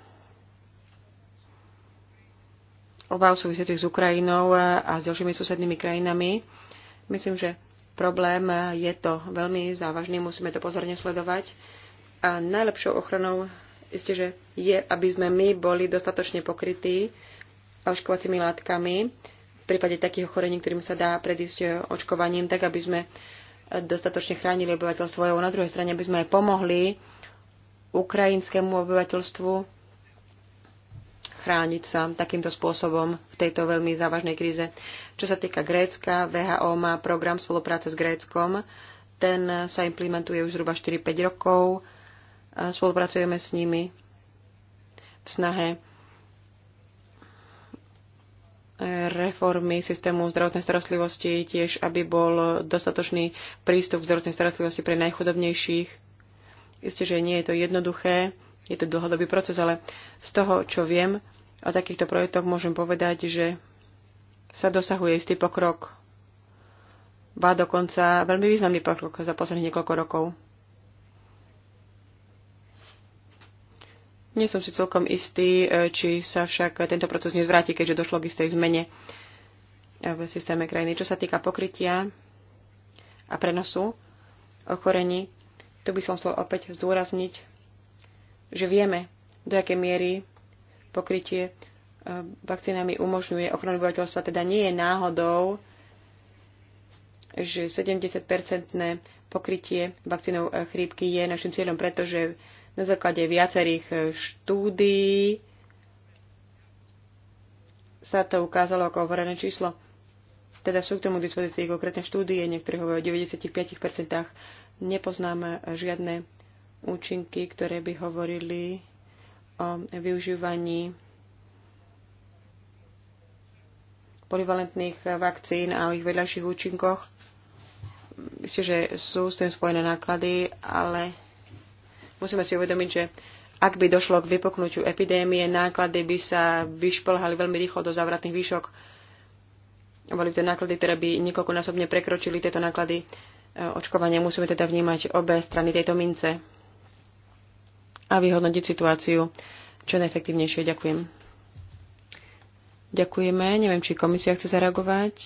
C: obáv súvisiacich s Ukrajinou a s ďalšími susednými krajinami. Myslím, že problém je to veľmi závažný, musíme to pozorne sledovať. A najlepšou ochranou isté, že je, aby sme my boli dostatočne pokrytí očkovacími látkami v prípade takých ochorení, ktorým sa dá predísť očkovaním, tak aby sme dostatočne chránili obyvateľstvo EU. Na druhej strane, aby sme aj pomohli ukrajinskému obyvateľstvu chrániť sa takýmto spôsobom v tejto veľmi závažnej kríze. Čo sa týka Grécka, VHO má program spolupráce s Gréckom. Ten sa implementuje už zhruba 4-5 rokov. Spolupracujeme s nimi v snahe reformy systému zdravotnej starostlivosti, tiež aby bol dostatočný prístup k zdravotnej starostlivosti pre najchudobnejších. Isté, že nie je to jednoduché, je to dlhodobý proces, ale z toho, čo viem, o takýchto projektoch môžem povedať, že sa dosahuje istý pokrok, ba dokonca veľmi významný pokrok za posledných niekoľko rokov. Nie som si celkom istý, e, či sa však tento proces nezvráti, keďže došlo k istej zmene e, v systéme krajiny. Čo sa týka pokrytia a prenosu ochorení, tu by som chcel opäť zdôrazniť, že vieme, do akej miery pokrytie e, vakcínami umožňuje ochranu obyvateľstva, teda nie je náhodou, že 70-percentné pokrytie vakcínou e, chrípky je našim cieľom, pretože na základe viacerých e, štúdií sa to ukázalo ako overené číslo. Teda sú k tomu dispozícii konkrétne štúdie, niektoré hovoria o 95%. Nepoznáme žiadne účinky, ktoré by hovorili o využívaní polivalentných vakcín a o ich vedľajších účinkoch. Myslím, že sú s tým spojené náklady, ale musíme si uvedomiť, že ak by došlo k vypoknutiu epidémie, náklady by sa vyšplhali veľmi rýchlo do závratných výšok. Boli to náklady, ktoré by niekoľkonásobne prekročili tieto náklady e, očkovania. Musíme teda vnímať obe strany tejto mince a vyhodnotiť situáciu čo najefektívnejšie. Ďakujem. Ďakujeme. Neviem, či komisia chce zareagovať.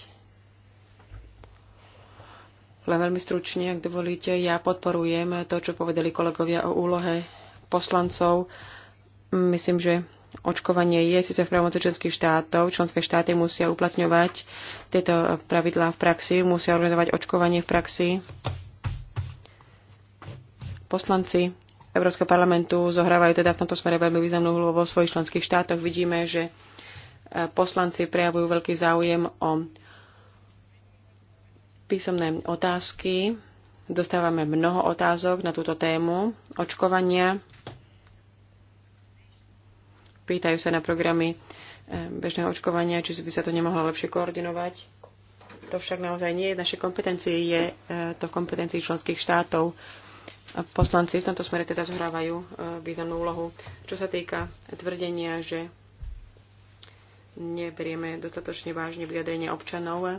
C: Len veľmi stručne, ak dovolíte, ja podporujem to, čo povedali kolegovia o úlohe poslancov. Myslím, že očkovanie je síce v právomoci členských štátov, členské štáty musia uplatňovať tieto pravidlá v praxi, musia organizovať očkovanie v praxi. Poslanci Európskeho parlamentu zohrávajú teda v tomto smere veľmi významnú úlohu vo svojich členských štátoch. Vidíme, že e, poslanci prejavujú veľký záujem o písomné otázky. Dostávame mnoho otázok na túto tému očkovania. Pýtajú sa na programy e, bežného očkovania, či by sa to nemohlo lepšie koordinovať. To však naozaj nie je v našej kompetencii, je e, to v kompetencii členských štátov poslanci v tomto smere teda zohrávajú e, významnú úlohu. Čo sa týka tvrdenia, že neberieme dostatočne vážne vyjadrenie občanov a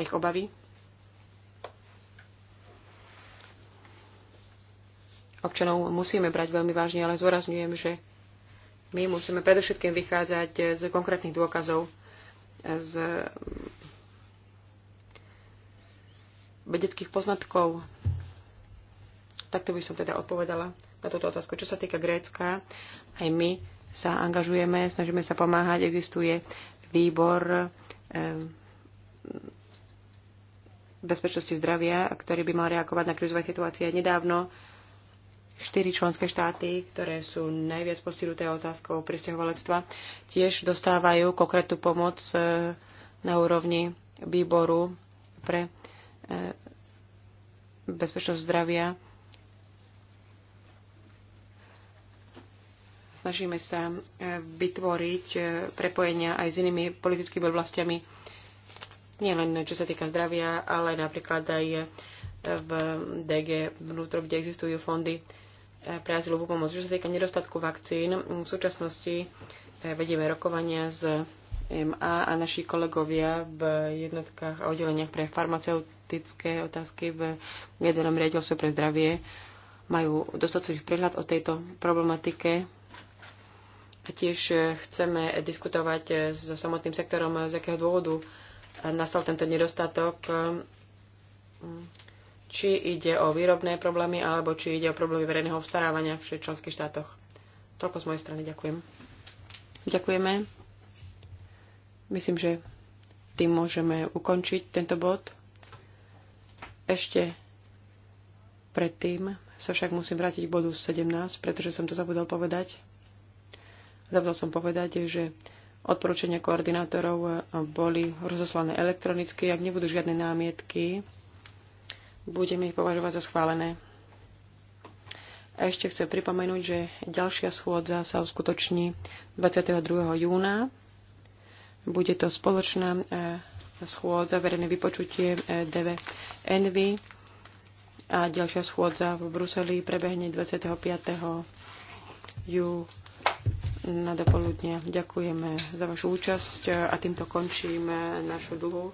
C: ich obavy. Občanov musíme brať veľmi vážne, ale zdôrazňujem, že my musíme predovšetkým vychádzať z konkrétnych dôkazov, z vedeckých poznatkov, Takto by som teda odpovedala na túto otázku. Čo sa týka Grécka, aj my sa angažujeme, snažíme sa pomáhať. Existuje výbor eh, bezpečnosti zdravia, ktorý by mal reagovať na krizové situácie. Nedávno štyri členské štáty, ktoré sú najviac postihnuté otázkou pristahovalectva, tiež dostávajú konkrétnu pomoc eh, na úrovni výboru pre eh, bezpečnosť zdravia Snažíme sa e, vytvoriť e, prepojenia aj s inými politickými oblastiami, nielen čo sa týka zdravia, ale napríklad aj e, v DG vnútro, kde existujú fondy pre azylovú pomoc. Čo sa týka nedostatku vakcín, v súčasnosti vedieme rokovania s MA a naši kolegovia v jednotkách a oddeleniach pre farmaceutické otázky v generálnom riaditeľstve pre zdravie majú dostatočný prehľad o tejto problematike Tiež eh, chceme diskutovať eh, so samotným sektorom, eh, z akého dôvodu nastal tento nedostatok, mm, či ide o výrobné problémy, alebo či ide o problémy verejného obstarávania v členských štátoch. Toľko z mojej strany, ďakujem. Ďakujeme. Myslím, že tým môžeme ukončiť tento bod. Ešte predtým sa však musím vrátiť k bodu 17, pretože som to zabudol povedať. Zabudol som povedať, že odporúčania koordinátorov boli rozoslané elektronicky. Ak nebudú žiadne námietky, budeme ich považovať za schválené. A ešte chcem pripomenúť, že ďalšia schôdza sa uskutoční 22. júna. Bude to spoločná eh, schôdza, verejné vypočutie eh, DV Envy a ďalšia schôdza v Bruseli prebehne 25. júna na dopoludne. Ďakujeme za vašu účasť a týmto končíme našu dlhú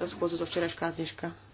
C: schôdzu zo včerajška a dneška.